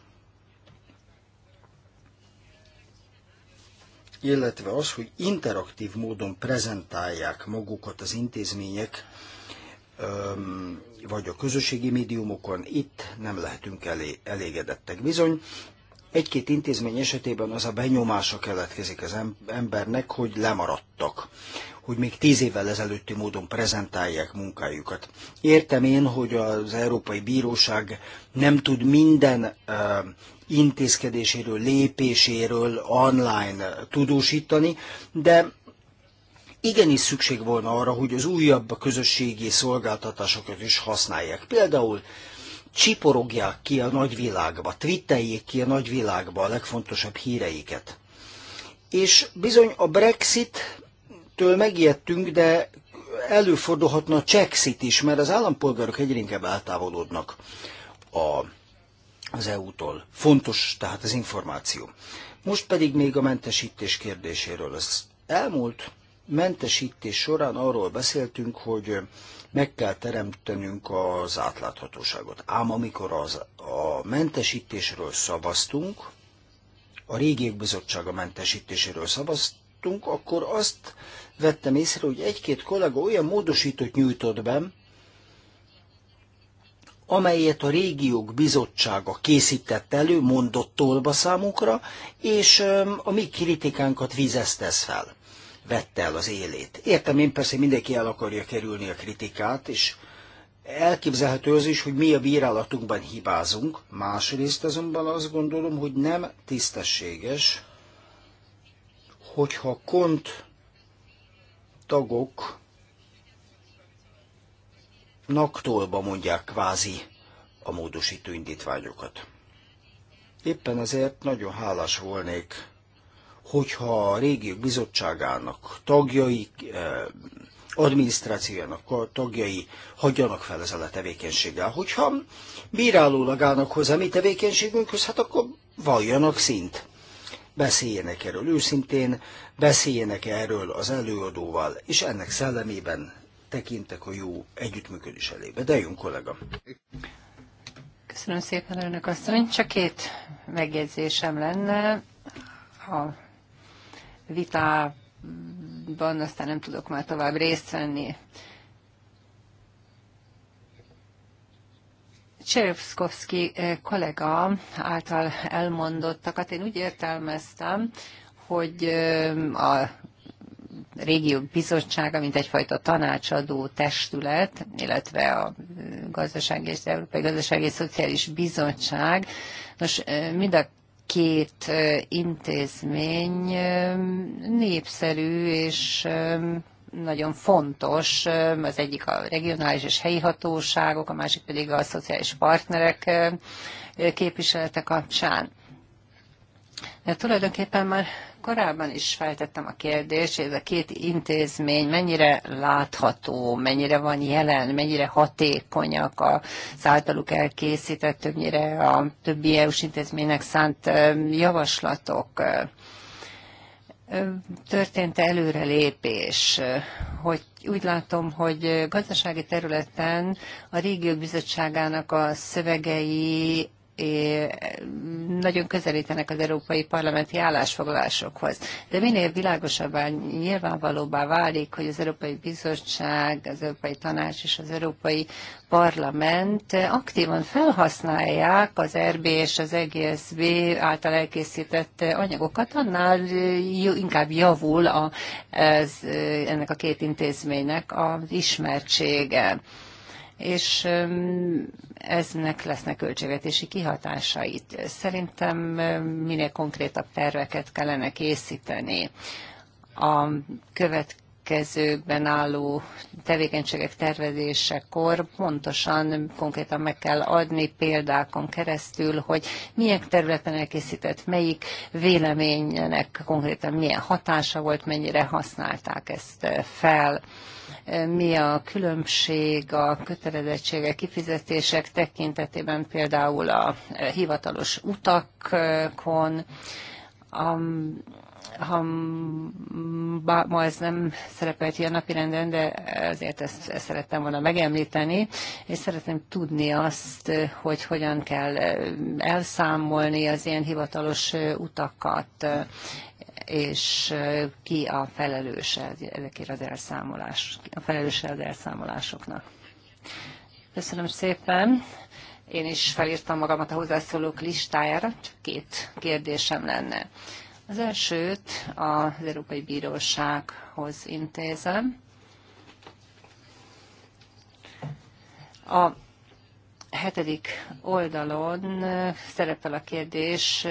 illetve az, hogy interaktív módon prezentálják magukat az intézmények, vagy a közösségi médiumokon, itt nem lehetünk elégedettek. Bizony, egy-két intézmény esetében az a benyomása keletkezik az embernek, hogy lemaradtak hogy még tíz évvel ezelőtti módon prezentálják munkájukat. Értem én, hogy az Európai Bíróság nem tud minden intézkedéséről, lépéséről online tudósítani, de igenis szükség volna arra, hogy az újabb közösségi szolgáltatásokat is használják. Például csiporogják ki a nagyvilágba, twitteljék ki a nagyvilágba a legfontosabb híreiket. És bizony a Brexit-től megijedtünk, de előfordulhatna a Csexit is, mert az állampolgárok egyre inkább eltávolodnak a, az EU-tól. Fontos tehát az információ. Most pedig még a mentesítés kérdéséről. Az elmúlt mentesítés során arról beszéltünk, hogy meg kell teremtenünk az átláthatóságot. Ám amikor az, a mentesítésről szavaztunk, a régiek bizottsága mentesítéséről szavaztunk, akkor azt vettem észre, hogy egy-két kollega olyan módosítót nyújtott be, amelyet a régiók bizottsága készített elő, mondott tolba számukra, és a mi kritikánkat vizeztesz fel vette el az élét. Értem én persze, mindenki el akarja kerülni a kritikát, és elképzelhető az is, hogy mi a bírálatunkban hibázunk, másrészt azonban azt gondolom, hogy nem tisztességes, hogyha kont tagok naktólba mondják kvázi a módosító indítványokat. Éppen ezért nagyon hálás volnék hogyha a régiók bizottságának tagjai, eh, adminisztrációjának tagjai hagyjanak fel ezzel a tevékenységgel. Hogyha bírálólag állnak hozzá mi tevékenységünkhöz, hát akkor valljanak szint. Beszéljenek erről őszintén, beszéljenek erről az előadóval, és ennek szellemében tekintek a jó együttműködés elébe. De jön, kollega! Köszönöm szépen, önök asszony. Csak két megjegyzésem lenne a vitában aztán nem tudok már tovább részt venni. Cserevszkowski eh, kollega által elmondottakat én úgy értelmeztem, hogy eh, a régió bizottsága, mint egyfajta tanácsadó testület, illetve a gazdasági és Európai Gazdasági és Szociális Bizottság. Nos, eh, mind a két intézmény népszerű és nagyon fontos, az egyik a regionális és helyi hatóságok, a másik pedig a szociális partnerek képviselete kapcsán. De tulajdonképpen már korábban is feltettem a kérdést, hogy ez a két intézmény mennyire látható, mennyire van jelen, mennyire hatékonyak az általuk elkészített, többnyire a többi EU-s intézménynek szánt javaslatok. Történt előrelépés, hogy úgy látom, hogy gazdasági területen a régiók bizottságának a szövegei nagyon közelítenek az európai parlamenti állásfoglalásokhoz. De minél világosabbá, nyilvánvalóbbá válik, hogy az Európai Bizottság, az Európai Tanács és az Európai Parlament aktívan felhasználják az RB és az EGSB által elkészített anyagokat, annál inkább javul a, ez, ennek a két intézménynek az ismertsége és eznek lesznek költségvetési kihatásait. Szerintem minél konkrétabb terveket kellene készíteni. A következő következőkben álló tevékenységek tervezésekor pontosan, konkrétan meg kell adni példákon keresztül, hogy milyen területen elkészített, melyik véleménynek konkrétan milyen hatása volt, mennyire használták ezt fel mi a különbség a kötelezettségek, kifizetések tekintetében például a hivatalos utakon, a, ha ma ez nem szerepelt ilyen napirenden, de azért ezt, ezt szerettem volna megemlíteni, és szeretném tudni azt, hogy hogyan kell elszámolni az ilyen hivatalos utakat, és ki a felelős ezekért az elszámolás, a felelős az elszámolásoknak. Köszönöm szépen. Én is felírtam magamat a hozzászólók listájára, csak két kérdésem lenne. Az elsőt az Európai Bírósághoz intézem. A hetedik oldalon szerepel a kérdés,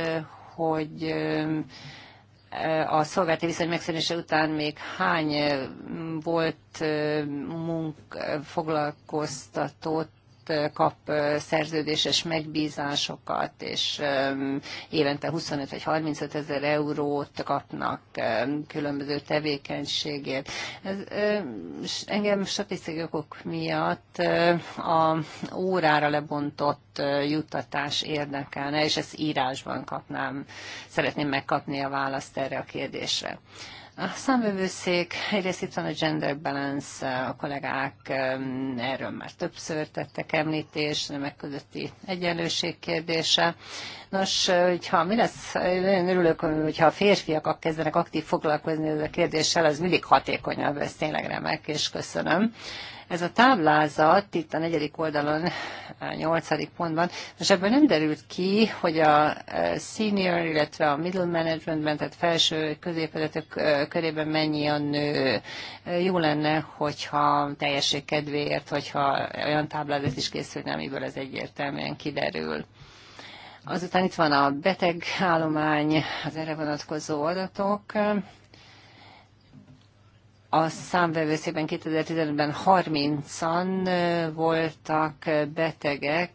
hogy a szolgálati viszony megszűnése után még hány volt munk, foglalkoztatott kap szerződéses megbízásokat, és évente 25 vagy 35 ezer eurót kapnak különböző tevékenységért. Ez, engem statisztikai okok miatt a órára lebontott juttatás érdekelne, és ezt írásban kapnám, szeretném megkapni a választ erre a kérdésre. A számvevőszék, egyrészt itt van a gender balance, a kollégák erről már többször tettek említést, nemek közötti egyenlőség kérdése. Nos, hogyha mi lesz, én örülök, hogyha a férfiak kezdenek aktív foglalkozni ezzel a kérdéssel, az mindig hatékonyabb, ez tényleg remek, és köszönöm. Ez a táblázat itt a negyedik oldalon, a nyolcadik pontban, és ebből nem derült ki, hogy a e, senior, illetve a middle managementben, tehát felső középvezetők e, körében mennyi a nő. E, jó lenne, hogyha teljesség kedvéért, hogyha olyan táblázat is készülne, amiből ez egyértelműen kiderül. Azután itt van a beteg állomány, az erre vonatkozó adatok. A számvevőszében 2015-ben 30-an voltak betegek,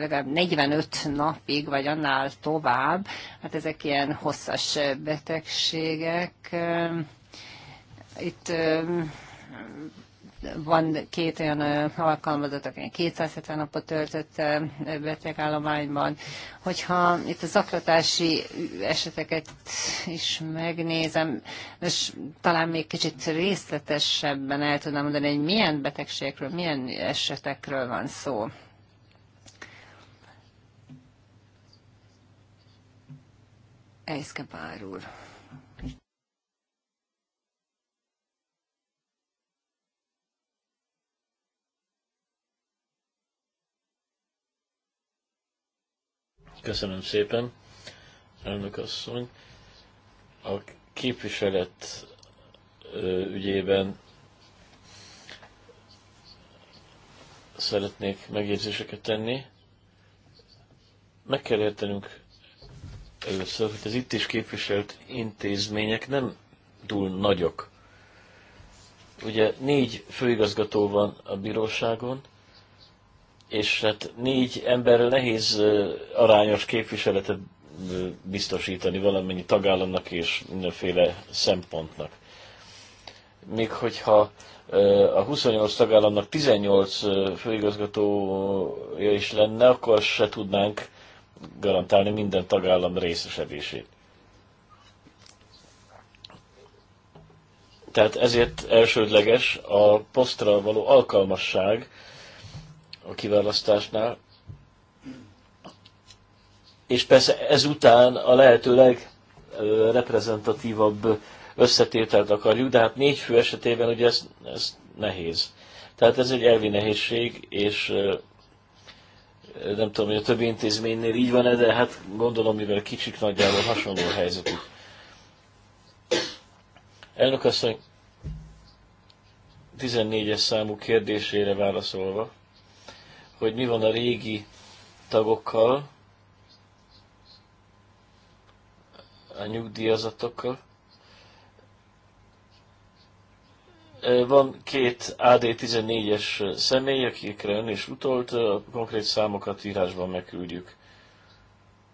legalább 45 napig, vagy annál tovább. Hát ezek ilyen hosszas betegségek. Itt van két olyan alkalmazott, aki 270 napot töltött betegállományban. Hogyha itt a zaklatási eseteket is megnézem, és talán még kicsit részletesebben el tudnám mondani, hogy milyen betegségekről, milyen esetekről van szó. Ejszke Bár úr. Köszönöm szépen, elnök asszony. A képviselet ügyében szeretnék megjegyzéseket tenni. Meg kell értenünk először, hogy az itt is képviselt intézmények nem túl nagyok. Ugye négy főigazgató van a bíróságon, és hát négy emberrel nehéz arányos képviseletet biztosítani valamennyi tagállamnak és mindenféle szempontnak. Még hogyha a 28 tagállamnak 18 főigazgatója is lenne, akkor se tudnánk garantálni minden tagállam részesedését. Tehát ezért elsődleges a posztra való alkalmasság, a kiválasztásnál. És persze ezután a lehető legreprezentatívabb összetételt akarjuk, de hát négy fő esetében ugye ez, ez nehéz. Tehát ez egy elvi nehézség, és nem tudom, hogy a többi intézménynél így van-e, de hát gondolom, mivel kicsik nagyjából hasonló helyzetük. Elnök asszony 14-es számú kérdésére válaszolva, hogy mi van a régi tagokkal, a nyugdíjazatokkal. Van két AD14-es személy, akikre ön is utolt, a konkrét számokat írásban megküldjük.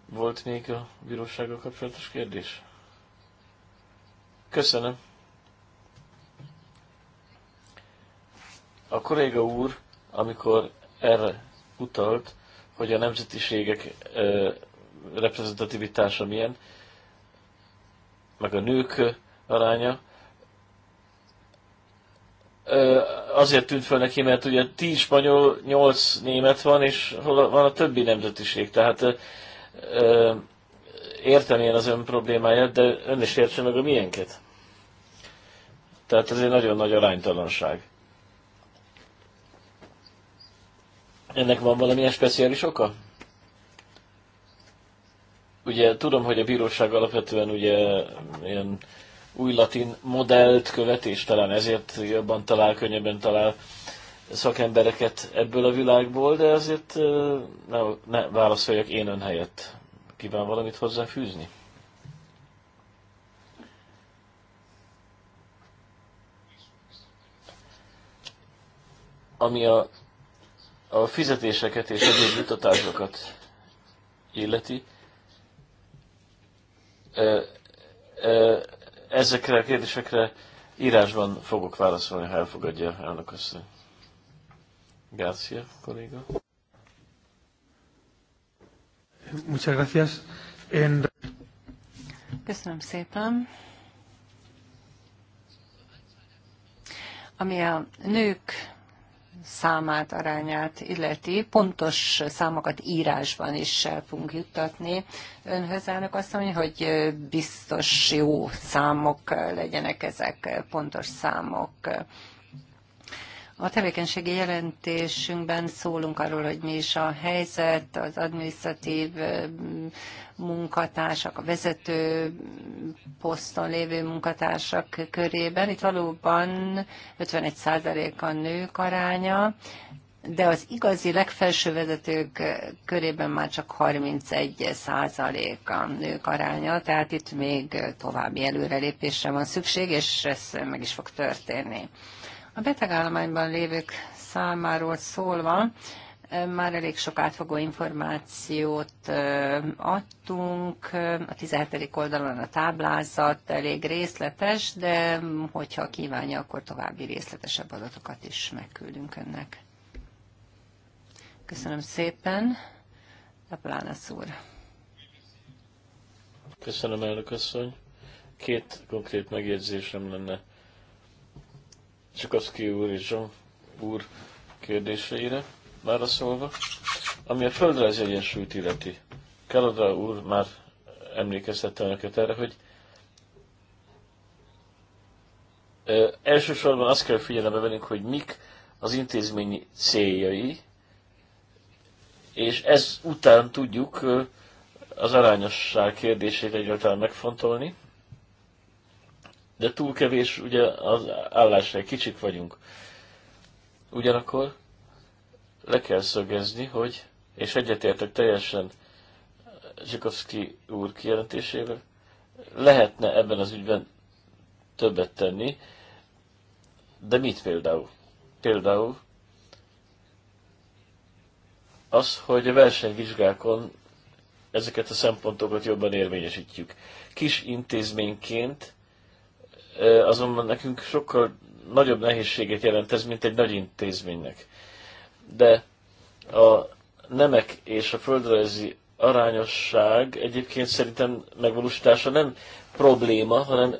Volt még a bírósággal kapcsolatos kérdés? Köszönöm. A kolléga úr, amikor erre utalt, hogy a nemzetiségek reprezentativitása milyen, meg a nők aránya, azért tűnt föl neki, mert ugye 10 spanyol, 8 német van, és hol van a többi nemzetiség. Tehát értem én az ön problémáját, de ön is értse meg a miénket. Tehát ez egy nagyon nagy aránytalanság. Ennek van valamilyen speciális oka? Ugye tudom, hogy a bíróság alapvetően ugye ilyen új latin modellt követ, és talán ezért jobban talál, könnyebben talál szakembereket ebből a világból, de azért ne, ne válaszoljak én ön helyett. Kíván valamit hozzáfűzni? Ami a a fizetéseket és egyéb jutatásokat illeti, ezekre a kérdésekre írásban fogok válaszolni, ha elfogadja elnök asszony. Gárcia kolléga. Muchas gracias. En... Köszönöm szépen. Ami a nők számát, arányát illeti, pontos számokat írásban is el fogunk juttatni önhöz, elnök asszony, hogy biztos jó számok legyenek ezek, pontos számok. A tevékenységi jelentésünkben szólunk arról, hogy mi is a helyzet, az administratív mm, munkatársak, a vezető poszton lévő munkatársak körében. Itt valóban 51% a nők aránya, de az igazi legfelső vezetők körében már csak 31 a nők aránya, tehát itt még további előrelépésre van szükség, és ez meg is fog történni. A betegállományban lévők számáról szólva, már elég sok átfogó információt adtunk. A 17. oldalon a táblázat elég részletes, de hogyha kívánja, akkor további részletesebb adatokat is megküldünk önnek. Köszönöm szépen. Laplánasz úr. Köszönöm, elnök asszony. Két konkrét megjegyzésem lenne. Csukaszki úr és Zson úr kérdéseire válaszolva. Ami a földrajzi egyensúlyt illeti, Kelodra úr már emlékeztette önöket erre, hogy ö, elsősorban azt kell figyelembe vennünk, hogy mik az intézményi céljai, és ez után tudjuk ö, az arányosság kérdését egyáltalán megfontolni de túl kevés ugye az álláshely, kicsik vagyunk. Ugyanakkor le kell szögezni, hogy, és egyetértek teljesen Zsikovszki úr kijelentésével, lehetne ebben az ügyben többet tenni, de mit például? Például az, hogy a versenyvizsgákon ezeket a szempontokat jobban érvényesítjük. Kis intézményként azonban nekünk sokkal nagyobb nehézséget jelent ez, mint egy nagy intézménynek. De a nemek és a földrajzi arányosság egyébként szerintem megvalósítása nem probléma, hanem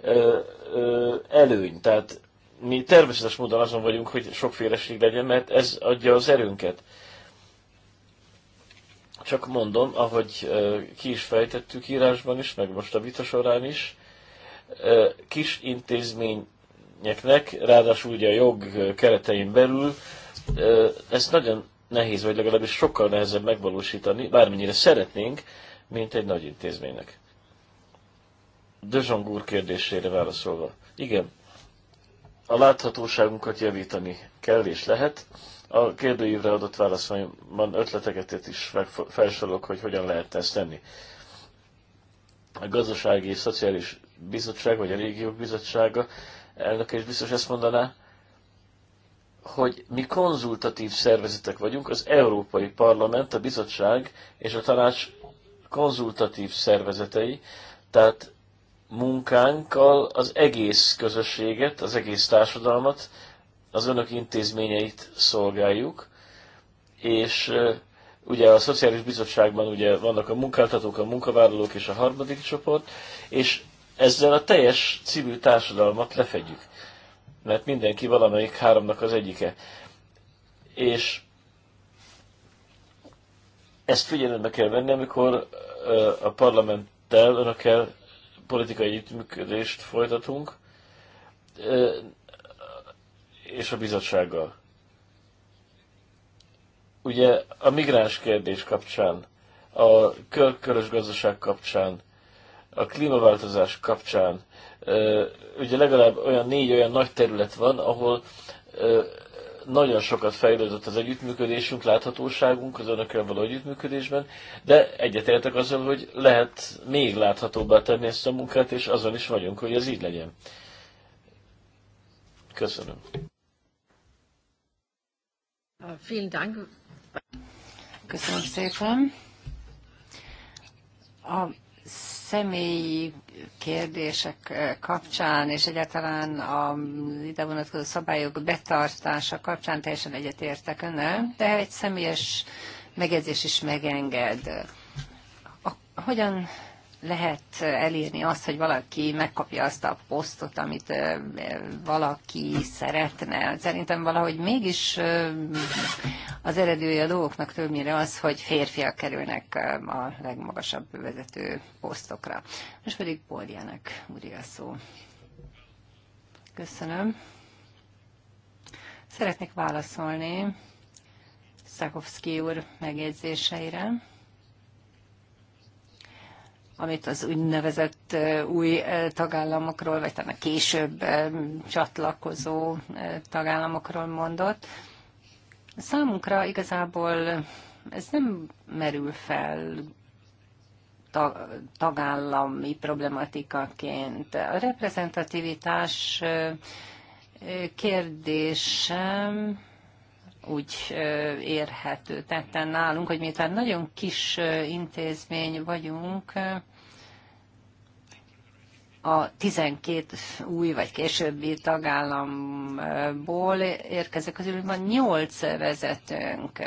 ö, ö, előny. Tehát mi természetes módon azon vagyunk, hogy sokféleség legyen, mert ez adja az erőnket. Csak mondom, ahogy ki is fejtettük írásban is, meg most a vita során is, kis intézményeknek, ráadásul ugye a jog keretein belül, ez nagyon nehéz, vagy legalábbis sokkal nehezebb megvalósítani, bármennyire szeretnénk, mint egy nagy intézménynek. Dözsong úr kérdésére válaszolva. Igen, a láthatóságunkat javítani kell és lehet. A kérdőívre adott válaszban ötleteket is felsorolok, hogy hogyan lehet ezt tenni. A gazdasági és szociális bizottság, vagy a régiók bizottsága elnöke is biztos ezt mondaná, hogy mi konzultatív szervezetek vagyunk, az Európai Parlament, a bizottság és a tanács konzultatív szervezetei, tehát munkánkkal az egész közösséget, az egész társadalmat, az önök intézményeit szolgáljuk, és ugye a Szociális Bizottságban ugye vannak a munkáltatók, a munkavállalók és a harmadik csoport, és ezzel a teljes civil társadalmat lefedjük. Mert mindenki valamelyik háromnak az egyike. És ezt figyelembe kell venni, amikor a parlamenttel, önökkel politikai együttműködést folytatunk, és a bizottsággal. Ugye a migráns kérdés kapcsán, a körkörös gazdaság kapcsán, a klímaváltozás kapcsán ugye legalább olyan négy olyan nagy terület van, ahol nagyon sokat fejlődött az együttműködésünk, láthatóságunk az önökkel való együttműködésben, de egyetértek azzal, hogy lehet még láthatóbbá tenni ezt a munkát, és azon is vagyunk, hogy ez így legyen. Köszönöm. Äh, Köszönöm szépen. A személyi kérdések kapcsán, és egyáltalán a ide vonatkozó szabályok betartása kapcsán teljesen egyetértek önnel, de egy személyes megjegyzés is megenged. A, hogyan lehet elírni azt, hogy valaki megkapja azt a posztot, amit valaki szeretne. Szerintem valahogy mégis az eredője a dolgoknak többnyire az, hogy férfiak kerülnek a legmagasabb vezető posztokra. Most pedig Póliának úri a szó. Köszönöm. Szeretnék válaszolni Szakovszki úr megjegyzéseire amit az úgynevezett új tagállamokról, vagy talán a később csatlakozó tagállamokról mondott. Számunkra igazából ez nem merül fel tagállami problematikaként. A reprezentativitás kérdésem úgy érhető tetten nálunk, hogy miután nagyon kis intézmény vagyunk, a 12 új vagy későbbi tagállamból érkezik közül van 8 vezetőnk.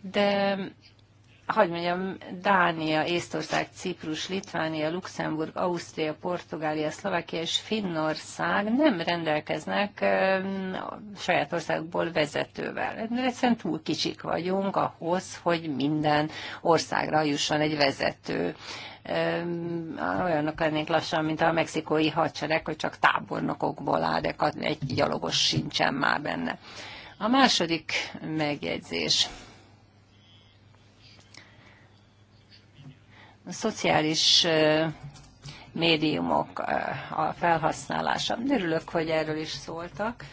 De hogy mondjam, Dánia, Észtország, Ciprus, Litvánia, Luxemburg, Ausztria, Portugália, Szlovákia és Finnország nem rendelkeznek saját országból vezetővel. Egyszerűen túl kicsik vagyunk ahhoz, hogy minden országra jusson egy vezető. Olyanok lennénk lassan, mint a mexikói hadsereg, hogy csak tábornokokból áll, de egy gyalogos sincsen már benne. A második megjegyzés a szociális médiumok a felhasználása. Örülök, hogy erről is szóltak,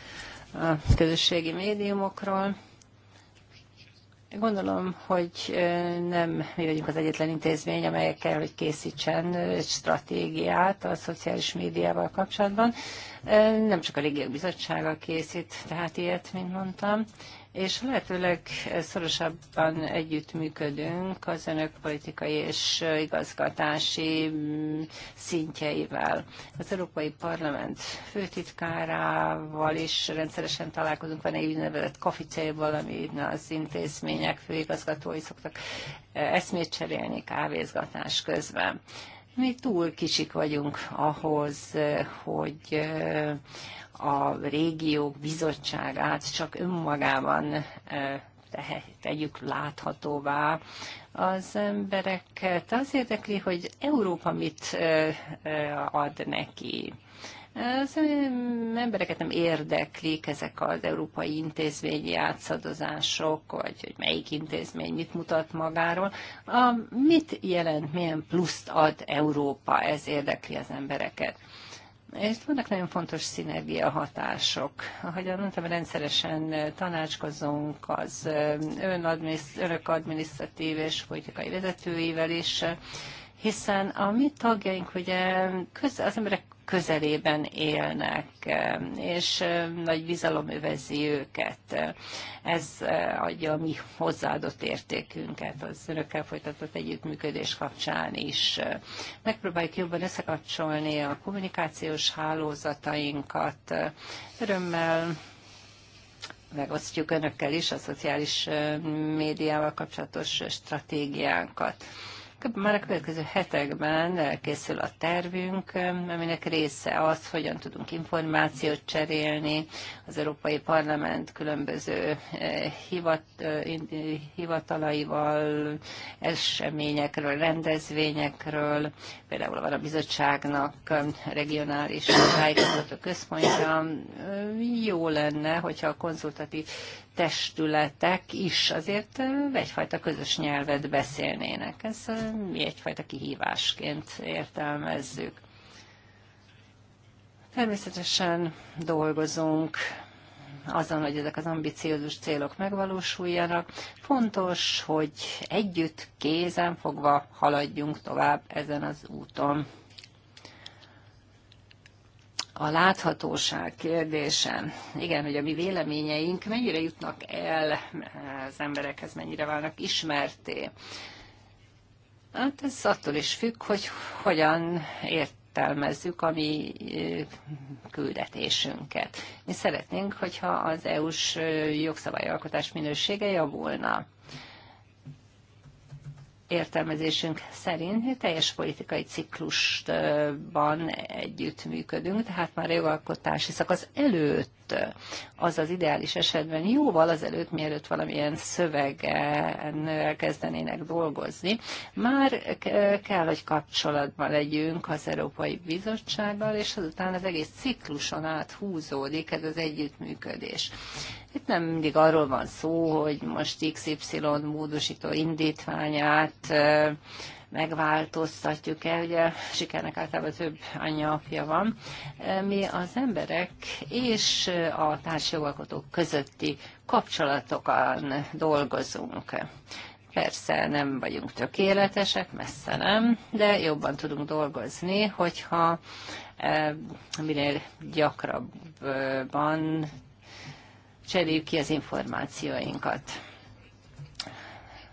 a közösségi médiumokról. Gondolom, hogy nem mi vagyunk az egyetlen intézmény, amelyek kell, hogy készítsen egy stratégiát a szociális médiával kapcsolatban. Nem csak a Régiók Bizottsága készít, tehát ilyet, mint mondtam és lehetőleg szorosabban együttműködünk az önök politikai és igazgatási szintjeivel. Az Európai Parlament főtitkárával is rendszeresen találkozunk, van egy úgynevezett kaficéból, ami az intézmények főigazgatói szoktak eh, eszmét cserélni kávézgatás közben mi túl kicsik vagyunk ahhoz, eh, hogy eh, a régiók bizottságát csak önmagában tegyük láthatóvá, az embereket az érdekli, hogy Európa mit ad neki. Az embereket nem érdeklik ezek az európai intézményi átszadozások, vagy hogy melyik intézmény mit mutat magáról. A, mit jelent, milyen pluszt ad Európa, ez érdekli az embereket. És vannak nagyon fontos szinergia hatások. Ahogy mondtam, rendszeresen tanácskozunk az önök adminisztratív és politikai vezetőivel is, hiszen a mi tagjaink ugye köz, az emberek közelében élnek, és nagy bizalom övezi őket. Ez eh, adja a mi hozzáadott értékünket az önökkel folytatott együttműködés kapcsán is. Megpróbáljuk jobban összekapcsolni a kommunikációs hálózatainkat. Örömmel megosztjuk önökkel is a szociális médiával kapcsolatos stratégiánkat már a következő hetekben készül a tervünk, aminek része az, hogyan tudunk információt cserélni az Európai Parlament különböző eh, hivat, eh, hivatalaival, eseményekről, rendezvényekről, például van a bizottságnak regionális tájékozató központja. Jó lenne, hogyha a konzultatív testületek is azért egyfajta közös nyelvet beszélnének. Ez mi egyfajta kihívásként értelmezzük. Természetesen dolgozunk azon, hogy ezek az ambiciózus célok megvalósuljanak. Fontos, hogy együtt, kézen fogva haladjunk tovább ezen az úton a láthatóság kérdése. Igen, hogy a mi véleményeink mennyire jutnak el az emberekhez, mennyire válnak ismerté. Hát ez attól is függ, hogy hogyan értelmezzük a mi küldetésünket. Mi szeretnénk, hogyha az EU-s jogszabályalkotás minősége javulna értelmezésünk szerint teljes politikai ciklusban együttműködünk, tehát már a jogalkotási szakasz előtt, az az ideális esetben jóval azelőtt, mielőtt valamilyen szövegen kezdenének dolgozni, már kell, hogy kapcsolatban legyünk az Európai Bizottsággal, és azután az egész cikluson át húzódik ez az együttműködés. Itt nem mindig arról van szó, hogy most XY módosító indítványát megváltoztatjuk el, ugye sikernek általában több anyja apja van. Mi az emberek és a társjogalkotók közötti kapcsolatokon dolgozunk. Persze nem vagyunk tökéletesek, messze nem, de jobban tudunk dolgozni, hogyha minél gyakrabban cseréljük ki az információinkat.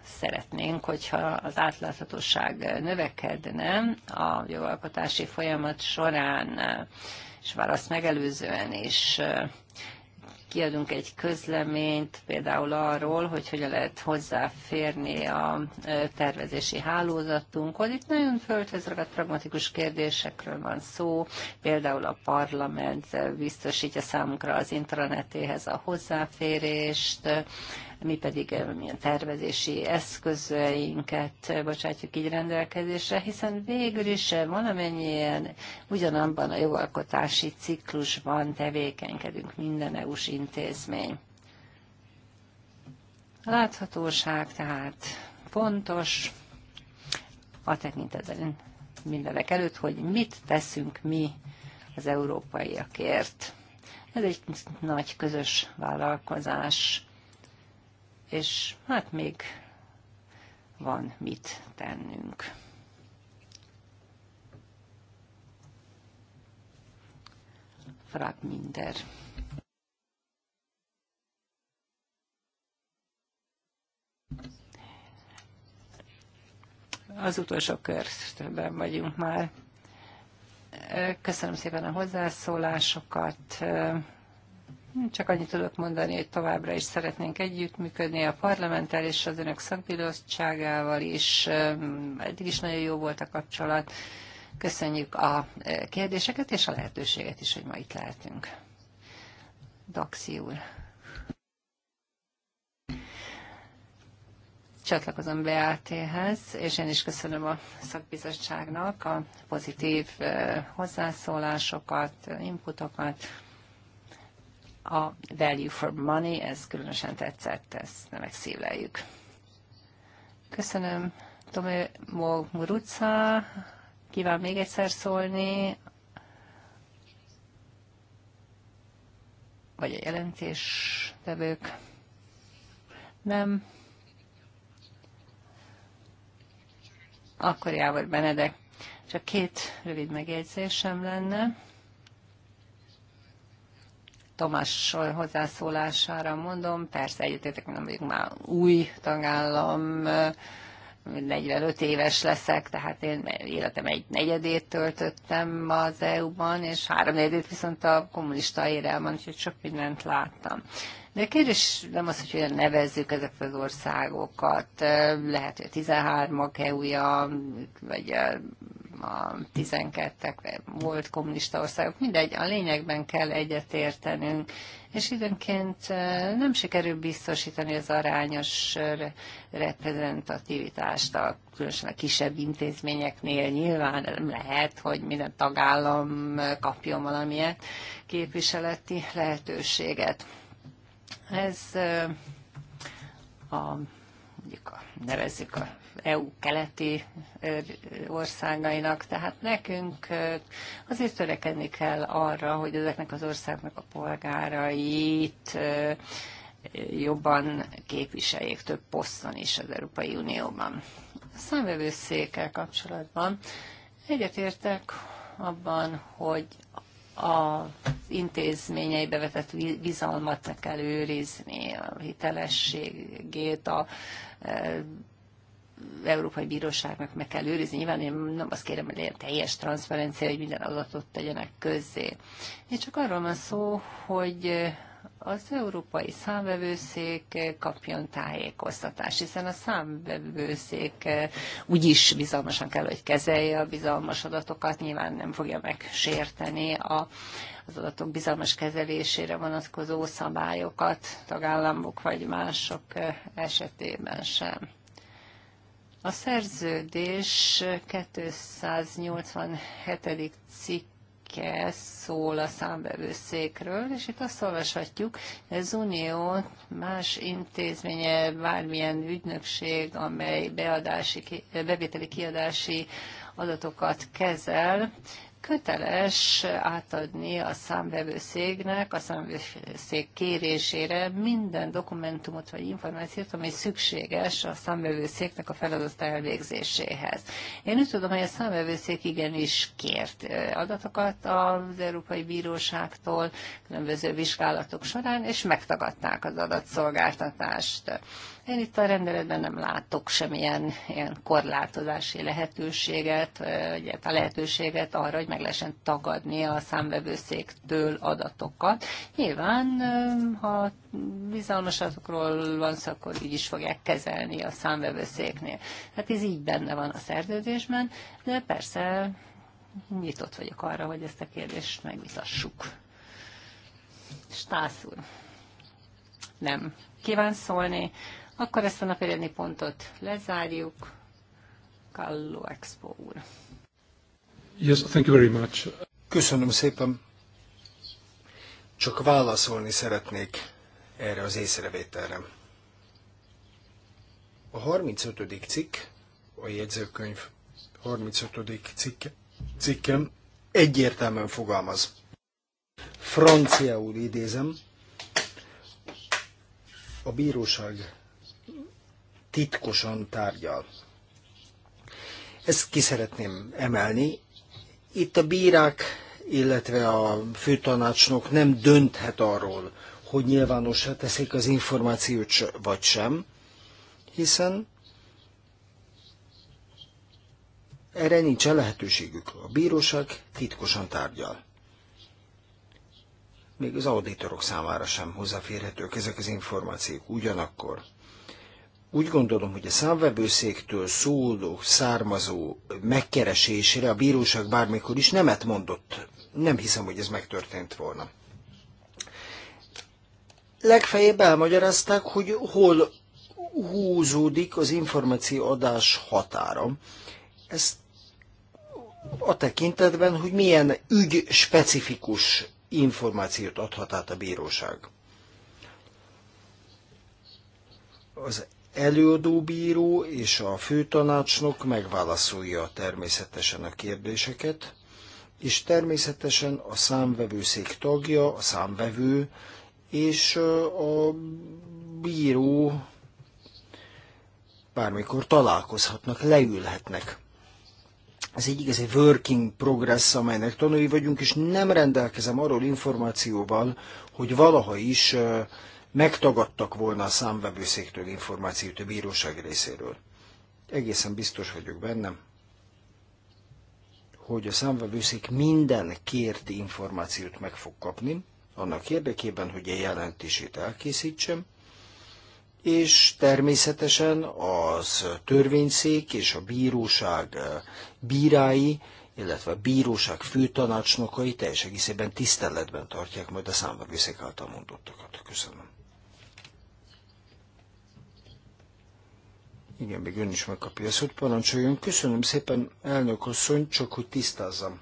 Szeretnénk, hogyha az átláthatóság növekedne a jogalkotási folyamat során, és választ megelőzően is kiadunk egy közleményt például arról, hogy hogyan lehet hozzáférni a tervezési hálózatunkhoz. Itt nagyon földhöz ragadt pragmatikus kérdésekről van szó, például a parlament biztosítja számunkra az intranetéhez a hozzáférést, mi pedig a eh, tervezési eszközeinket bocsátjuk így rendelkezésre, hiszen végül is eh, valamennyien ugyanabban a jogalkotási ciklusban tevékenykedünk minden EU-s intézmény. A láthatóság tehát fontos a tekintetben mindenek előtt, hogy mit teszünk mi az európaiakért. Ez egy nagy közös vállalkozás és hát még van mit tennünk. Frag Az utolsó körben vagyunk már. Köszönöm szépen a hozzászólásokat. Csak annyit tudok mondani, hogy továbbra is szeretnénk együttműködni a parlamenttel és az önök szakbizottságával is. Eddig is nagyon jó volt a kapcsolat. Köszönjük a kérdéseket és a lehetőséget is, hogy ma itt lehetünk. Daxi úr. csatlakozom Beátéhez, és én is köszönöm a szakbizottságnak a pozitív hozzászólásokat, inputokat. A value for money, ez különösen tetszett, ezt nem megszívleljük. Köszönöm. Tomé Muruca kíván még egyszer szólni, vagy a jelentéstevők. Nem. Akkor Jávor Benedek. Csak két rövid megjegyzésem lenne. Tomás hozzászólására mondom, persze egyetértek, nem vagyok már új tagállam, 45 éves leszek, tehát én életem egy negyedét töltöttem az EU-ban, és három negyedét viszont a kommunista érelmen, úgyhogy sok mindent láttam. De a kérdés nem az, hogy olyan nevezzük ezeket az országokat. Lehet, hogy a 13-ak EU-ja, vagy a 12 volt kommunista országok, mindegy, a lényegben kell egyetértenünk, és időnként nem sikerül biztosítani az arányos reprezentativitást, a, különösen a kisebb intézményeknél nyilván nem lehet, hogy minden tagállam kapjon valamilyen képviseleti lehetőséget. Ez a mondjuk a, nevezzük a EU keleti országainak, tehát nekünk azért törekedni kell arra, hogy ezeknek az országnak a polgárait jobban képviseljék több poszton is az Európai Unióban. A számvevőszékkel kapcsolatban egyetértek abban, hogy az intézményeibe vetett bizalmat kell őrizni, a hitelességét, a Európai Bíróságnak meg kell őrizni. Nyilván én nem azt kérem, hogy legyen teljes transzferencia, hogy minden adatot tegyenek közzé. Én csak arról van szó, hogy az Európai Számvevőszék kapjon tájékoztatást, hiszen a számvevőszék úgyis bizalmasan kell, hogy kezelje a bizalmas adatokat, nyilván nem fogja megsérteni a, az adatok bizalmas kezelésére vonatkozó szabályokat tagállamok vagy mások esetében sem. A szerződés 287. cikke szól a számbevőszékről, és itt azt olvashatjuk, az unió más intézménye, bármilyen ügynökség, amely beadási, bevételi kiadási adatokat kezel, köteles átadni a számvevőszégnek, a számvevőszék kérésére minden dokumentumot vagy információt, ami szükséges a számvevőszéknek a feladat elvégzéséhez. Én úgy tudom, hogy a számvevőszék igenis kért adatokat az Európai Bíróságtól különböző vizsgálatok során, és megtagadták az adatszolgáltatást. Én itt a rendeletben nem látok semmilyen ilyen korlátozási lehetőséget, vagy a lehetőséget arra, hogy meg lehessen tagadni a számvevőszéktől adatokat. Nyilván, ha bizalmas azokról van szó, akkor így is fogják kezelni a számvevőszéknél. Hát ez így benne van a szerződésben, de persze nyitott vagyok arra, hogy ezt a kérdést megvitassuk. Stász úr. Nem. Kíván szólni? Akkor ezt a napirendi pontot lezárjuk. Kalló Expo úr. Yes, thank you very much. Köszönöm szépen. Csak válaszolni szeretnék erre az észrevételre. A 35. cikk, a jegyzőkönyv 35. cikke, cikkem egyértelműen fogalmaz. Franciául idézem, a bíróság titkosan tárgyal. Ezt ki szeretném emelni. Itt a bírák, illetve a főtanácsnok nem dönthet arról, hogy nyilvánosra teszik az információt vagy sem, hiszen erre nincs lehetőségük. A bíróság titkosan tárgyal. Még az auditorok számára sem hozzáférhetők ezek az információk. Ugyanakkor úgy gondolom, hogy a számvevőszéktől szóló, származó megkeresésre a bíróság bármikor is nemet mondott. Nem hiszem, hogy ez megtörtént volna. Legfeljebb elmagyarázták, hogy hol húzódik az információadás határa. Ez a tekintetben, hogy milyen ügy specifikus információt adhat át a bíróság. Az előadóbíró és a főtanácsnok megválaszolja természetesen a kérdéseket, és természetesen a számvevőszék tagja, a számvevő és a bíró bármikor találkozhatnak, leülhetnek. Ez egy igazi working progress, amelynek tanulói vagyunk, és nem rendelkezem arról információval, hogy valaha is megtagadtak volna a számvevőszéktől információt a bíróság részéről. Egészen biztos vagyok bennem, hogy a számvevőszék minden kért információt meg fog kapni, annak érdekében, hogy a jelentését elkészítsem, és természetesen az törvényszék és a bíróság eh, bírái, illetve a bíróság főtanácsnokai teljes egészében tiszteletben tartják majd a számvevőszék által mondottakat. Köszönöm. Igen, még ön is megkapja a szót, parancsoljon. Köszönöm szépen, elnök asszony, csak hogy tisztázzam.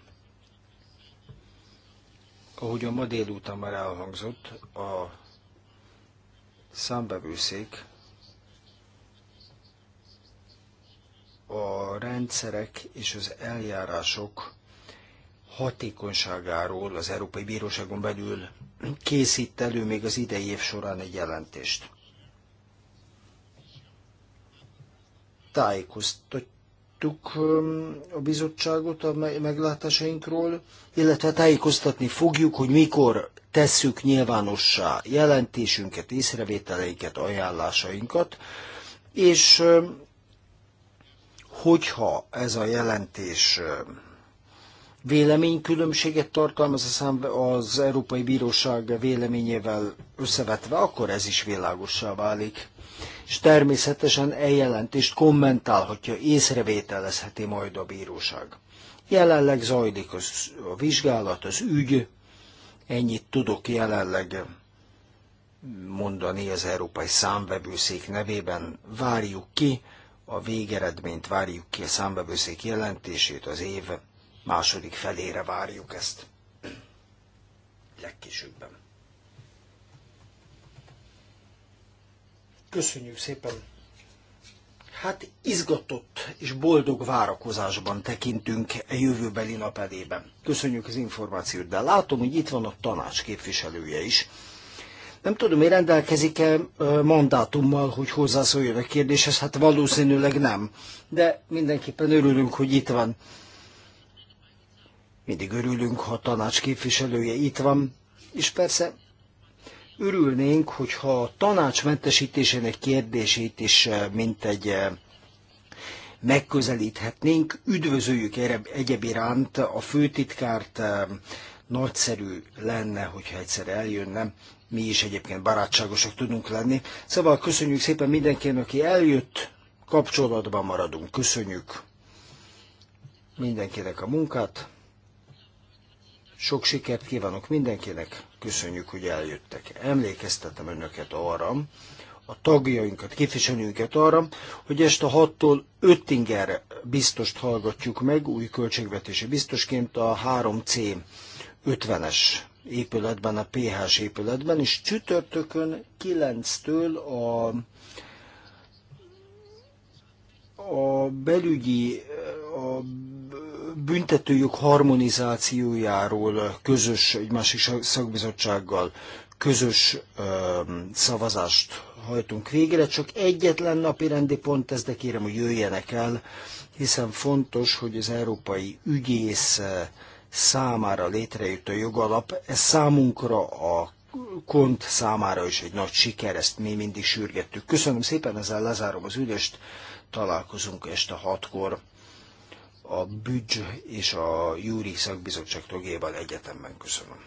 Ahogy a ma délután már elhangzott, a számbevőszék a rendszerek és az eljárások hatékonyságáról az Európai Bíróságon belül készít elő még az idei év során egy jelentést. tájékoztatjuk a bizottságot a meglátásainkról, illetve tájékoztatni fogjuk, hogy mikor tesszük nyilvánossá jelentésünket, észrevételeinket, ajánlásainkat, és hogyha ez a jelentés véleménykülönbséget tartalmaz az Európai Bíróság véleményével összevetve, akkor ez is világossá válik és természetesen e jelentést kommentálhatja, észrevételezheti majd a bíróság. Jelenleg zajlik az, a vizsgálat, az ügy, ennyit tudok jelenleg mondani az Európai Számvevőszék nevében. Várjuk ki a végeredményt, várjuk ki a számvevőszék jelentését, az év második felére várjuk ezt legkésőbben. Köszönjük szépen! Hát izgatott és boldog várakozásban tekintünk a e jövőbeli napedében. Köszönjük az információt, de látom, hogy itt van a tanács képviselője is. Nem tudom, hogy rendelkezik-e mandátummal, hogy hozzászóljon a kérdéshez, hát valószínűleg nem, de mindenképpen örülünk, hogy itt van. Mindig örülünk, ha a tanács képviselője itt van, és persze örülnénk, hogyha a tanács mentesítésének kérdését is eh, mint egy eh, megközelíthetnénk. Üdvözöljük egyéb iránt a főtitkárt, eh, nagyszerű lenne, hogyha egyszer eljönne. Mi is egyébként barátságosak tudunk lenni. Szóval köszönjük szépen mindenkinek, aki eljött, kapcsolatban maradunk. Köszönjük mindenkinek a munkát. Sok sikert kívánok mindenkinek! Köszönjük, hogy eljöttek. Emlékeztetem önöket arra, a tagjainkat, képviselőinket arra, hogy este 6-tól 5 ingerre biztost hallgatjuk meg, új költségvetési biztosként a 3C 50-es épületben, a ph épületben, és csütörtökön 9-től a a belügyi, a büntetőjog harmonizációjáról közös, egy másik szakbizottsággal közös szavazást hajtunk végre, csak egyetlen napi rendi pont, ez de kérem, hogy jöjjenek el, hiszen fontos, hogy az európai ügyész számára létrejött a jogalap, ez számunkra a kont számára is egy nagy siker, ezt mi mindig sürgettük. Köszönöm szépen, ezzel lezárom az ülést, találkozunk este hatkor a Büdzs és a Júri Szakbizottság tagjaival egyetemben. Köszönöm.